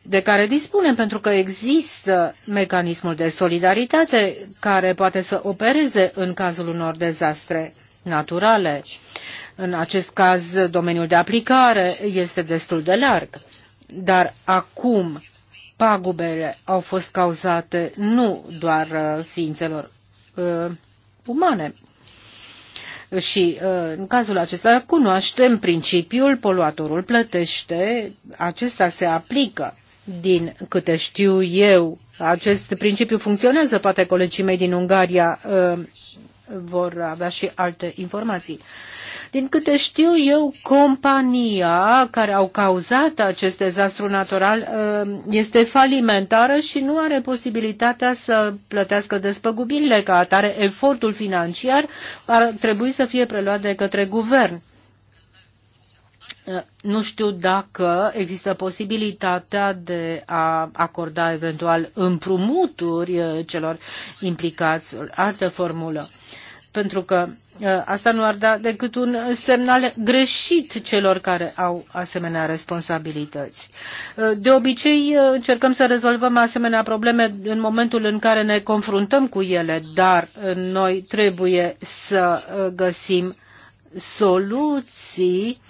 de care dispunem, pentru că există mecanismul de solidaritate care poate să opereze în cazul unor dezastre naturale. În acest caz, domeniul de aplicare este destul de larg. Dar acum pagubele au fost cauzate nu doar uh, ființelor uh, umane. Și uh, în cazul acesta cunoaștem principiul poluatorul plătește, acesta se aplică din câte știu eu, acest principiu funcționează, poate colegii mei din Ungaria uh, vor avea și alte informații. Din câte știu eu, compania care au cauzat acest dezastru natural uh, este falimentară și nu are posibilitatea să plătească despăgubirile ca atare. Efortul financiar ar trebui să fie preluat de către guvern. Uh, nu știu dacă există posibilitatea de a acorda eventual împrumuturi uh, celor implicați, altă formulă. Uh, pentru că uh, asta nu ar da decât un semnal greșit celor care au asemenea responsabilități. Uh, de obicei uh, încercăm să rezolvăm asemenea probleme în momentul în care ne confruntăm cu ele, dar noi trebuie să găsim soluții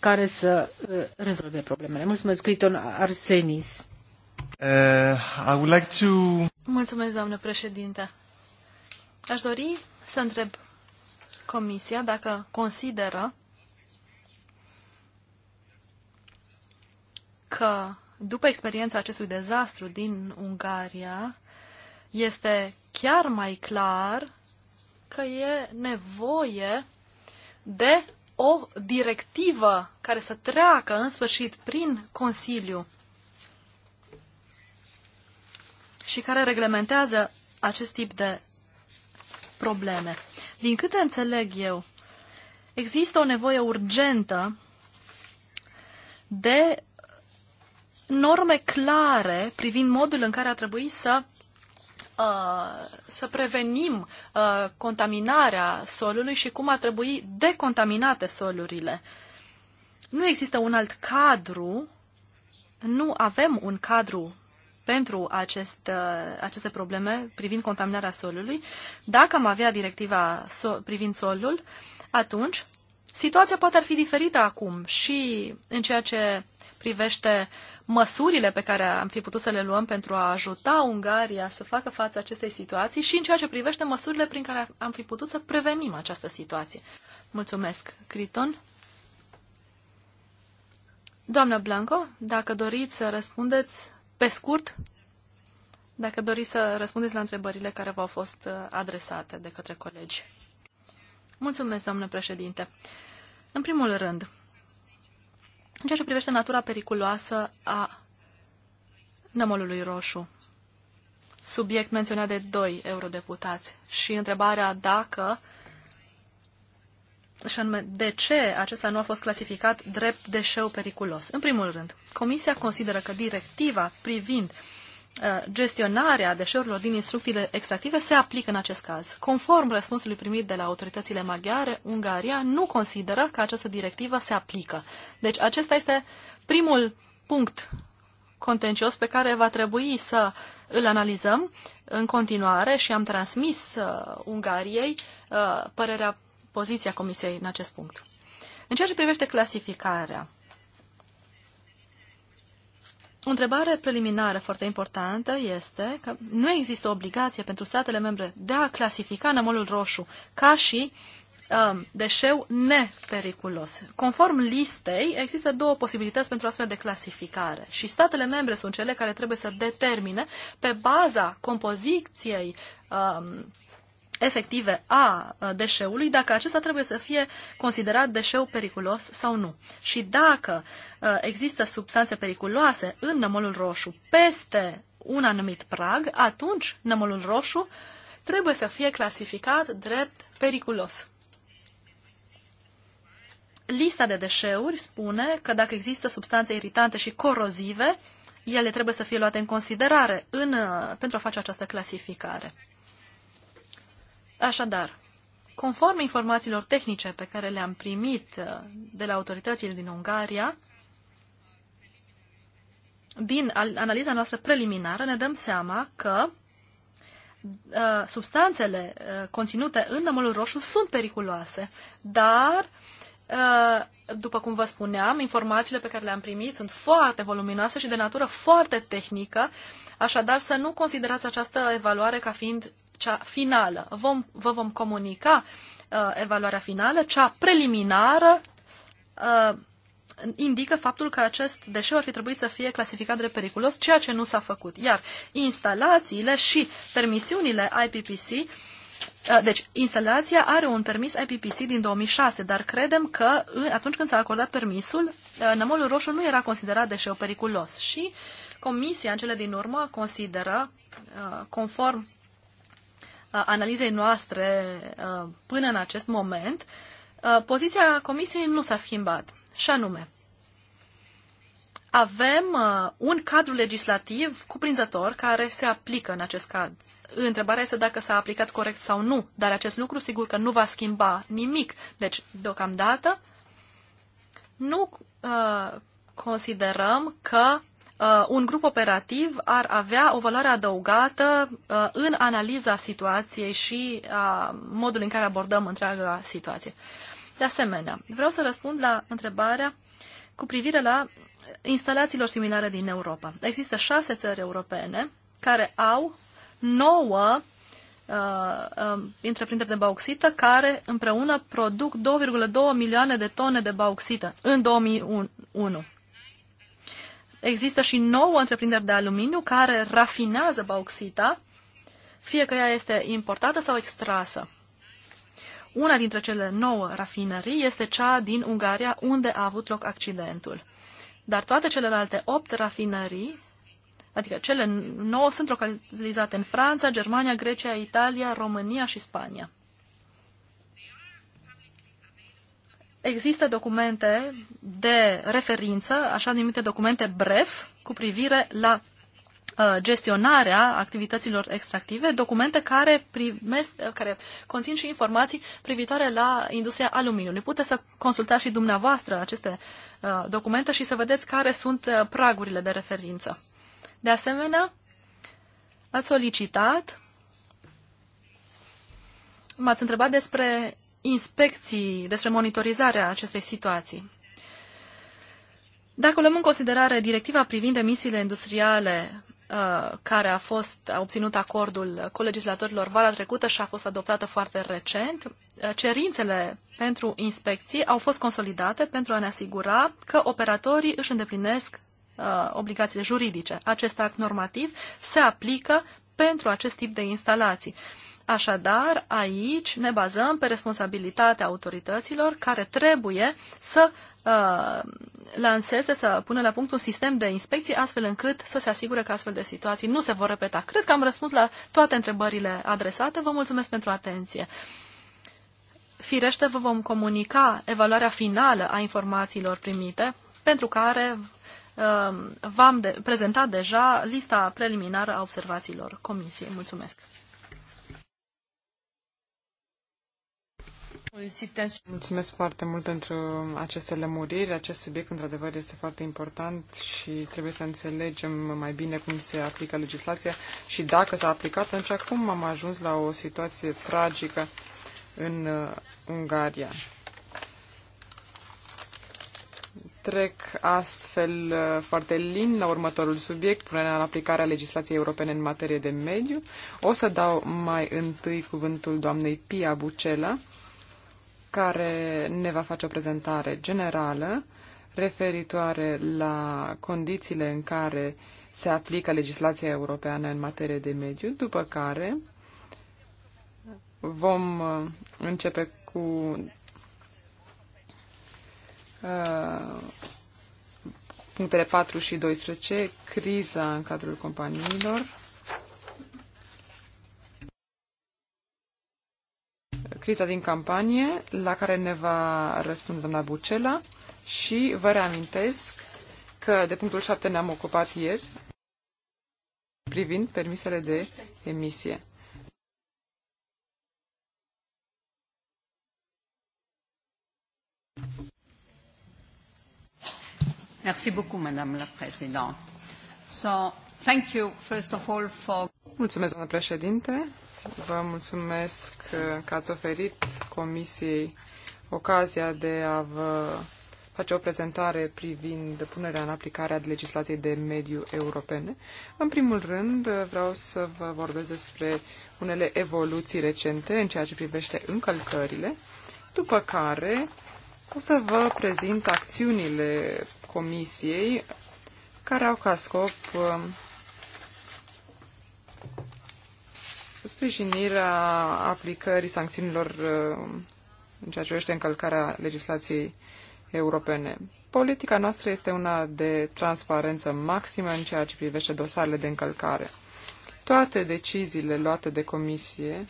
care să rezolve problemele. Mulțumesc, Criton Arsenis. Uh, I would like to... Mulțumesc, doamnă președinte. Aș dori să întreb Comisia dacă consideră că după experiența acestui dezastru din Ungaria, este chiar mai clar că e nevoie de o directivă care să treacă în sfârșit prin Consiliu și care reglementează acest tip de probleme. Din câte înțeleg eu, există o nevoie urgentă de norme clare privind modul în care ar trebui să uh, să prevenim uh, contaminarea solului și cum ar trebui decontaminate solurile. Nu există un alt cadru, nu avem un cadru pentru acest, uh, aceste probleme privind contaminarea solului, dacă am avea directiva so privind solul, atunci situația poate ar fi diferită acum și în ceea ce privește măsurile pe care am fi putut să le luăm pentru a ajuta Ungaria să facă față acestei situații și în ceea ce privește măsurile prin care am fi putut să prevenim această situație. Mulțumesc, Criton. Doamna Blanco, dacă doriți să răspundeți pe scurt, dacă doriți să răspundeți la întrebările care v-au fost uh, adresate de către colegi. Mulțumesc, doamnă președinte. În primul rând, în ceea ce privește natura periculoasă a nămolului roșu, subiect menționat de doi eurodeputați și întrebarea dacă și anume de ce acesta nu a fost clasificat drept deșeu periculos. În primul rând, Comisia consideră că directiva privind uh, gestionarea deșeurilor din instrucțiile extractive se aplică în acest caz. Conform răspunsului primit de la autoritățile maghiare, Ungaria nu consideră că această directivă se aplică. Deci acesta este primul punct contencios pe care va trebui să îl analizăm în continuare și am transmis uh, Ungariei uh, părerea poziția Comisiei în acest punct. În ceea ce privește clasificarea, o întrebare preliminară foarte importantă este că nu există o obligație pentru statele membre de a clasifica nămolul roșu ca și um, deșeu nepericulos. Conform listei, există două posibilități pentru astfel de clasificare și statele membre sunt cele care trebuie să determine pe baza compoziției um, efective a deșeului, dacă acesta trebuie să fie considerat deșeu periculos sau nu. Și dacă există substanțe periculoase în nămolul roșu peste un anumit prag, atunci nămolul roșu trebuie să fie clasificat drept periculos. Lista de deșeuri spune că dacă există substanțe iritante și corozive, ele trebuie să fie luate în considerare în, pentru a face această clasificare. Așadar, conform informațiilor tehnice pe care le-am primit uh, de la autoritățile din Ungaria, din analiza noastră preliminară ne dăm seama că uh, substanțele uh, conținute în lămâlul roșu sunt periculoase, dar, după cum vă spuneam, informațiile pe care le-am primit sunt foarte voluminoase și de natură foarte tehnică, așadar să nu considerați această evaluare ca fiind cea finală. Vom, vă vom comunica uh, evaluarea finală, cea preliminară uh, indică faptul că acest deșeu ar fi trebuit să fie clasificat de periculos, ceea ce nu s-a făcut. Iar instalațiile și permisiunile IPPC uh, deci, instalația are un permis IPPC din 2006, dar credem că atunci când s-a acordat permisul, uh, nămolul roșu nu era considerat deșeu periculos și Comisia, în cele din urmă, consideră, uh, conform analizei noastre uh, până în acest moment, uh, poziția Comisiei nu s-a schimbat. Și anume, avem uh, un cadru legislativ cuprinzător care se aplică în acest caz. Întrebarea este dacă s-a aplicat corect sau nu, dar acest lucru sigur că nu va schimba nimic. Deci, deocamdată, nu uh, considerăm că uh, un grup operativ ar avea o valoare adăugată uh, în analiza situației și a modului în care abordăm întreaga situație. De asemenea, vreau să răspund la întrebarea cu privire la instalațiilor similare din Europa. Există șase țări europene care au nouă uh, uh, de bauxită care împreună produc 2,2 milioane de tone de bauxită în 2001 există și nouă întreprinderi de aluminiu care rafinează bauxita, fie că ea este importată sau extrasă. Una dintre cele nouă rafinării este cea din Ungaria, unde a avut loc accidentul. Dar toate celelalte opt rafinării, adică cele nouă, sunt localizate în Franța, Germania, Grecia, Italia, România și Spania. există documente de referință, așa numite documente BREF, cu privire la uh, gestionarea activităților extractive, documente care, primesc, uh, care conțin și informații privitoare la industria aluminiului. Puteți să consultați și dumneavoastră aceste uh, documente și să vedeți care sunt pragurile de referință. De asemenea, ați solicitat, m-ați întrebat despre inspecții, despre monitorizarea acestei situații. Dacă luăm în considerare directiva privind emisiile industriale uh, care a fost a obținut acordul colegislatorilor vara trecută și a fost adoptată foarte recent. Uh, cerințele pentru inspecții au fost consolidate pentru a ne asigura că operatorii își îndeplinesc uh, obligațiile juridice. Acest act normativ se aplică pentru acest tip de instalații. Uh, Așadar, aici ne bazăm pe responsabilitatea autorităților care trebuie să uh, lanseze, să pună la punct un sistem de inspecții astfel încât să se asigure că astfel de situații nu se vor repeta. Cred că am răspuns la toate întrebările adresate. Vă mulțumesc pentru atenție. Firește, vă vom comunica evaluarea finală a informațiilor primite, pentru care uh, v-am de prezentat deja lista preliminară a observațiilor Comisiei. Mulțumesc! Mulțumesc foarte mult pentru aceste lămuriri. Acest subiect, într-adevăr, este foarte important și trebuie să înțelegem mai bine cum se aplică legislația și dacă s-a aplicat, atunci acum am ajuns la o situație tragică în uh, Ungaria. Trec astfel uh, foarte lin la următorul subiect, punerea în aplicare a legislației europene în materie de mediu. O să dau mai întâi cuvântul doamnei Pia Bucela, care ne va face o prezentare generală referitoare la condițiile în care se aplică legislația europeană în materie de mediu, după care vom uh, începe cu uh, punctele 4 și 12, criza în cadrul companiilor, criza din campanie, la care ne va răspunde doamna Bucela și vă reamintesc că de punctul 7 ne-am ocupat ieri privind permisele de emisie. Merci beaucoup, Madame la Présidente. So, thank you, first of all, for... Mulțumesc, doamnă președinte. Vă mulțumesc că ați oferit Comisiei ocazia de a vă face o prezentare privind punerea în aplicare a legislației de mediu europene. În primul rând, vreau să vă vorbesc despre unele evoluții recente în ceea ce privește încălcările, după care o să vă prezint acțiunile Comisiei care au ca scop um, sprijinirea aplicării sancțiunilor uh, în ceea ce privește încălcarea legislației europene. Politica noastră este una de transparență maximă în ceea ce privește dosarele de încălcare. Toate deciziile luate de comisie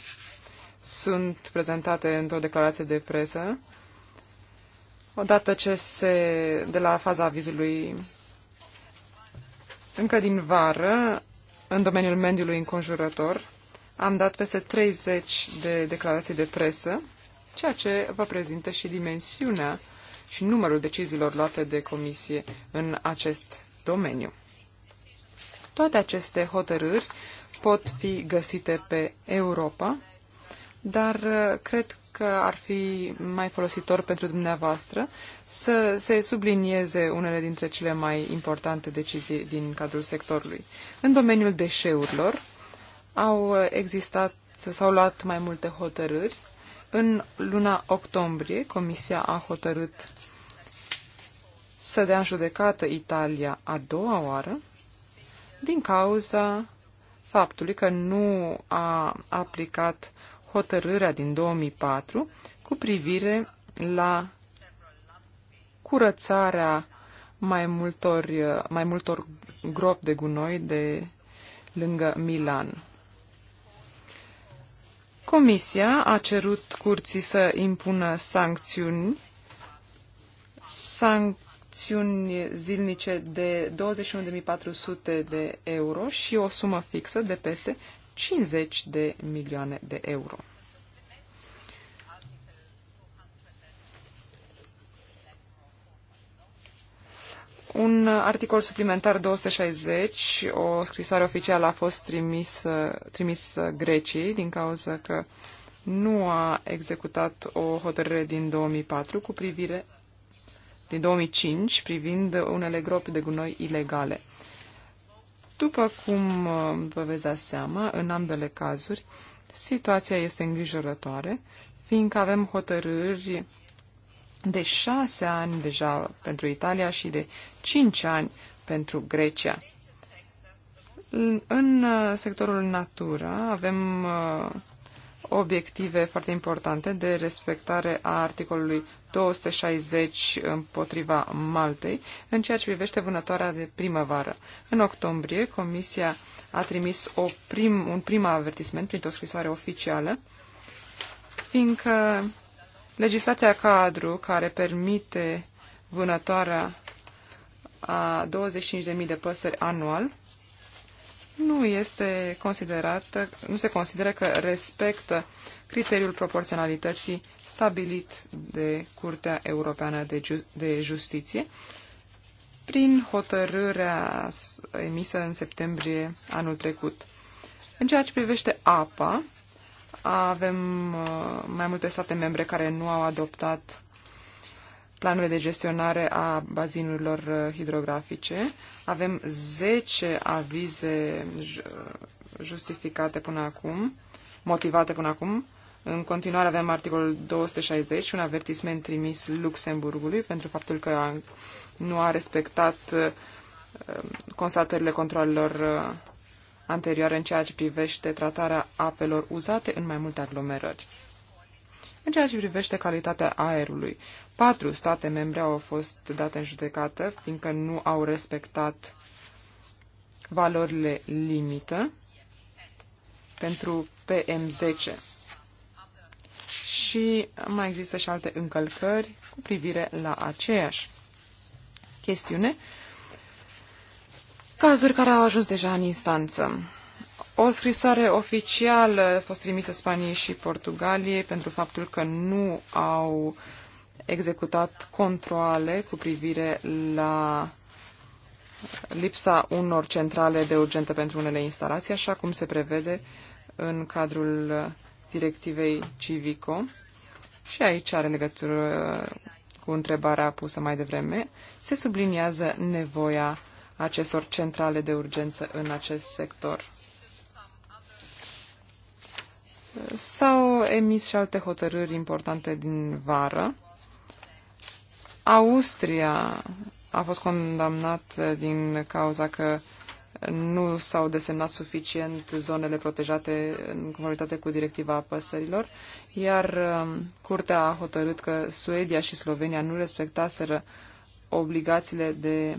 sunt prezentate într-o declarație de presă, odată ce se, de la faza avizului încă din vară, în domeniul mediului înconjurător, am dat peste 30 de declarații de presă, ceea ce vă prezintă și dimensiunea și numărul deciziilor luate de comisie în acest domeniu. Toate aceste hotărâri pot fi găsite pe Europa, dar uh, cred că ar fi mai folositor pentru dumneavoastră să se sublinieze unele dintre cele mai importante decizii din cadrul sectorului. În domeniul deșeurilor, au existat, s-au luat mai multe hotărâri. În luna octombrie, Comisia a hotărât să dea în judecată Italia a doua oară din cauza faptului că nu a aplicat hotărârea din 2004 cu privire la curățarea mai multor, mai multor gropi de gunoi de lângă Milan. Comisia a cerut curții să impună sancțiuni, sancțiuni zilnice de 21.400 de euro și o sumă fixă de peste 50 de milioane de euro. un articol suplimentar 260, o scrisoare oficială a fost trimisă, trimis Greciei din cauza că nu a executat o hotărâre din 2004 cu privire din 2005 privind unele gropi de gunoi ilegale. După cum uh, vă veți da seama, în ambele cazuri, situația este îngrijorătoare, fiindcă avem hotărâri de șase ani deja pentru Italia și de cinci ani pentru Grecia. În uh, sectorul natura avem uh, obiective foarte importante de respectare a articolului 260 împotriva Maltei în ceea ce privește vânătoarea de primăvară. În octombrie, Comisia a trimis o prim, un prim avertisment printr-o scrisoare oficială, fiindcă Legislația cadru care permite vânătoarea a 25.000 de păsări anual nu este considerată, nu se consideră că respectă criteriul proporționalității stabilit de Curtea Europeană de, Ju- de Justiție prin hotărârea emisă în septembrie anul trecut. În ceea ce privește apa, avem uh, mai multe state membre care nu au adoptat planurile de gestionare a bazinurilor uh, hidrografice. Avem 10 avize uh, justificate până acum, motivate până acum. În continuare avem articolul 260, un avertisment trimis Luxemburgului pentru faptul că nu a respectat constatările controlelor anterioare în ceea ce privește tratarea apelor uzate în mai multe aglomerări. În ceea ce privește calitatea aerului, patru state membre au fost date în judecată, fiindcă nu au respectat valorile limită pentru PM10. Și mai există și alte încălcări cu privire la aceeași chestiune, Cazuri care au ajuns deja în instanță. O scrisoare oficială a fost trimisă Spaniei și Portugaliei pentru faptul că nu au executat controle cu privire la lipsa unor centrale de urgentă pentru unele instalații, așa cum se prevede în cadrul directivei Civico. Și aici are legătură cu întrebarea pusă mai devreme. Se subliniază nevoia acestor centrale de urgență în acest sector. S-au emis și alte hotărâri importante din vară. Austria a fost condamnat din cauza că nu s-au desemnat suficient zonele protejate în conformitate cu directiva păsărilor, iar um, curtea a hotărât că Suedia și Slovenia nu respectaseră obligațiile de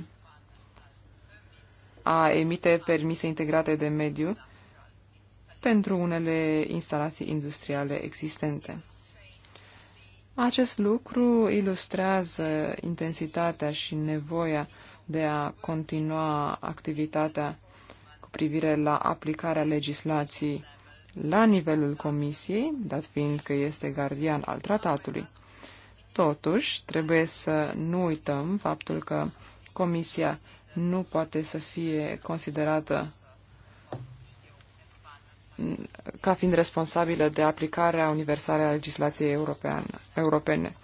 a emite permise integrate de mediu pentru unele instalații industriale existente. Acest lucru ilustrează intensitatea și nevoia de a continua activitatea cu privire la aplicarea legislației la nivelul Comisiei, dat fiind că este gardian al tratatului. Totuși, trebuie să nu uităm faptul că Comisia nu poate să fie considerată ca fiind responsabilă de aplicarea universală a legislației europene.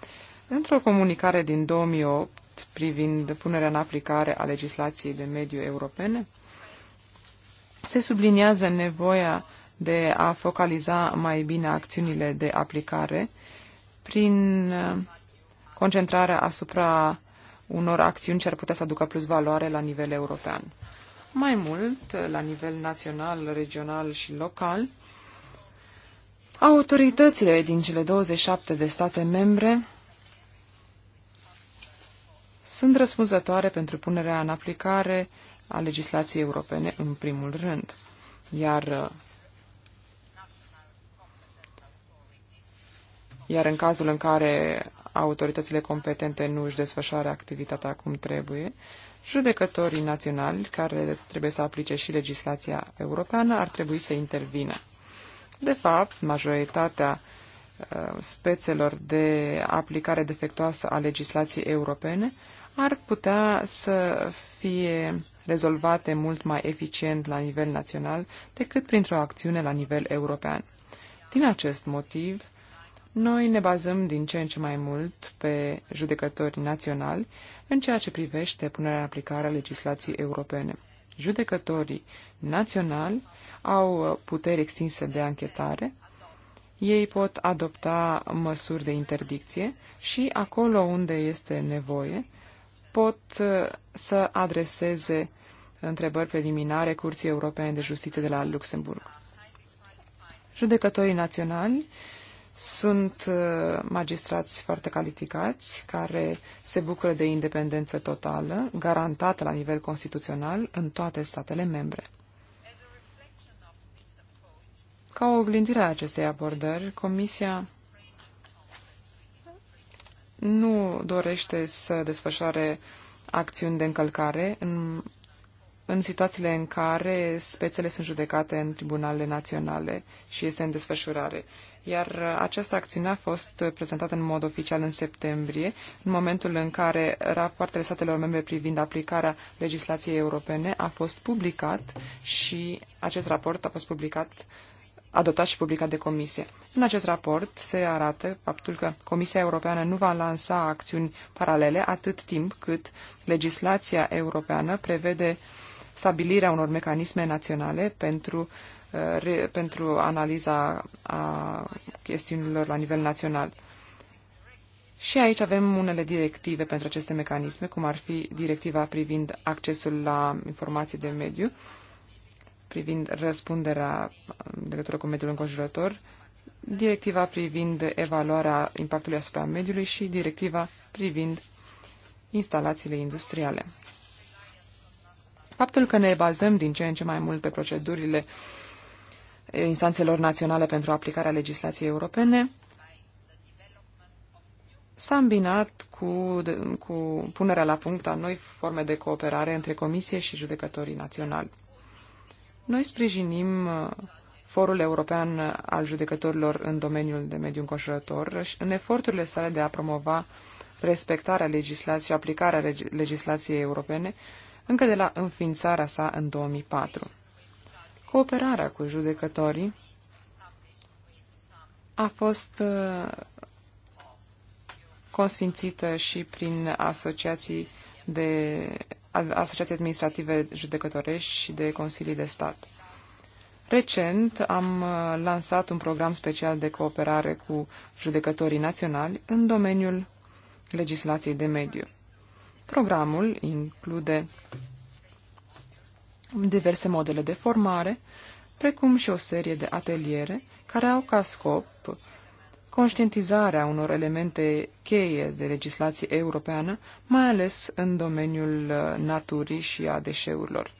Într-o comunicare din 2008 privind punerea în aplicare a legislației de mediu europene, se subliniază nevoia de a focaliza mai bine acțiunile de aplicare prin concentrarea asupra unor acțiuni ce ar putea să aducă plus valoare la nivel european. Mai mult, la nivel național, regional și local, autoritățile din cele 27 de state membre sunt răspunzătoare pentru punerea în aplicare a legislației europene în primul rând, iar iar în cazul în care autoritățile competente nu își desfășoară activitatea cum trebuie, judecătorii naționali, care trebuie să aplice și legislația europeană, ar trebui să intervină. De fapt, majoritatea uh, spețelor de aplicare defectoasă a legislației europene ar putea să fie rezolvate mult mai eficient la nivel național decât printr-o acțiune la nivel european. Din acest motiv, noi ne bazăm din ce în ce mai mult pe judecători naționali în ceea ce privește punerea în aplicare a legislației europene. Judecătorii naționali au puteri extinse de anchetare, ei pot adopta măsuri de interdicție și, acolo unde este nevoie, pot uh, să adreseze întrebări preliminare Curții Europene de Justiție de la Luxemburg. Judecătorii naționali sunt uh, magistrați foarte calificați care se bucură de independență totală, garantată la nivel constituțional în toate statele membre. Ca o oglindire a acestei abordări, Comisia nu dorește să desfășoare acțiuni de încălcare în, în situațiile în care spețele sunt judecate în tribunalele naționale și este în desfășurare iar această acțiune a fost prezentată în mod oficial în septembrie, în momentul în care rapoartele statelor membre privind aplicarea legislației europene a fost publicat și acest raport a fost publicat adoptat și publicat de Comisie. În acest raport se arată faptul că Comisia Europeană nu va lansa acțiuni paralele atât timp cât legislația europeană prevede stabilirea unor mecanisme naționale pentru uh, re, pentru analiza a chestiunilor la nivel național. Și aici avem unele directive pentru aceste mecanisme, cum ar fi directiva privind accesul la informații de mediu, privind răspunderea în legătură cu mediul înconjurător, directiva privind evaluarea impactului asupra mediului și directiva privind instalațiile industriale. Faptul că ne bazăm din ce în ce mai mult pe procedurile instanțelor naționale pentru aplicarea legislației europene s-a îmbinat cu, cu punerea la punct a noi forme de cooperare între Comisie și judecătorii naționali. Noi sprijinim uh, Forul European al Judecătorilor în domeniul de mediu înconjurător în eforturile sale de a promova respectarea legislației și aplicarea legislației europene încă de la înființarea sa în 2004. Cooperarea cu judecătorii a fost uh, consfințită și prin asociații, de, asociații administrative judecătorești și de consilii de stat. Recent am uh, lansat un program special de cooperare cu judecătorii naționali în domeniul legislației de mediu. Programul include diverse modele de formare, precum și o serie de ateliere care au ca scop conștientizarea unor elemente cheie de legislație europeană, mai ales în domeniul uh, naturii și a deșeurilor.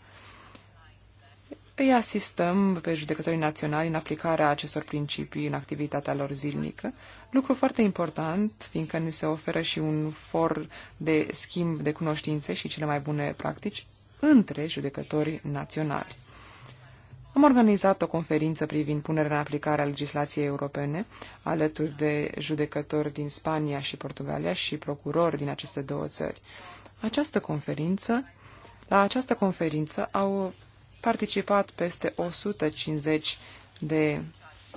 Îi asistăm pe judecătorii naționali în aplicarea acestor principii în activitatea lor zilnică, lucru foarte important, fiindcă ne se oferă și un for de schimb de cunoștințe și cele mai bune practici între judecători naționali. Am organizat o conferință privind punerea în aplicare a legislației europene, alături de judecători din Spania și Portugalia și procurori din aceste două țări. Această conferință, la această conferință au participat peste 150 de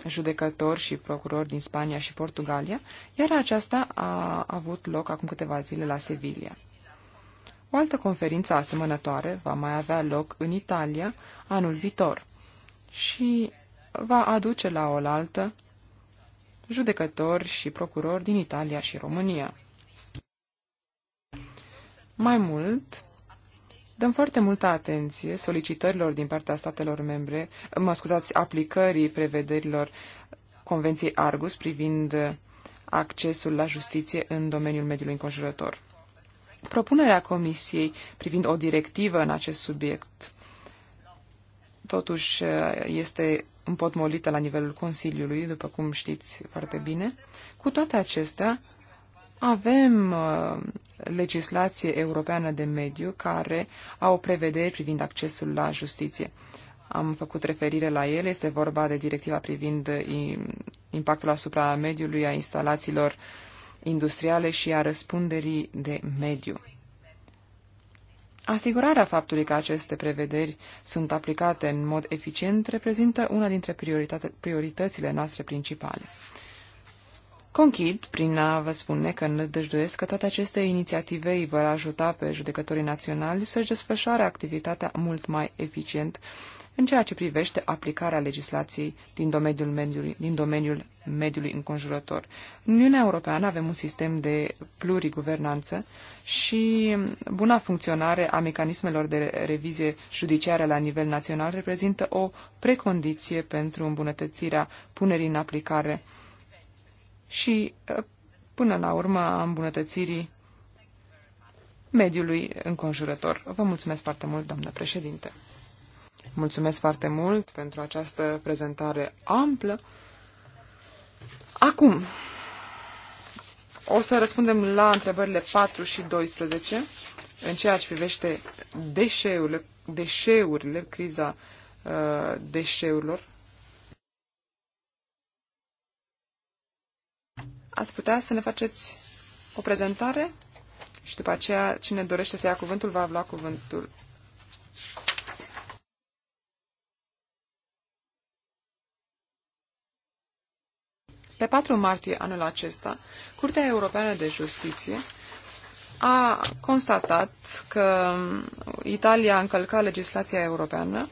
judecători și procurori din Spania și Portugalia, iar aceasta a avut loc acum câteva zile la Sevilla. O altă conferință asemănătoare va mai avea loc în Italia anul viitor și va aduce la oaltă judecători și procurori din Italia și România. Mai mult, dăm foarte multă atenție solicitărilor din partea statelor membre, mă scuzați, aplicării prevederilor Convenției Argus privind accesul la justiție în domeniul mediului înconjurător propunerea Comisiei privind o directivă în acest subiect. Totuși, eh, este împotmolită la nivelul Consiliului, după cum știți foarte bine. Cu toate acestea, avem eh, legislație europeană de mediu care au prevederi privind accesul la justiție. Am făcut referire la ele, este vorba de directiva privind eh, impactul asupra mediului a instalațiilor uh, industriale și a răspunderii de mediu. Asigurarea faptului că aceste prevederi sunt aplicate în mod eficient reprezintă una dintre prioritățile noastre principale. Conchid prin a vă spune că nădăjduiesc că toate aceste inițiative îi vor ajuta pe judecătorii naționali să-și desfășoare activitatea mult mai eficient în ceea ce privește aplicarea legislației din domeniul mediului, din domeniul mediului înconjurător. În Uniunea Europeană avem un sistem de pluriguvernanță și buna funcționare a mecanismelor de revizie judiciară la nivel național reprezintă o precondiție pentru îmbunătățirea punerii în aplicare și, eh, până la urmă, a îmbunătățirii mediului înconjurător. Vă mulțumesc foarte mult, doamnă președinte. Mulțumesc foarte mult pentru această prezentare amplă. Acum, o să răspundem la întrebările 4 și 12 în ceea ce privește deșeurile, deșeurile criza uh, deșeurilor. Ați putea să ne faceți o prezentare și după aceea cine dorește să ia cuvântul va lua cuvântul Pe 4 martie anul acesta, Curtea Europeană de Justiție a constatat că Italia încălca legislația europeană,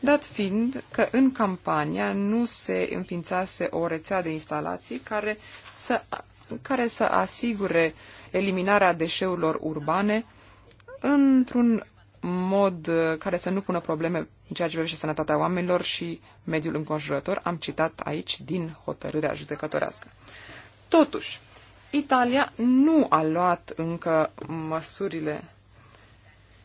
dat fiind că în campania nu se înființase o rețea de instalații care să, care să asigure eliminarea deșeurilor urbane într-un mod care să nu pună probleme în ceea ce privește sănătatea oamenilor și mediul înconjurător, am citat aici din hotărârea judecătorească. Totuși, Italia nu a luat încă măsurile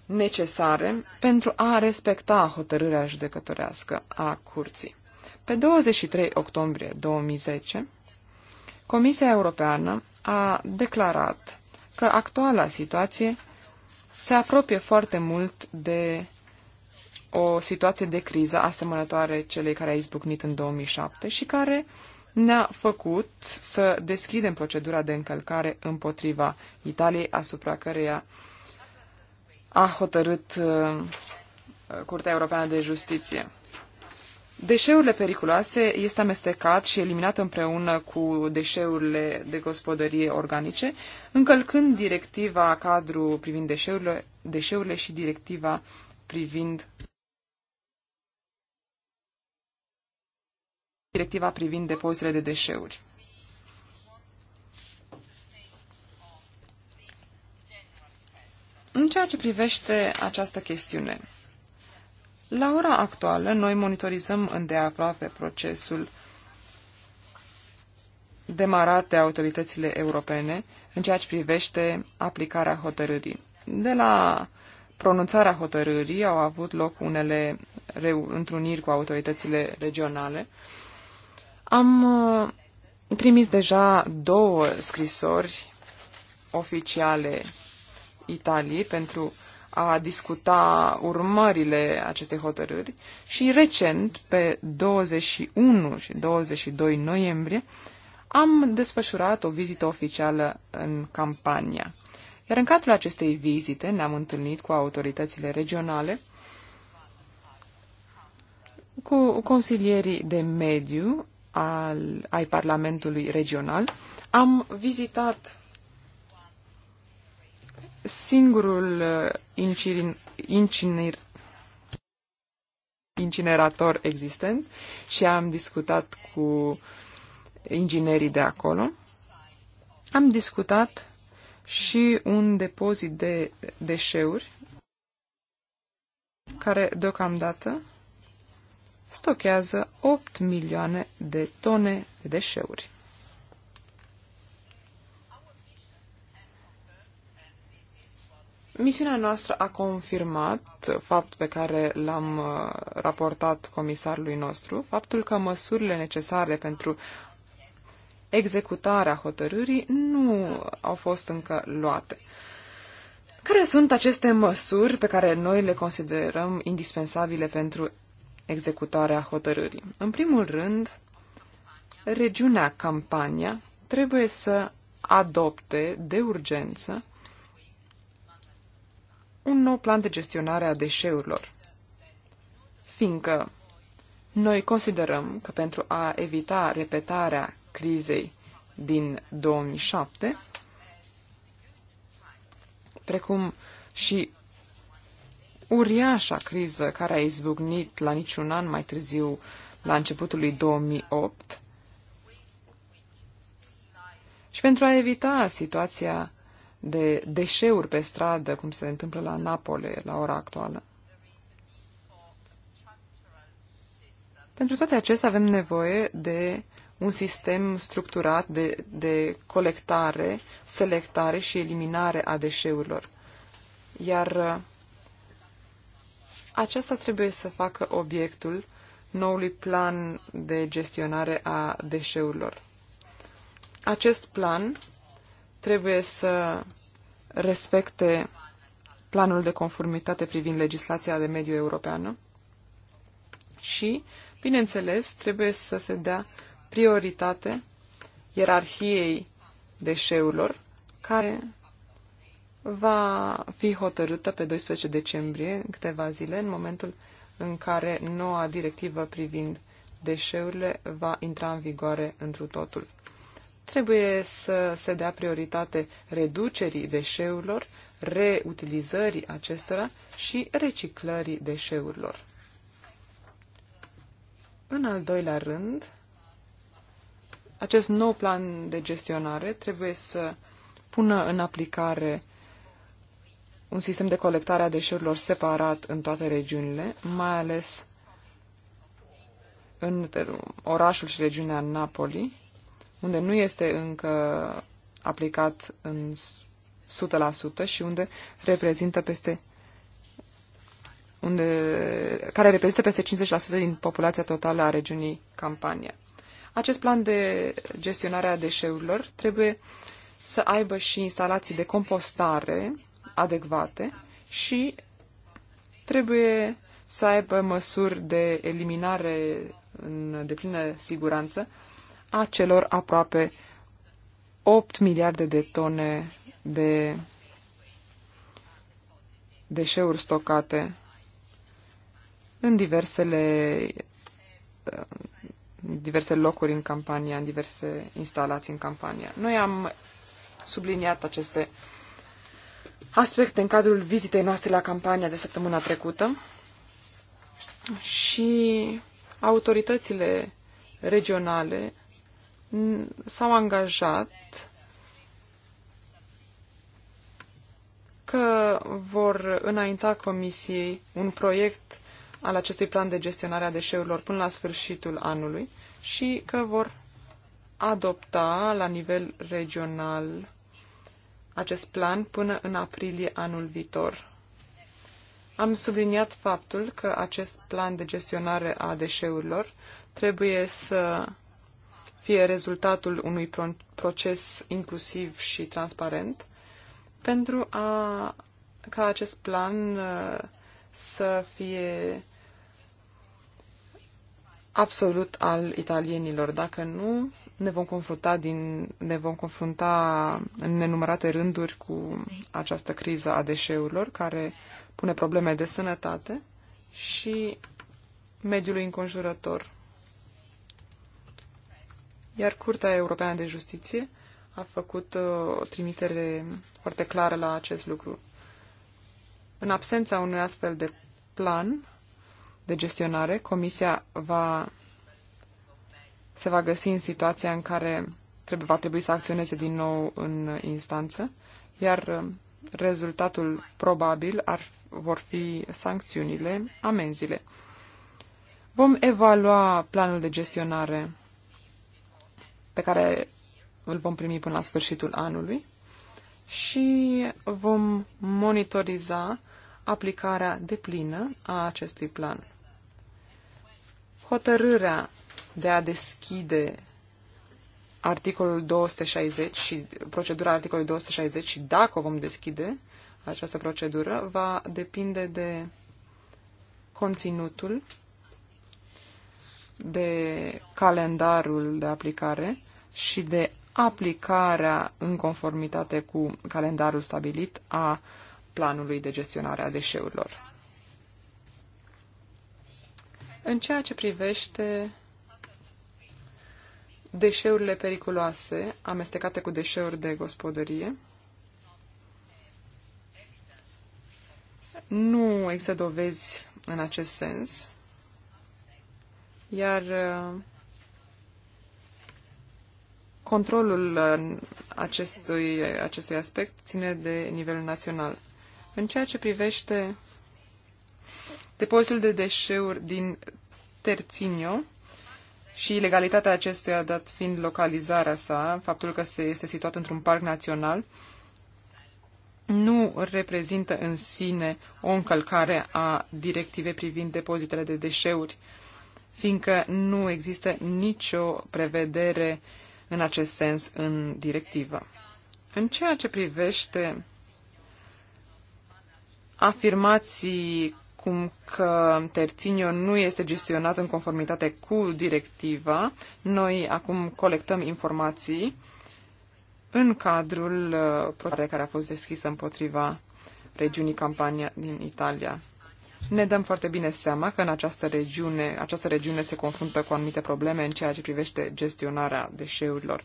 necesare pentru a respecta hotărârea judecătorească a curții. Pe 23 octombrie 2010, Comisia Europeană a declarat că actuala situație se apropie foarte mult de o situație de criză asemănătoare celei care a izbucnit în 2007 și care ne-a făcut să deschidem procedura de încălcare împotriva Italiei, asupra căreia a hotărât uh, Curtea Europeană de Justiție. Deșeurile periculoase este amestecat și eliminat împreună cu deșeurile de gospodărie organice, încălcând directiva cadru privind deșeurile, deșeurile și directiva privind directiva privind depozitele de deșeuri. În ceea ce privește această chestiune, la ora actuală, noi monitorizăm îndeaproape procesul demarat de autoritățile europene în ceea ce privește aplicarea hotărârii. De la pronunțarea hotărârii au avut loc unele întruniri cu autoritățile regionale am uh, trimis deja două scrisori oficiale Italiei pentru a discuta urmările acestei hotărâri și recent, pe 21 și 22 noiembrie, am desfășurat o vizită oficială în campania. Iar în cadrul acestei vizite ne-am întâlnit cu autoritățile regionale, cu consilierii de mediu al, ai Parlamentului Regional, am vizitat singurul uh, incinerator existent și am discutat cu inginerii de acolo. Am discutat și un depozit de deșeuri care deocamdată stochează 8 milioane de tone de deșeuri. Misiunea noastră a confirmat fapt pe care l-am uh, raportat comisarului nostru, faptul că măsurile necesare pentru executarea hotărârii nu au fost încă luate. Care sunt aceste măsuri pe care noi le considerăm indispensabile pentru executarea hotărârii. În primul rând, regiunea Campania trebuie să adopte de urgență un nou plan de gestionare a deșeurilor, fiindcă noi considerăm că pentru a evita repetarea crizei din 2007, precum și uriașa criză care a izbucnit la niciun an mai târziu, la începutul lui 2008, și pentru a evita situația de deșeuri pe stradă, cum se întâmplă la Napole la ora actuală. Pentru toate acestea avem nevoie de un sistem structurat de, de colectare, selectare și eliminare a deșeurilor. Iar aceasta trebuie să facă obiectul noului plan de gestionare a deșeurilor. Acest plan trebuie să respecte planul de conformitate privind legislația de mediu europeană și, bineînțeles, trebuie să se dea prioritate ierarhiei deșeurilor care va fi hotărâtă pe 12 decembrie, în câteva zile, în momentul în care noua directivă privind deșeurile va intra în vigoare întru totul. Trebuie să se dea prioritate reducerii deșeurilor, reutilizării acestora și reciclării deșeurilor. În al doilea rând, acest nou plan de gestionare trebuie să pună în aplicare un sistem de colectare a deșeurilor separat în toate regiunile, mai ales în orașul și regiunea Napoli, unde nu este încă aplicat în 100% și unde reprezintă peste unde, care reprezintă peste 50% din populația totală a regiunii Campania. Acest plan de gestionare a deșeurilor trebuie să aibă și instalații de compostare adecvate și trebuie să aibă măsuri de eliminare în deplină siguranță a celor aproape 8 miliarde de tone de deșeuri stocate în diversele diverse locuri în campania, în diverse instalații în campania. Noi am subliniat aceste aspecte în cadrul vizitei noastre la campania de săptămâna trecută și autoritățile regionale s-au angajat că vor înainta Comisiei un proiect al acestui plan de gestionare a deșeurilor până la sfârșitul anului și că vor adopta la nivel regional acest plan până în aprilie anul viitor. Am subliniat faptul că acest plan de gestionare a deșeurilor trebuie să fie rezultatul unui proces inclusiv și transparent pentru a, ca acest plan uh, să fie absolut al italienilor. Dacă nu, ne vom confrunta, din, ne vom confrunta în nenumărate rânduri cu această criză a deșeurilor, care pune probleme de sănătate și mediului înconjurător. Iar Curtea Europeană de Justiție a făcut uh, o trimitere foarte clară la acest lucru. În absența unui astfel de plan de gestionare, Comisia va se va găsi în situația în care trebuie, va trebui să acționeze din nou în instanță, iar uh, rezultatul probabil ar, vor fi sancțiunile, amenziile. Vom evalua planul de gestionare pe care îl vom primi până la sfârșitul anului și vom monitoriza aplicarea deplină a acestui plan. Hotărârea de a deschide articolul 260 și procedura articolului 260 și dacă o vom deschide, această procedură va depinde de conținutul, de calendarul de aplicare și de aplicarea în conformitate cu calendarul stabilit a planului de gestionare a deșeurilor. În ceea ce privește deșeurile periculoase amestecate cu deșeuri de gospodărie. Nu există dovezi în acest sens, iar uh, controlul uh, acestui, acestui aspect ține de nivelul național. În ceea ce privește depozitul de deșeuri din Terținio, și ilegalitatea acestuia, dat fiind localizarea sa, faptul că se este situat într-un parc național, nu reprezintă în sine o încălcare a directivei privind depozitele de deșeuri, fiindcă nu există nicio prevedere în acest sens în directivă. În ceea ce privește afirmații acum că Terținio nu este gestionat în conformitate cu directiva, noi acum colectăm informații în cadrul procesului uh, care a fost deschisă împotriva regiunii Campania din Italia. Ne dăm foarte bine seama că în această regiune, această regiune se confruntă cu anumite probleme în ceea ce privește gestionarea deșeurilor.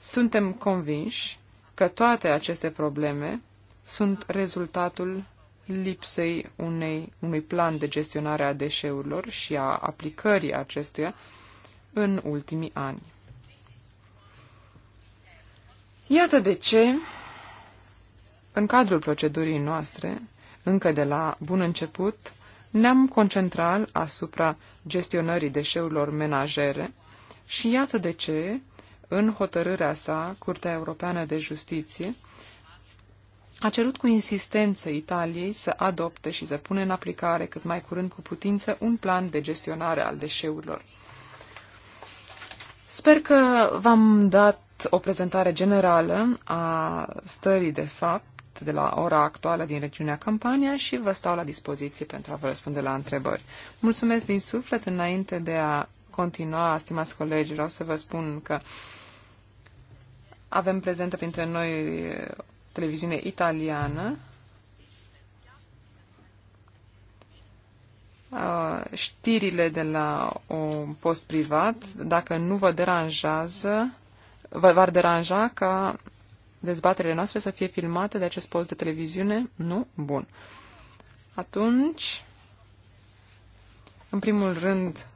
Suntem convinși că toate aceste probleme sunt rezultatul lipsei unei, unui plan de gestionare a deșeurilor și a aplicării acestuia în ultimii ani. Iată de ce, în cadrul procedurii noastre, încă de la bun început, ne-am concentrat asupra gestionării deșeurilor menajere și iată de ce, în hotărârea sa, Curtea Europeană de Justiție a cerut cu insistență Italiei să adopte și să pune în aplicare cât mai curând cu putință un plan de gestionare al deșeurilor. Sper că v-am dat o prezentare generală a stării de fapt de la ora actuală din regiunea Campania și vă stau la dispoziție pentru a vă răspunde la întrebări. Mulțumesc din suflet înainte de a continua, stimați colegi, vreau să vă spun că avem prezentă printre noi televiziune italiană uh, știrile de la un post privat, dacă nu vă deranjează, vă ar deranja ca dezbaterile noastre să fie filmate de acest post de televiziune? Nu? Bun. Atunci, în primul rând,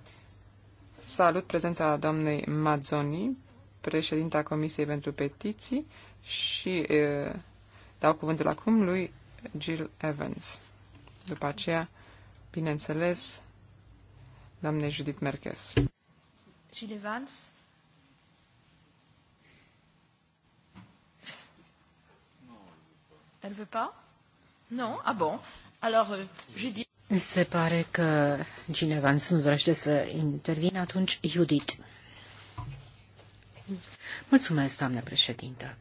salut prezența doamnei Mazzoni, președinta Comisiei pentru Petiții, și e, dau cuvântul acum lui Jill Evans. După aceea, bineînțeles, doamne Judith Merkes. Jill Evans? Elle veut pas? Non? Ah bon. Alors, euh, Judith. Se pare că cineva nu dorește să intervină, atunci Judith. Mulțumesc, doamnă președintă.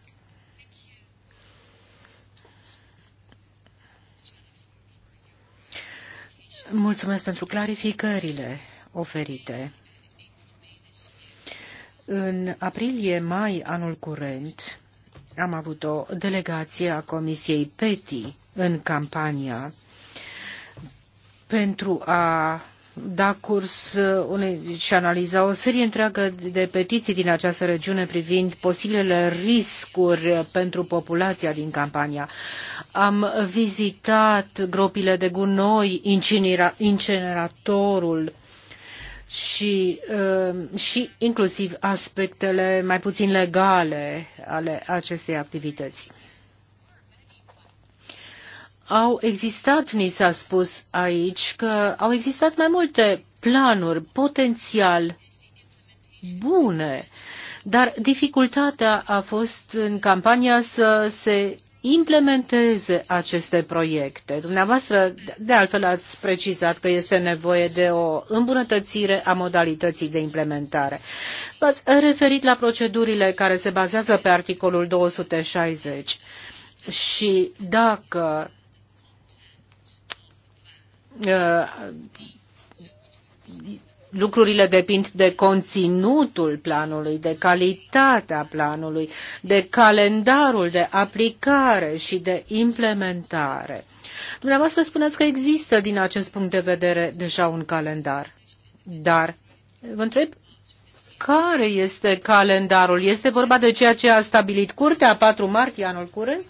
Mulțumesc pentru clarificările oferite. În aprilie-mai anul curent am avut o delegație a Comisiei PETI în campania pentru a da curs uh, unei, și analiza o serie întreagă de petiții din această regiune privind posibilele riscuri pentru populația din campania. Am vizitat gropile de gunoi, incinera, incineratorul și, uh, și inclusiv aspectele mai puțin legale ale acestei activități au existat, ni s-a spus aici, că au existat mai multe planuri potențial bune, dar dificultatea a fost în campania să se implementeze aceste proiecte. Dumneavoastră, de altfel, ați precizat că este nevoie de o îmbunătățire a modalității de implementare. V-ați referit la procedurile care se bazează pe articolul 260 și dacă Uh, lucrurile depind de conținutul planului, de calitatea planului, de calendarul de aplicare și de implementare. Dumneavoastră spuneți că există din acest punct de vedere deja un calendar, dar vă întreb care este calendarul? Este vorba de ceea ce a stabilit Curtea 4 martie anul curent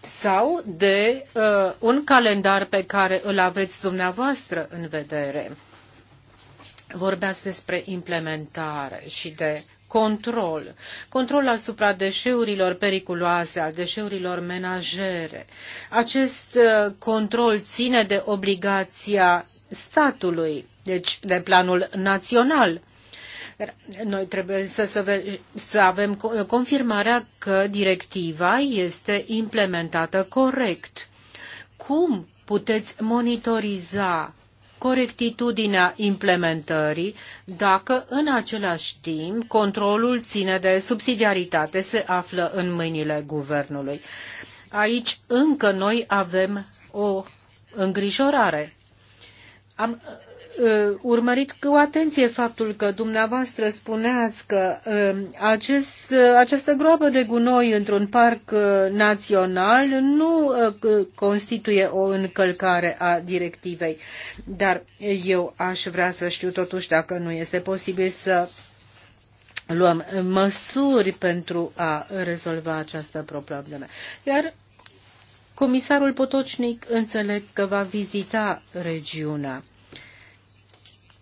sau de uh, un calendar pe care îl aveți dumneavoastră în vedere. Vorbeați despre implementare și de control. Control asupra deșeurilor periculoase, al deșeurilor menajere. Acest uh, control ține de obligația statului, deci de planul național noi trebuie să, să, să avem confirmarea că directiva este implementată corect. Cum puteți monitoriza corectitudinea implementării dacă în același timp controlul ține de subsidiaritate se află în mâinile guvernului. Aici încă noi avem o îngrijorare. Am Uh, urmărit cu atenție faptul că dumneavoastră spuneați că um, acest, uh, această groapă de gunoi într-un parc uh, național nu constituie o încălcare a directivei. Dar eu aș vrea să știu totuși dacă nu este posibil să luăm măsuri pentru a rezolva această problemă. Iar comisarul Potocnic înțeleg că va vizita regiunea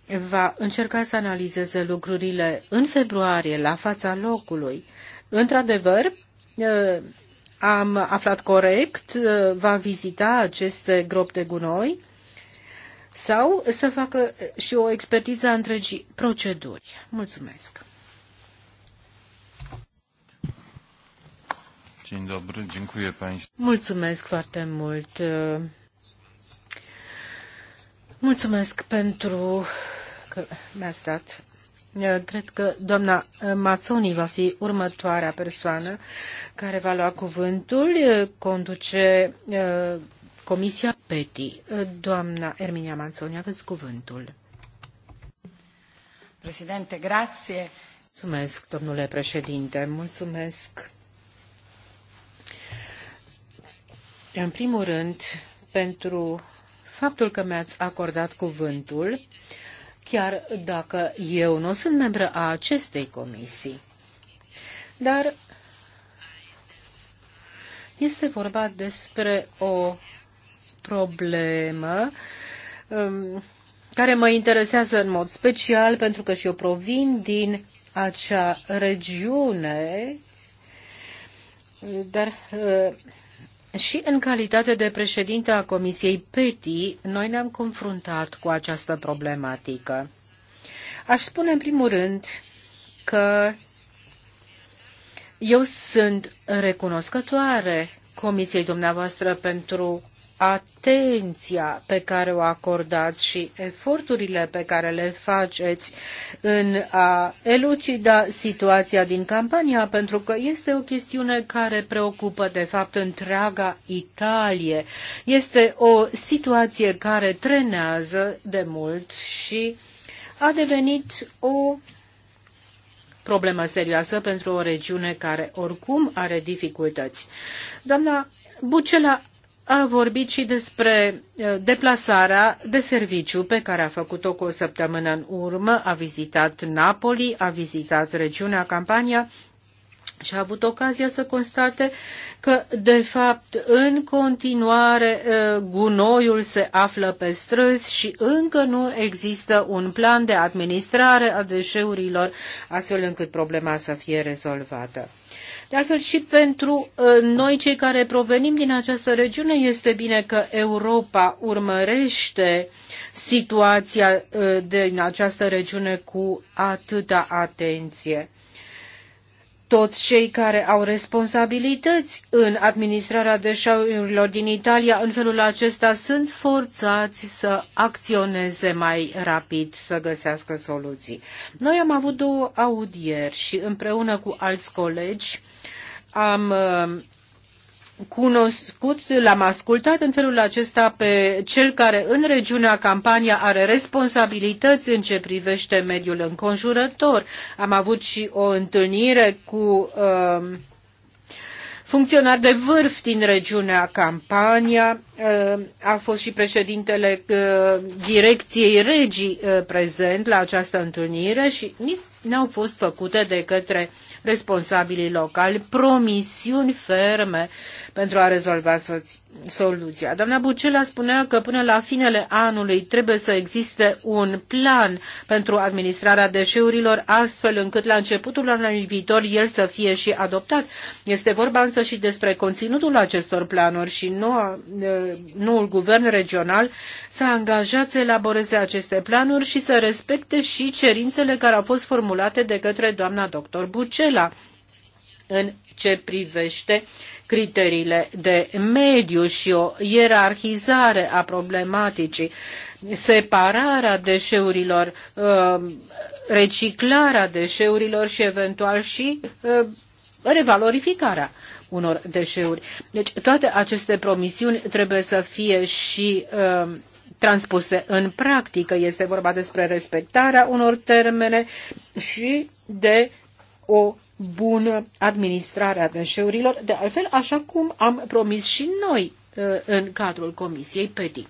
va încerca să analizeze lucrurile în februarie, la fața locului. Într-adevăr, ă, am aflat corect, ă, va vizita aceste gropi de gunoi sau să facă și o expertiză a întregii proceduri. Mulțumesc! Mulțumesc foarte mult! Ă, Mulțumesc pentru că mi-ați dat. Cred că doamna Mazzoni va fi următoarea persoană care va lua cuvântul. Conduce uh, Comisia PETI. Doamna Erminia Mazzoni, aveți cuvântul. Președinte, grație. Mulțumesc, domnule președinte, mulțumesc. În primul rând, pentru faptul că mi-ați acordat cuvântul, chiar dacă eu nu sunt membră a acestei comisii. Dar este vorba despre o problemă um, care mă interesează în mod special pentru că și eu provin din acea regiune, dar uh, și în calitate de președinte a Comisiei PETI, noi ne-am confruntat cu această problematică. Aș spune în primul rând că eu sunt recunoscătoare Comisiei dumneavoastră pentru atenția pe care o acordați și eforturile pe care le faceți în a elucida situația din campania, pentru că este o chestiune care preocupă, de fapt, întreaga Italie. Este o situație care trenează de mult și a devenit o problemă serioasă pentru o regiune care oricum are dificultăți. Doamna Bucela a vorbit și despre eh, deplasarea de serviciu pe care a făcut-o cu o săptămână în urmă. A vizitat Napoli, a vizitat regiunea Campania și a avut ocazia să constate că, de fapt, în continuare eh, gunoiul se află pe străzi și încă nu există un plan de administrare a deșeurilor, astfel încât problema să fie rezolvată. De altfel și pentru uh, noi cei care provenim din această regiune este bine că Europa urmărește situația uh, din această regiune cu atâta atenție toți cei care au responsabilități în administrarea deșeurilor din Italia în felul acesta sunt forțați să acționeze mai rapid, să găsească soluții. Noi am avut două audieri și împreună cu alți colegi am uh, cunoscut, l-am ascultat în felul acesta pe cel care în regiunea Campania are responsabilități în ce privește mediul înconjurător. Am avut și o întâlnire cu uh, funcționari de vârf din regiunea Campania, uh, a fost și președintele uh, direcției regii prezent la această întâlnire și nici n-au fost făcute de către uh, responsabilii locali promisiuni ferme pentru a rezolva soluția. Doamna Bucela spunea că până la finele anului trebuie să existe un plan pentru administrarea deșeurilor, astfel încât la începutul anului viitor el să fie și adoptat. Este vorba însă și despre conținutul acestor planuri și noua, noul guvern regional s-a angajat să elaboreze aceste planuri și să respecte și cerințele care au fost formulate de către doamna doctor Bucela în ce privește uh, criteriile de mediu și o ierarhizare a problematicii, separarea deșeurilor, uh, reciclarea deșeurilor și eventual și uh, revalorificarea unor deșeuri. Deci toate aceste promisiuni trebuie să fie și uh, transpuse în practică. Este vorba despre respectarea unor termene și de o bună administrare a deșeurilor, de altfel așa cum am promis și noi uh, în cadrul Comisiei PETI.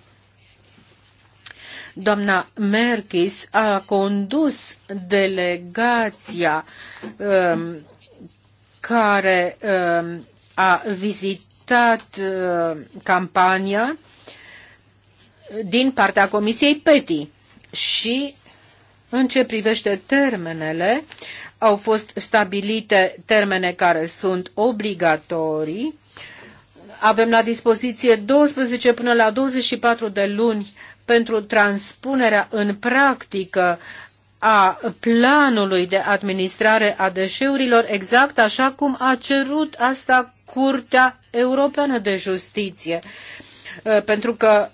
Doamna Merkis a condus delegația um, care um, a vizitat uh, campania din partea Comisiei PETI și în ce privește termenele, uh, au fost stabilite termene care sunt obligatorii. Avem la dispoziție 12 până la 24 de luni pentru transpunerea în practică a planului de administrare a deșeurilor, exact așa cum a cerut asta Curtea Europeană de Justiție. Pentru că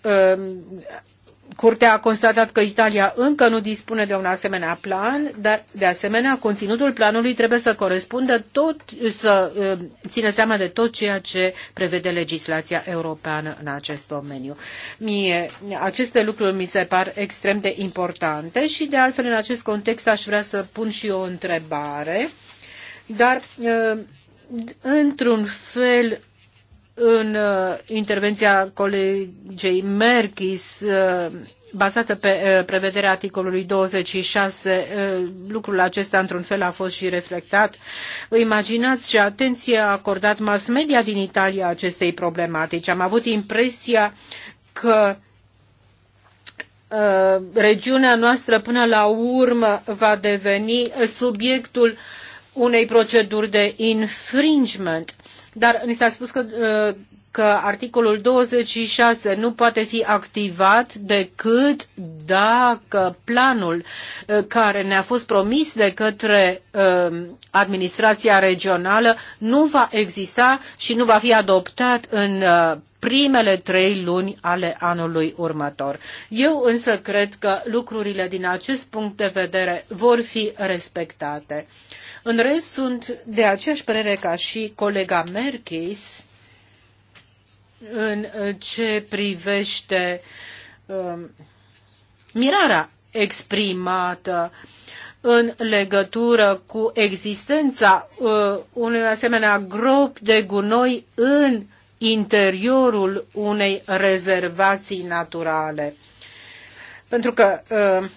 Curtea a constatat că Italia încă nu dispune de un asemenea plan, dar de asemenea conținutul planului trebuie să corespundă tot, să uh, țină seama de tot ceea ce prevede legislația europeană în acest domeniu. Mie, aceste lucruri mi se par extrem de importante și de altfel în acest context aș vrea să pun și o întrebare, dar uh, într-un fel în uh, intervenția colegei Merkis uh, bazată pe uh, prevederea articolului 26, lucrul acesta într-un fel a fost și reflectat. Vă imaginați ce atenție a acordat mass media din Italia acestei problematici. Am avut impresia că regiunea noastră până la urmă va deveni subiectul unei proceduri de infringement dar ni s-a spus că, uh, că articolul 26 nu poate fi activat decât dacă planul uh, care ne-a fost promis de către uh, administrația regională nu va exista și nu va fi adoptat în primele trei luni ale anului următor. Eu însă cred că lucrurile din acest punct de vedere vor fi respectate. În rest, sunt de aceeași părere ca și colega Merkis în ce privește uh, mirarea exprimată în legătură cu existența uh, unui asemenea grop de gunoi în interiorul unei rezervații naturale. Pentru că uh,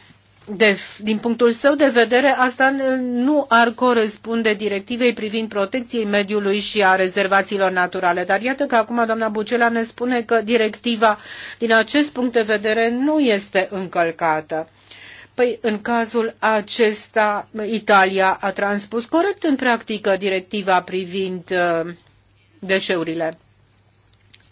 de, din punctul său de vedere, asta nu ar corespunde directivei privind protecției mediului și a rezervațiilor naturale. Dar iată că acum doamna Bucela ne spune că directiva din acest punct de vedere nu este încălcată. Păi, în cazul acesta, Italia a transpus corect în practică directiva privind uh, deșeurile.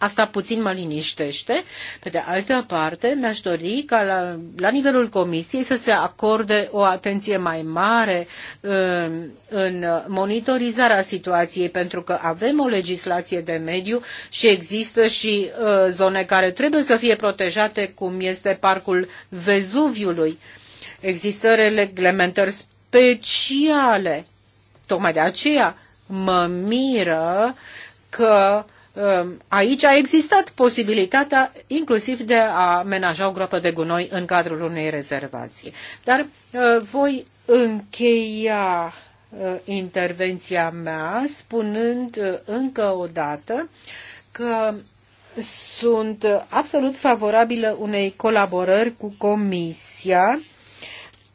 Asta puțin mă liniștește. Pe de altă parte, mi-aș dori ca la, la nivelul comisiei să se acorde o atenție mai mare în, uh, în monitorizarea situației, pentru că avem o legislație de mediu și există și uh, zone care trebuie să fie protejate, cum este Parcul Vezuviului. Există reglementări speciale. Tocmai de aceea mă miră că uh, Um, aici a existat posibilitatea inclusiv de a menaja o groapă de gunoi în cadrul unei rezervații. Dar uh, voi încheia uh, intervenția mea spunând uh, încă o dată că sunt absolut favorabilă unei colaborări cu Comisia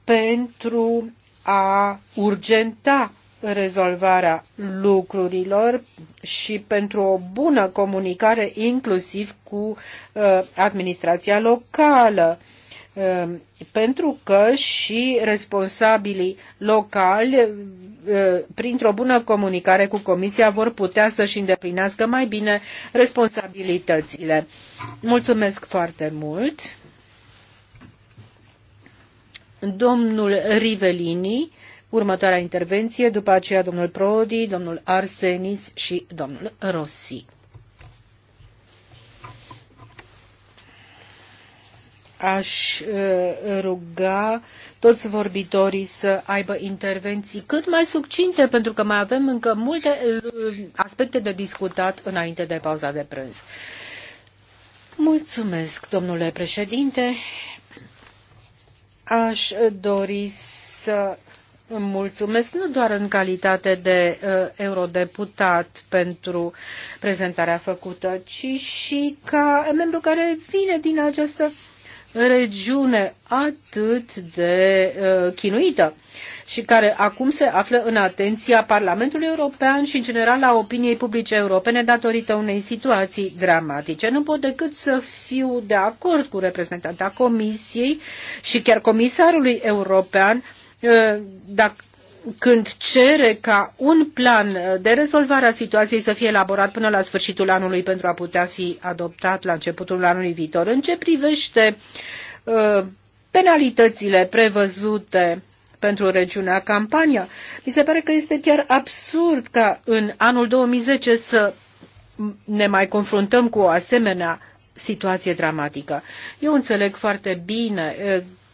pentru a urgenta rezolvarea lucrurilor și pentru o bună comunicare inclusiv cu uh, administrația locală uh, pentru că și responsabilii locali, uh, printr-o bună comunicare cu Comisia, vor putea să-și îndeplinească mai bine responsabilitățile. Mulțumesc foarte mult! Domnul Rivelini următoarea intervenție, după aceea domnul Prodi, domnul Arsenis și domnul Rossi. Aș uh, ruga toți vorbitorii să aibă intervenții cât mai succinte, pentru că mai avem încă multe uh, aspecte de discutat înainte de pauza de prânz. Mulțumesc, domnule președinte. Aș dori să mulțumesc nu doar în calitate de uh, eurodeputat pentru prezentarea făcută, ci și ca membru care vine din această regiune atât de uh, chinuită și care acum se află în atenția Parlamentului European și în general a opiniei publice europene datorită unei situații dramatice. Nu pot decât să fiu de acord cu reprezentanta Comisiei și chiar Comisarului European uh, Uh, dacă când cere ca un plan uh, de rezolvare a situației să fie elaborat până la sfârșitul anului pentru a putea fi adoptat la începutul anului viitor. În ce privește uh, penalitățile prevăzute pentru regiunea Campania, mi se pare că este chiar absurd ca în anul 2010 să ne mai confruntăm cu o asemenea situație dramatică. Eu înțeleg foarte bine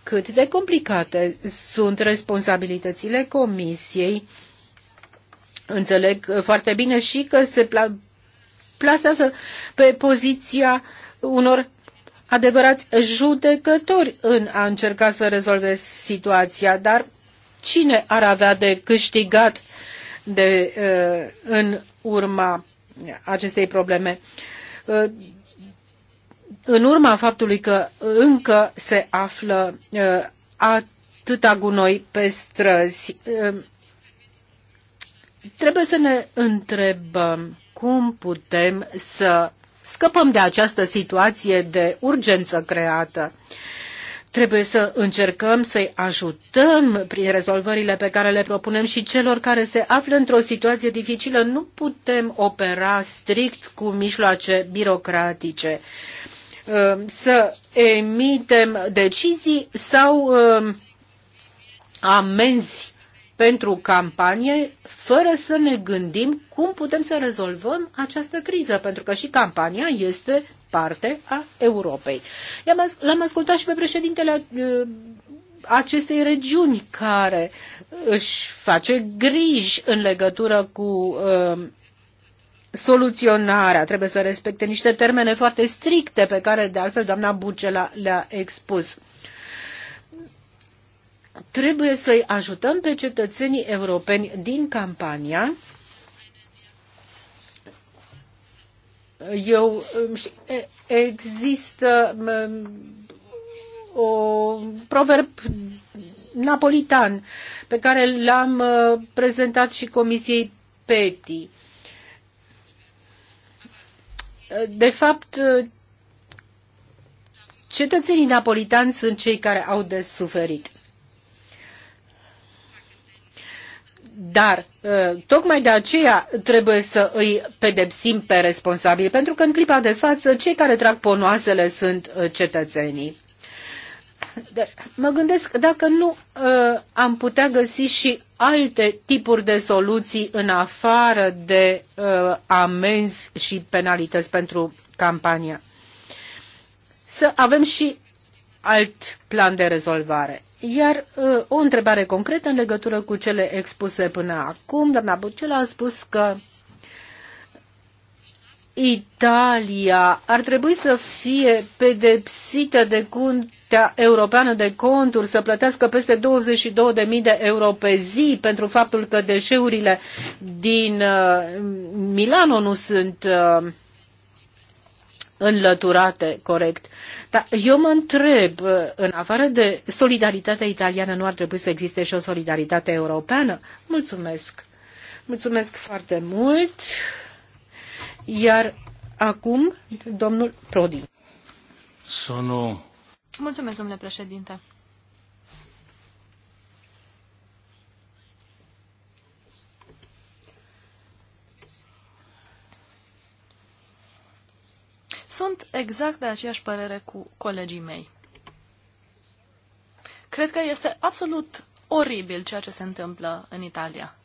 cât de complicate sunt responsabilitățile Comisiei. Înțeleg foarte bine și că se plasează pe poziția unor adevărați judecători în a încerca să rezolve situația, dar cine ar avea de câștigat de, uh, în urma acestei probleme? Uh, în urma faptului că încă se află uh, atâta gunoi pe străzi, uh, trebuie să ne întrebăm cum putem să scăpăm de această situație de urgență creată. Trebuie să încercăm să-i ajutăm prin rezolvările pe care le propunem și celor care se află într-o situație dificilă. Nu putem opera strict cu mijloace birocratice. Uh, Um, să emitem decizii sau um, amenzi pentru campanie, fără să ne gândim cum putem să rezolvăm această criză, pentru că și campania este parte a Europei. L-am ascultat și pe președintele uh, acestei regiuni care își face griji în legătură cu um, soluționarea trebuie să respecte niște termene foarte stricte pe care de altfel doamna Bucela le-a expus. Trebuie să-i ajutăm pe cetățenii europeni din campania eu există un proverb napolitan pe care l-am prezentat și Comisiei PETI de fapt, cetățenii napolitani sunt cei care au de suferit. Dar ă, tocmai de aceea trebuie să îi pedepsim pe responsabili, pentru că în clipa de față cei care trag ponoasele sunt ă, cetățenii. Deci, mă gândesc dacă nu uh, am putea găsi și alte tipuri de soluții în afară de uh, amenzi și penalități pentru campania. Să avem și alt plan de rezolvare. Iar uh, o întrebare concretă în legătură cu cele expuse până acum. Doamna Bucela a spus că Italia ar trebui să fie pedepsită de Curtea Europeană de Conturi să plătească peste 22.000 de euro pe zi pentru faptul că deșeurile din uh, Milano nu sunt uh, înlăturate corect. Dar eu mă întreb, uh, în afară de solidaritatea italiană, nu ar trebui să existe și o solidaritate europeană? Mulțumesc! Mulțumesc foarte mult! Iar acum, domnul Prodi. Sono. Mulțumesc, domnule președinte. Sunt exact de aceeași părere cu colegii mei. Cred că este absolut oribil ceea ce se întâmplă în Italia.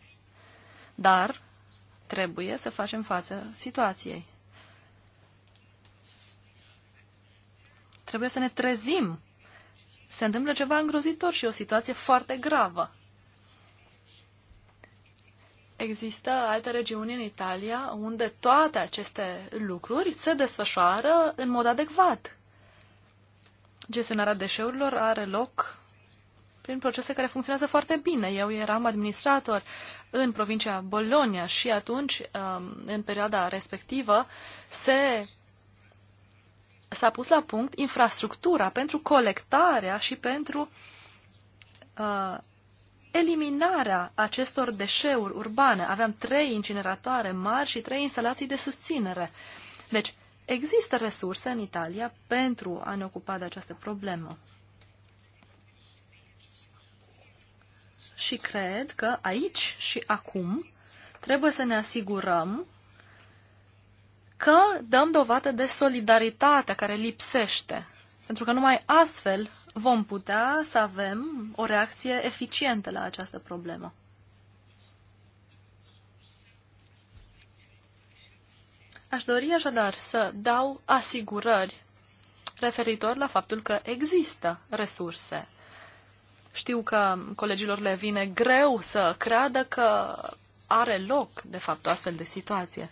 Dar trebuie să facem față situației. Trebuie să ne trezim. Se întâmplă ceva îngrozitor și o situație foarte gravă. Există alte regiuni în Italia unde toate aceste lucruri se desfășoară în mod adecvat. Gestionarea deșeurilor are loc prin procese care funcționează foarte bine. Eu eram administrator în provincia Bologna și atunci, um, în perioada respectivă, se s-a pus la punct infrastructura pentru colectarea și pentru uh, eliminarea acestor deșeuri urbane. Aveam trei incineratoare mari și trei instalații de susținere. Deci, există resurse în Italia pentru a ne ocupa de această problemă. și cred că aici și acum trebuie să ne asigurăm că dăm dovadă de solidaritatea care lipsește. Pentru că numai astfel vom putea să avem o reacție eficientă la această problemă. Aș dori așadar să dau asigurări referitor la faptul că există resurse știu că colegilor le vine greu să creadă că are loc, de fapt, o astfel de situație.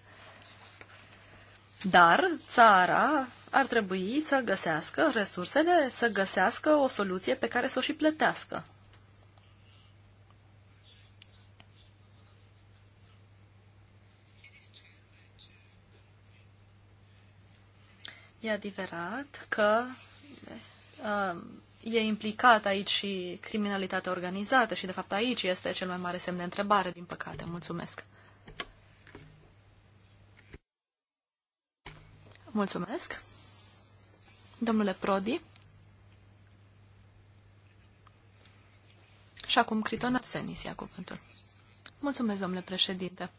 Dar țara ar trebui să găsească resursele, să găsească o soluție pe care să o și plătească. E adevărat că uh, e implicat aici și criminalitatea organizată și, de fapt, aici este cel mai mare semn de întrebare, din păcate. Mulțumesc! Mulțumesc! Domnule Prodi. Și acum Criton Absenis ia cuvântul. Mulțumesc, domnule președinte.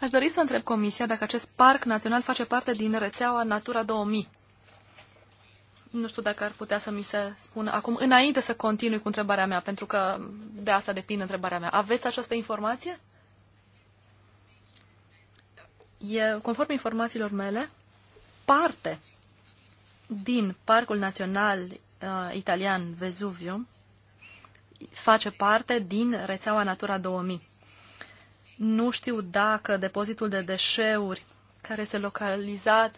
Aș dori să întreb Comisia dacă acest parc național face parte din rețeaua Natura 2000. Nu știu dacă ar putea să mi se spună acum, înainte să continui cu întrebarea mea, pentru că de asta depinde întrebarea mea. Aveți această informație? E, conform informațiilor mele, parte din Parcul Național uh, Italian Vesuvio face parte din rețeaua Natura 2000. Nu știu dacă depozitul de deșeuri care este localizat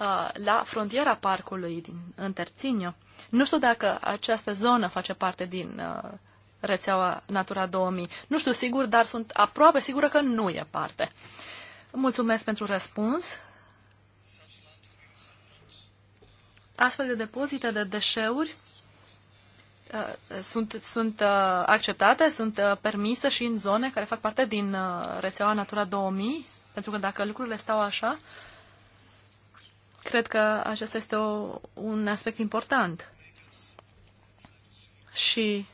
Uh, la frontiera parcului din Înterținio. Nu știu dacă această zonă face parte din uh, rețeaua Natura 2000. Nu știu sigur, dar sunt aproape sigură că nu e parte. Mulțumesc pentru răspuns. Astfel de depozite de deșeuri uh, sunt, sunt uh, acceptate, sunt uh, permise și în zone care fac parte din uh, rețeaua Natura 2000, pentru că dacă lucrurile stau așa, uh, Cred că acesta este o, un aspect important. Și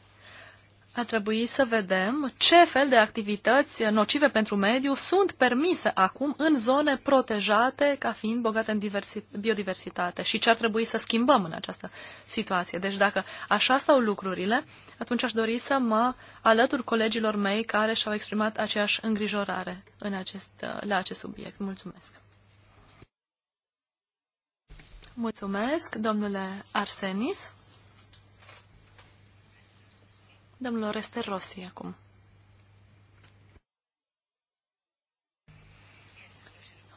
ar trebui să vedem ce fel de activități nocive pentru mediu sunt permise acum în zone protejate ca fiind bogate în biodiversitate și ce ar trebui să schimbăm în această situație. Deci dacă așa stau lucrurile, atunci aș dori să mă alătur colegilor mei care și-au exprimat aceeași îngrijorare în acest, la acest subiect. Mulțumesc! Mulțumesc, domnule Arsenis. Domnul Oreste Rossi acum.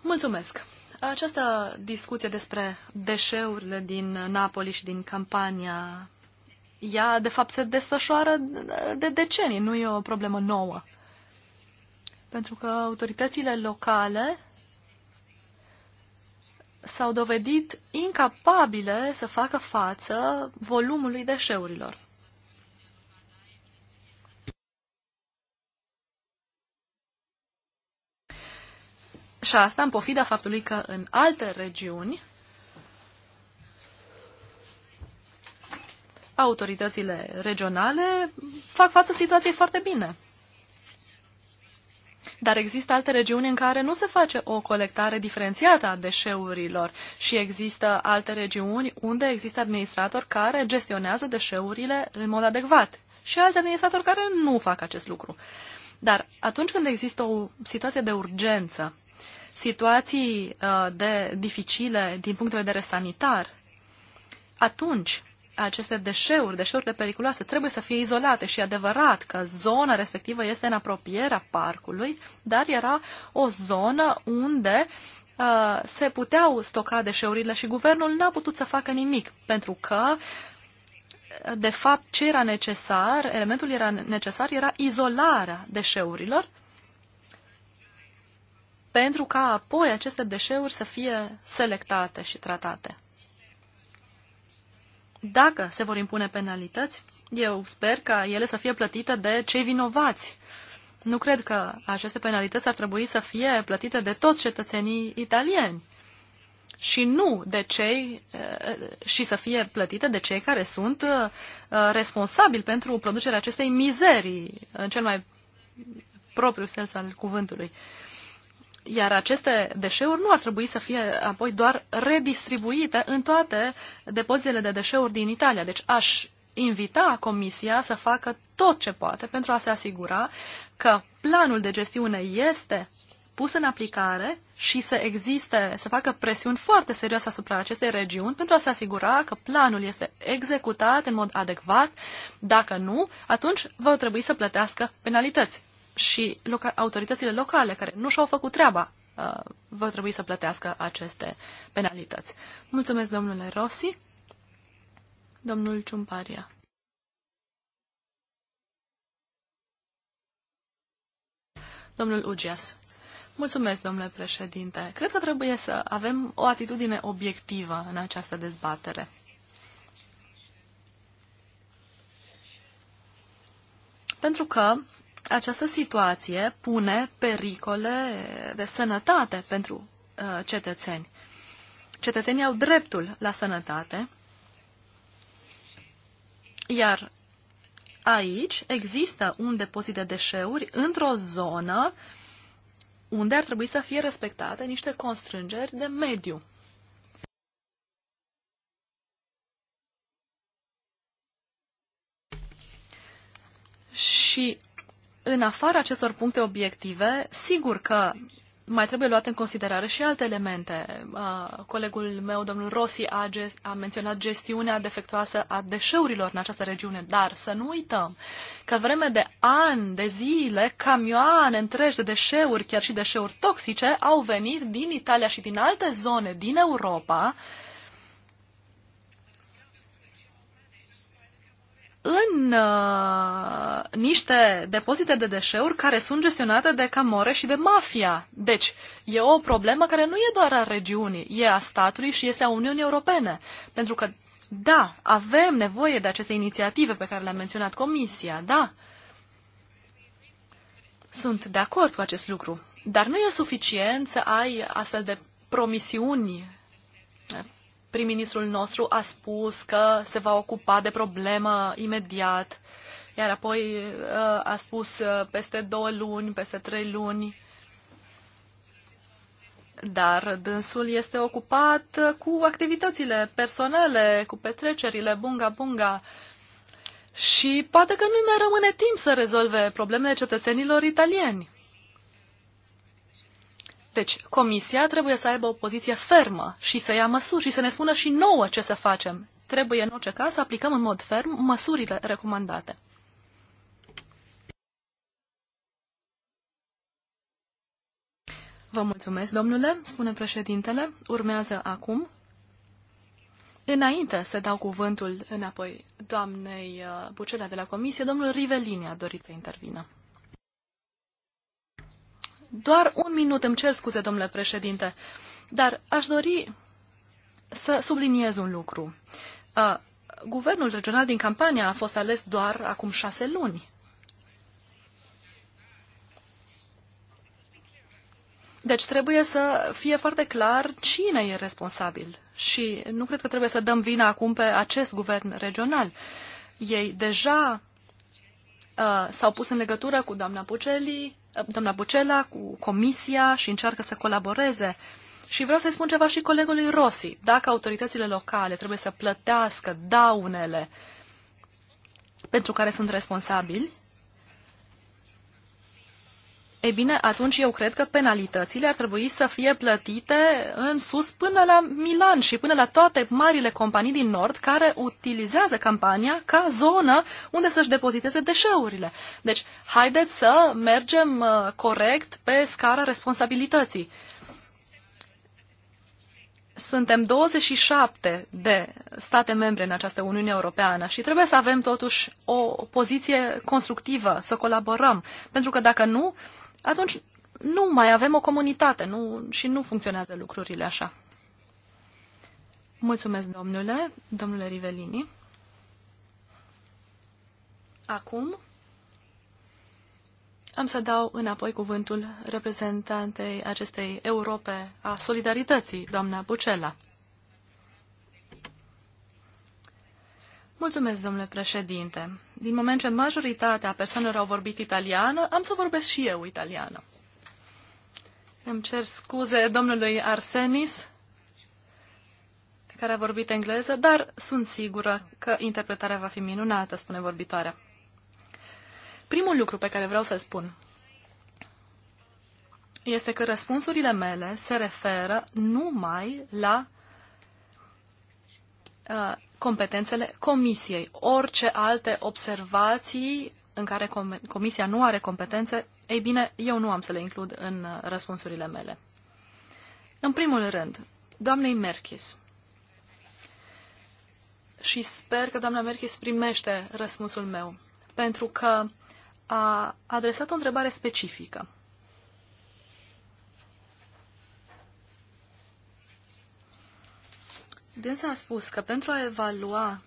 Mulțumesc. Această discuție despre deșeurile din Napoli și din Campania, ea de fapt se desfășoară de decenii, nu e o problemă nouă. Pentru că autoritățile locale s-au dovedit incapabile să facă față volumului deșeurilor. Și asta în pofida faptului că în alte regiuni autoritățile regionale fac față situației foarte bine. Dar există alte regiuni în care nu se face o colectare diferențiată a deșeurilor și există alte regiuni unde există administratori care gestionează deșeurile în mod adecvat și alte administratori care nu fac acest lucru. Dar atunci când există o situație de urgență, situații uh, de dificile din punct de vedere sanitar, atunci aceste deșeuri, deșeurile periculoase, trebuie să fie izolate și adevărat că zona respectivă este în apropierea parcului, dar era o zonă unde uh, se puteau stoca deșeurile și guvernul n-a putut să facă nimic, pentru că de fapt, ce era necesar, elementul era necesar era izolarea deșeurilor pentru ca apoi aceste deșeuri să fie selectate și tratate dacă se vor impune penalități, eu sper ca ele să fie plătite de cei vinovați. Nu cred că aceste penalități ar trebui să fie plătite de toți cetățenii italieni și nu de cei eh, și să fie plătite de cei care sunt eh, responsabili pentru producerea acestei mizerii, în cel mai propriu sens al cuvântului. Iar aceste deșeuri nu ar trebui să fie apoi doar redistribuite în toate depozitele de deșeuri din Italia. Deci aș invita Comisia să facă tot ce poate pentru a se asigura că planul de gestiune este pus în aplicare și să existe, să facă presiuni foarte serioase asupra acestei regiuni pentru a se asigura că planul este executat în mod adecvat. Dacă nu, atunci vă trebui să plătească penalități și loca autoritățile locale care nu și-au făcut treaba uh, vor trebui să plătească aceste penalități. Mulțumesc, domnule Rossi. Domnul Ciumparia. Domnul Ugias. Mulțumesc, domnule președinte. Cred că trebuie să avem o atitudine obiectivă în această dezbatere. Pentru că această situație pune pericole de sănătate pentru uh, cetățeni. Cetățenii au dreptul la sănătate, iar aici există un depozit de deșeuri într-o zonă unde ar trebui să fie respectate niște constrângeri de mediu. Și în afara acestor puncte obiective, sigur că mai trebuie luat în considerare și alte elemente. Uh, colegul meu, domnul Rossi, a, a menționat gestiunea defectuoasă a deșeurilor în această regiune, dar să nu uităm că vreme de ani, de zile, camioane întregi de deșeuri, chiar și deșeuri toxice, au venit din Italia și din alte zone din Europa uh, în uh, niște depozite de deșeuri care sunt gestionate de camore și de mafia. Deci, e o problemă care nu e doar a regiunii, e a statului și este a Uniunii Europene. Pentru că, da, avem nevoie de aceste inițiative pe care le-a menționat Comisia, da. Sunt de acord cu acest lucru. Dar nu e suficient să ai astfel de promisiuni prim-ministrul nostru a spus că se va ocupa de problemă imediat, iar apoi uh, a spus uh, peste două luni, peste trei luni. Dar dânsul este ocupat uh, cu activitățile personale, cu petrecerile, bunga-bunga. Și poate că nu mai rămâne timp să rezolve problemele cetățenilor italieni. Deci, Comisia trebuie să aibă o poziție fermă și să ia măsuri și să ne spună și nouă ce să facem. Trebuie, în orice caz, să aplicăm în mod ferm măsurile recomandate. Vă mulțumesc, domnule, spune președintele. Urmează acum. Înainte să dau cuvântul înapoi doamnei uh, Bucelea de la Comisie, domnul Rivelini a dorit să intervină. Doar un minut, îmi cer scuze, domnule președinte, dar aș dori să subliniez un lucru. Uh, guvernul regional din Campania a fost ales doar acum șase luni. Deci trebuie să fie foarte clar cine e responsabil și nu cred că trebuie să dăm vina acum pe acest guvern regional. Ei deja uh, s-au pus în legătură cu doamna Puceli, doamna Bucela, cu comisia și încearcă să colaboreze. Și vreau să-i spun ceva și colegului Rossi. Dacă autoritățile locale trebuie să plătească daunele pentru care sunt responsabili, e bine, atunci eu cred că penalitățile ar trebui să fie plătite în sus până la Milan și până la toate marile companii din Nord care utilizează campania ca zonă unde să-și depoziteze deșeurile. Deci, haideți să mergem uh, corect pe scara responsabilității. Suntem 27 de state membre în această Uniune Europeană și trebuie să avem totuși o poziție constructivă, să colaborăm, pentru că dacă nu, uh, atunci nu mai avem o comunitate nu, și nu funcționează lucrurile așa. Mulțumesc, domnule, domnule Rivelini. Acum am să dau înapoi cuvântul reprezentantei acestei Europe a solidarității, doamna Bucela. Mulțumesc, domnule președinte. Din moment ce majoritatea persoanelor au vorbit italiană, am să vorbesc și eu italiană. Îmi cer scuze domnului Arsenis, care a vorbit engleză, dar sunt sigură că interpretarea va fi minunată, spune vorbitoarea. Primul lucru pe care vreau să-l spun este că răspunsurile mele se referă numai la uh, competențele comisiei. Orice alte observații în care com comisia nu are competențe, ei bine, eu nu am să le includ în uh, răspunsurile mele. În primul rând, doamnei Merchis. Și sper că doamna Merchis primește răspunsul meu, pentru că a adresat o întrebare specifică. Dânsa a spus că pentru a evalua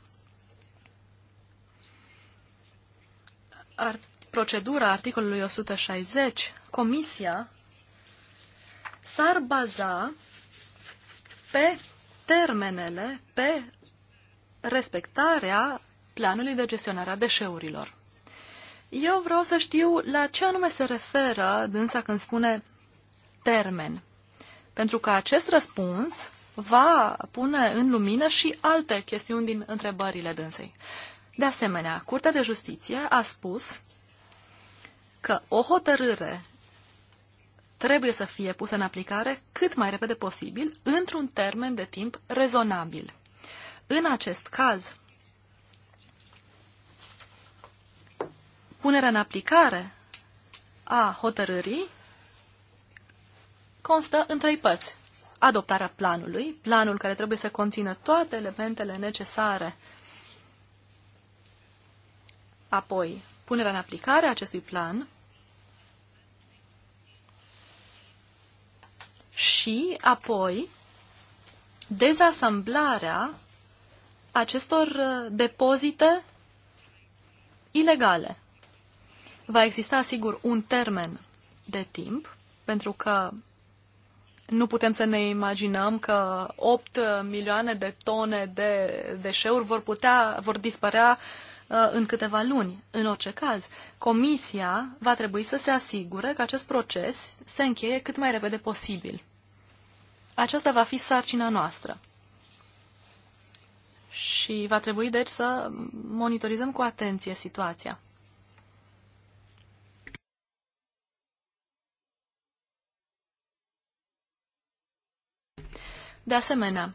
ar, procedura articolului 160, Comisia s-ar baza pe termenele, pe respectarea planului de gestionare a deșeurilor. Eu vreau să știu la ce anume se referă dânsa când spune termen. Pentru că acest răspuns va pune în lumină și alte chestiuni din întrebările dânsei. De asemenea, Curtea de Justiție a spus că o hotărâre trebuie să fie pusă în aplicare cât mai repede posibil, într-un termen de timp rezonabil. În acest caz, punerea în aplicare a hotărârii constă în trei părți adoptarea planului, planul care trebuie să conțină toate elementele necesare. Apoi, punerea în aplicare a acestui plan și apoi dezasamblarea acestor uh, depozite ilegale. Va exista, sigur, un termen de timp, pentru că nu putem să ne imaginăm că 8 milioane de tone de deșeuri vor, putea, vor dispărea uh, în câteva luni. În orice caz, Comisia va trebui să se asigure că acest proces se încheie cât mai repede posibil. Aceasta va fi sarcina noastră. Și va trebui, deci, să monitorizăm cu atenție situația. De asemenea,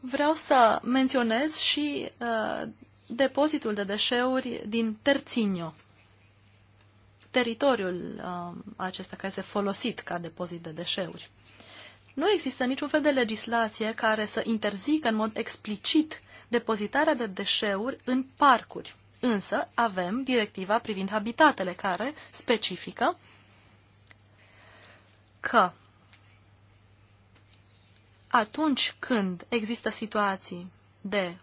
vreau să menționez și uh, depozitul de deșeuri din Terținio, teritoriul uh, acesta care este folosit ca depozit de deșeuri. Nu există niciun fel de legislație care să interzică în mod explicit depozitarea de deșeuri în parcuri. Însă avem directiva privind habitatele care specifică că atunci când există situații de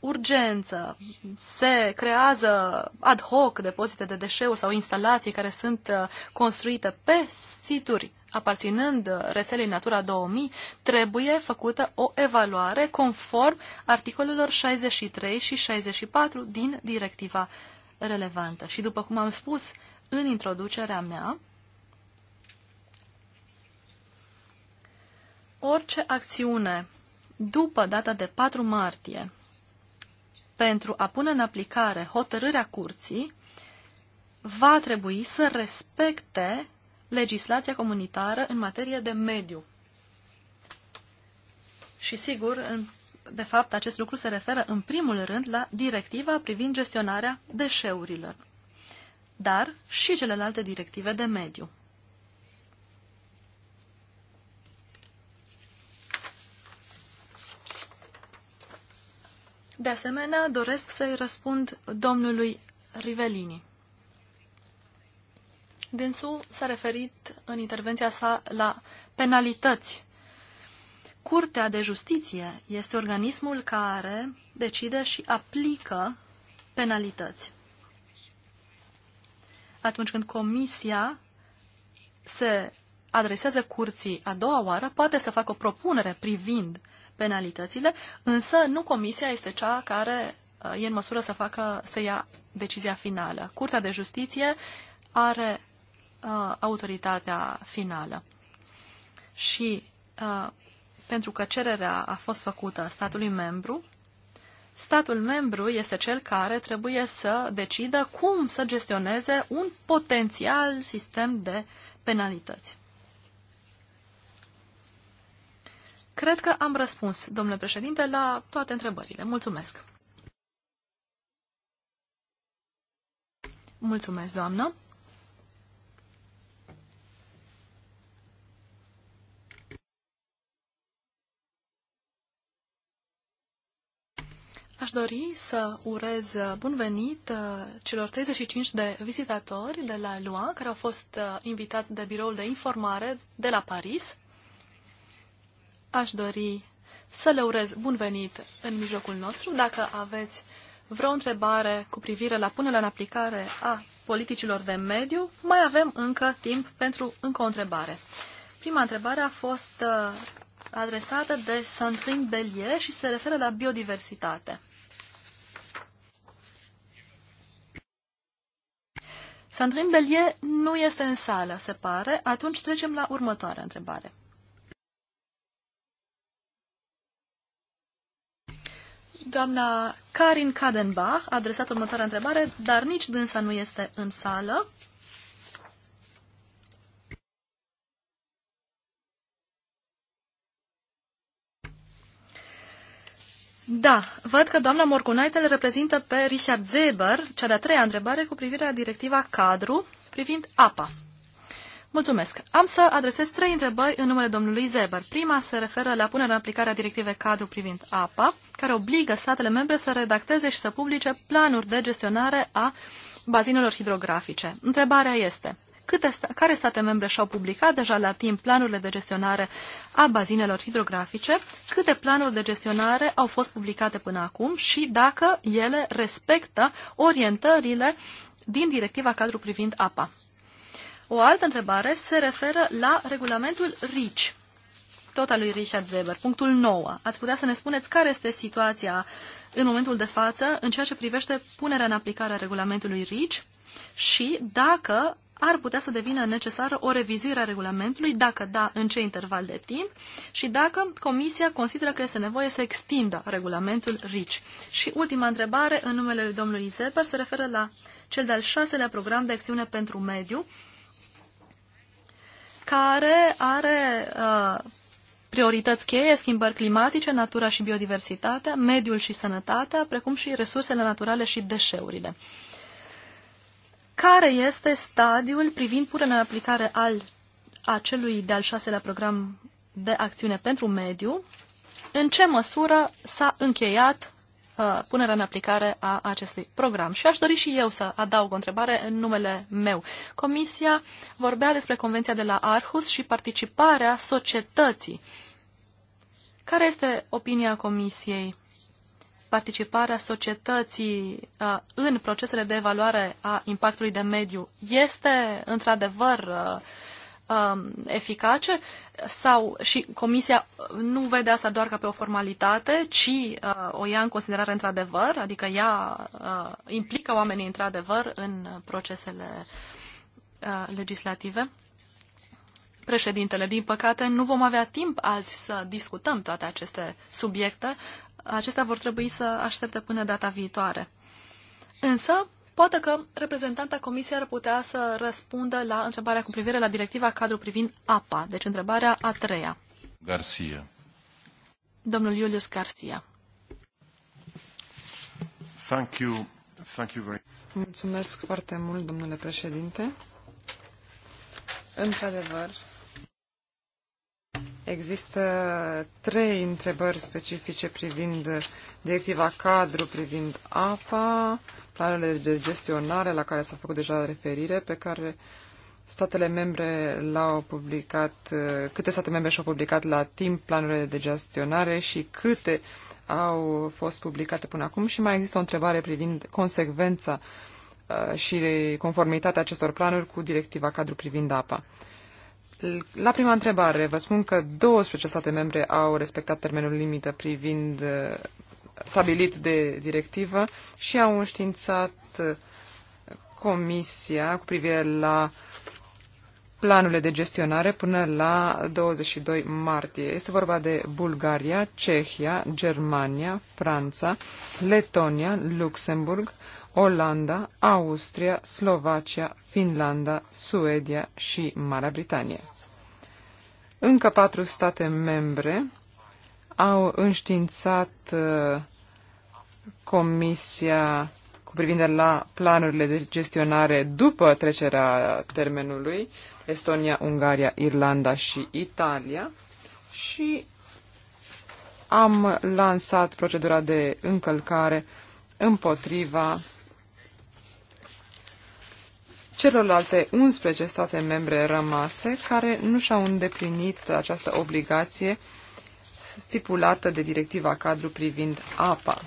urgență, se creează ad hoc depozite de deșeuri sau instalații care sunt uh, construite pe situri aparținând uh, rețelei Natura 2000, trebuie făcută o evaluare conform articolelor 63 și 64 din directiva relevantă. Și după cum am spus în introducerea mea, orice acțiune după data de 4 martie pentru a pune în aplicare hotărârea curții va trebui să respecte legislația comunitară în materie de mediu. Și sigur, de fapt, acest lucru se referă în primul rând la directiva privind gestionarea deșeurilor, dar și celelalte directive de mediu. De asemenea, doresc să-i răspund domnului Rivelini. Dânsu s-a referit în intervenția sa la penalități. Curtea de Justiție este organismul care decide și aplică penalități. Atunci când comisia se adresează curții a doua oară, poate să facă o propunere privind penalitățile, însă nu comisia este cea care uh, e în măsură să facă, să ia decizia finală. Curtea de Justiție are uh, autoritatea finală. Și uh, pentru că cererea a fost făcută statului membru, statul membru este cel care trebuie să decidă cum să gestioneze un potențial sistem de penalități. Cred că am răspuns, domnule președinte, la toate întrebările. Mulțumesc! Mulțumesc, doamnă! Aș dori să urez bun venit uh, celor 35 de vizitatori de la Lua, care au fost uh, invitați de biroul de informare de la Paris aș dori să le urez bun venit în mijlocul nostru. Dacă aveți vreo întrebare cu privire la punerea în aplicare a politicilor de mediu, mai avem încă timp pentru încă o întrebare. Prima întrebare a fost uh, adresată de Sandrine Bellier și se referă la biodiversitate. Sandrine Bellier nu este în sală, se pare. Atunci trecem la următoarea întrebare. Doamna Karin Kadenbach a adresat următoarea întrebare, dar nici dânsa nu este în sală. Da, văd că doamna Morcunaitel reprezintă pe Richard Zeber, cea de-a treia întrebare cu privire la directiva cadru privind apa. Mulțumesc. Am să adresez trei întrebări în numele domnului Zeber. Prima se referă la punerea în aplicare a directivei cadru privind apa, care obligă statele membre să redacteze și să publice planuri de gestionare a bazinelor hidrografice. Întrebarea este, câte sta care state membre și-au publicat deja la timp planurile de gestionare a bazinelor hidrografice, câte planuri de gestionare au fost publicate până acum și dacă ele respectă orientările din directiva cadru privind apa. O altă întrebare se referă la regulamentul RICI, tot al lui Richard Zeber, punctul 9. Ați putea să ne spuneți care este situația în momentul de față în ceea ce privește punerea în aplicare a regulamentului RICI și dacă ar putea să devină necesară o revizuire a regulamentului, dacă da, în ce interval de timp și dacă Comisia consideră că este nevoie să extindă regulamentul RICI. Și ultima întrebare, în numele lui domnului Zeber se referă la cel de-al șaselea program de acțiune pentru mediu, care are uh, priorități cheie, schimbări climatice, natura și biodiversitatea, mediul și sănătatea, precum și resursele naturale și deșeurile. Care este stadiul privind pură în aplicare al acelui de-al șaselea program de acțiune pentru mediu? În ce măsură s-a încheiat Uh, punerea în aplicare a acestui program. Și aș dori și eu să adaug o întrebare în numele meu. Comisia vorbea despre Convenția de la Arhus și participarea societății. Care este opinia Comisiei? Participarea societății uh, în procesele de evaluare a impactului de mediu este într-adevăr uh, Um, eficace sau și Comisia nu vede asta doar ca pe o formalitate, ci uh, o ia în considerare într-adevăr, adică ea uh, implică oamenii într-adevăr în procesele uh, legislative? Președintele, din păcate, nu vom avea timp azi să discutăm toate aceste subiecte. Acestea vor trebui să aștepte până data viitoare. Însă, Poate că reprezentanta Comisiei ar putea să răspundă la întrebarea cu privire la directiva cadru privind apa, deci întrebarea a treia. Garcia. Domnul Iulius Garcia. Thank you. Thank you very... Mulțumesc foarte mult, domnule președinte. Într-adevăr, există trei întrebări specifice privind directiva cadru, privind apa, Planurile de gestionare la care s-a făcut deja referire, pe care statele membre l-au publicat, câte state membre și-au publicat la timp planurile de gestionare și câte au fost publicate până acum și mai există o întrebare privind consecvența uh, și conformitatea acestor planuri cu directiva cadru privind apa. La prima întrebare, vă spun că 12 state membre au respectat termenul limită privind uh, stabilit de directivă și au înștiințat Comisia cu privire la planurile de gestionare până la 22 martie. Este vorba de Bulgaria, Cehia, Germania, Franța, Letonia, Luxemburg, Olanda, Austria, Slovacia, Finlanda, Suedia și Marea Britanie. Încă patru state membre au înștiințat uh, Comisia cu privire la planurile de gestionare după trecerea termenului Estonia, Ungaria, Irlanda și Italia și am lansat procedura de încălcare împotriva celorlalte 11 state membre rămase care nu și-au îndeplinit această obligație stipulată de directiva cadru privind apa.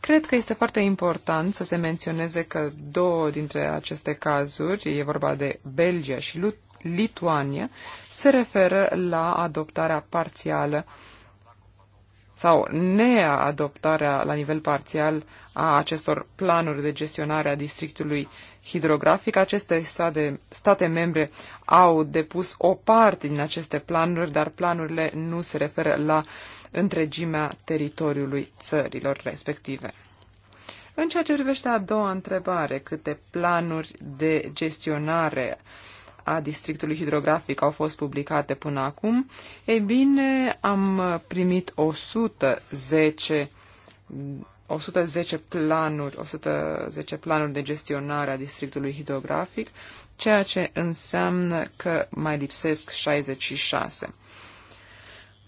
Cred că este foarte important să se menționeze că două dintre aceste cazuri, e vorba de Belgia și Lituania, se referă la adoptarea parțială sau neadoptarea la nivel parțial a acestor planuri de gestionare a districtului hidrografic. Aceste state, state membre au depus o parte din aceste planuri, dar planurile nu se referă la întregimea teritoriului țărilor respective. În ceea ce privește a doua întrebare, câte planuri de gestionare a districtului hidrografic au fost publicate până acum, ei bine, am primit 110 110 planuri, 110 planuri de gestionare a districtului hidrografic, ceea ce înseamnă că mai lipsesc 66.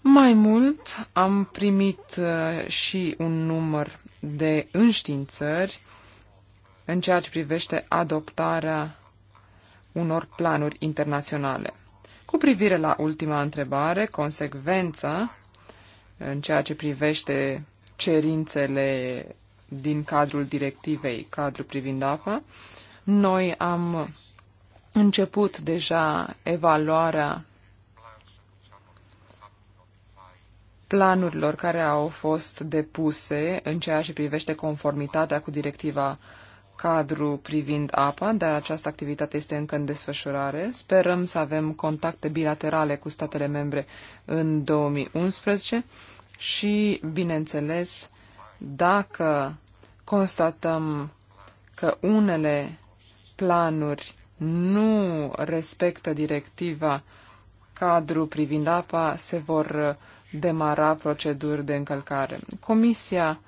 Mai mult, am primit uh, și un număr de înștiințări în ceea ce privește adoptarea unor planuri internaționale. Cu privire la ultima întrebare, consecvența în ceea ce privește cerințele din cadrul directivei cadru privind apa. Noi am început deja evaluarea planurilor care au fost depuse în ceea ce privește conformitatea cu directiva cadru privind apa, dar această activitate este încă în desfășurare. Sperăm să avem contacte bilaterale cu statele membre în 2011 și, bineînțeles, dacă constatăm că unele planuri nu respectă directiva cadru privind apa, se vor demara proceduri de încălcare. Comisia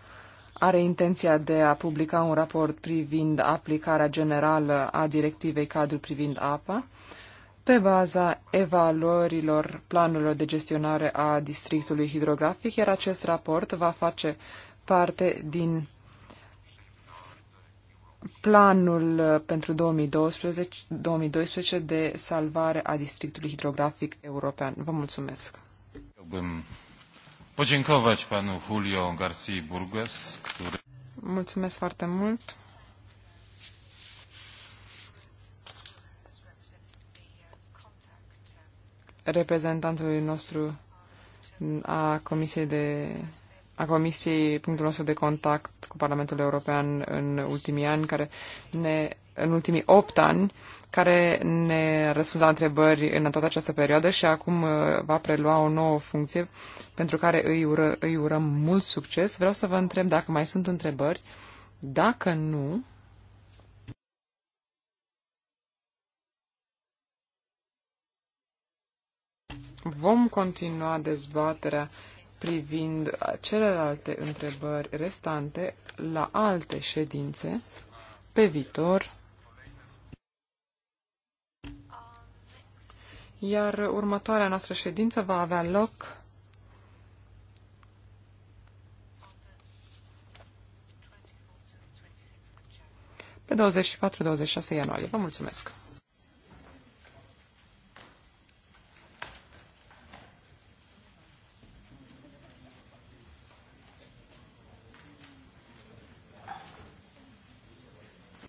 are intenția de a publica un raport privind aplicarea generală a directivei cadru privind apa pe baza evaluărilor planurilor de gestionare a districtului hidrografic, iar acest raport va face parte din planul pentru 2012, 2012 de salvare a districtului hidrografic european. Vă mulțumesc. Mulțumesc foarte mult. reprezentantului nostru a Comisiei de a Comisiei, punctul nostru de contact cu Parlamentul European în ultimii ani, care ne, în ultimii opt ani, care ne răspunde la întrebări în toată această perioadă și acum uh, va prelua o nouă funcție pentru care îi, ură, îi urăm mult succes. Vreau să vă întreb dacă mai sunt întrebări. Dacă nu, Vom continua dezbaterea privind celelalte întrebări restante la alte ședințe pe viitor. Iar următoarea noastră ședință va avea loc pe 24-26 ianuarie. Vă mulțumesc!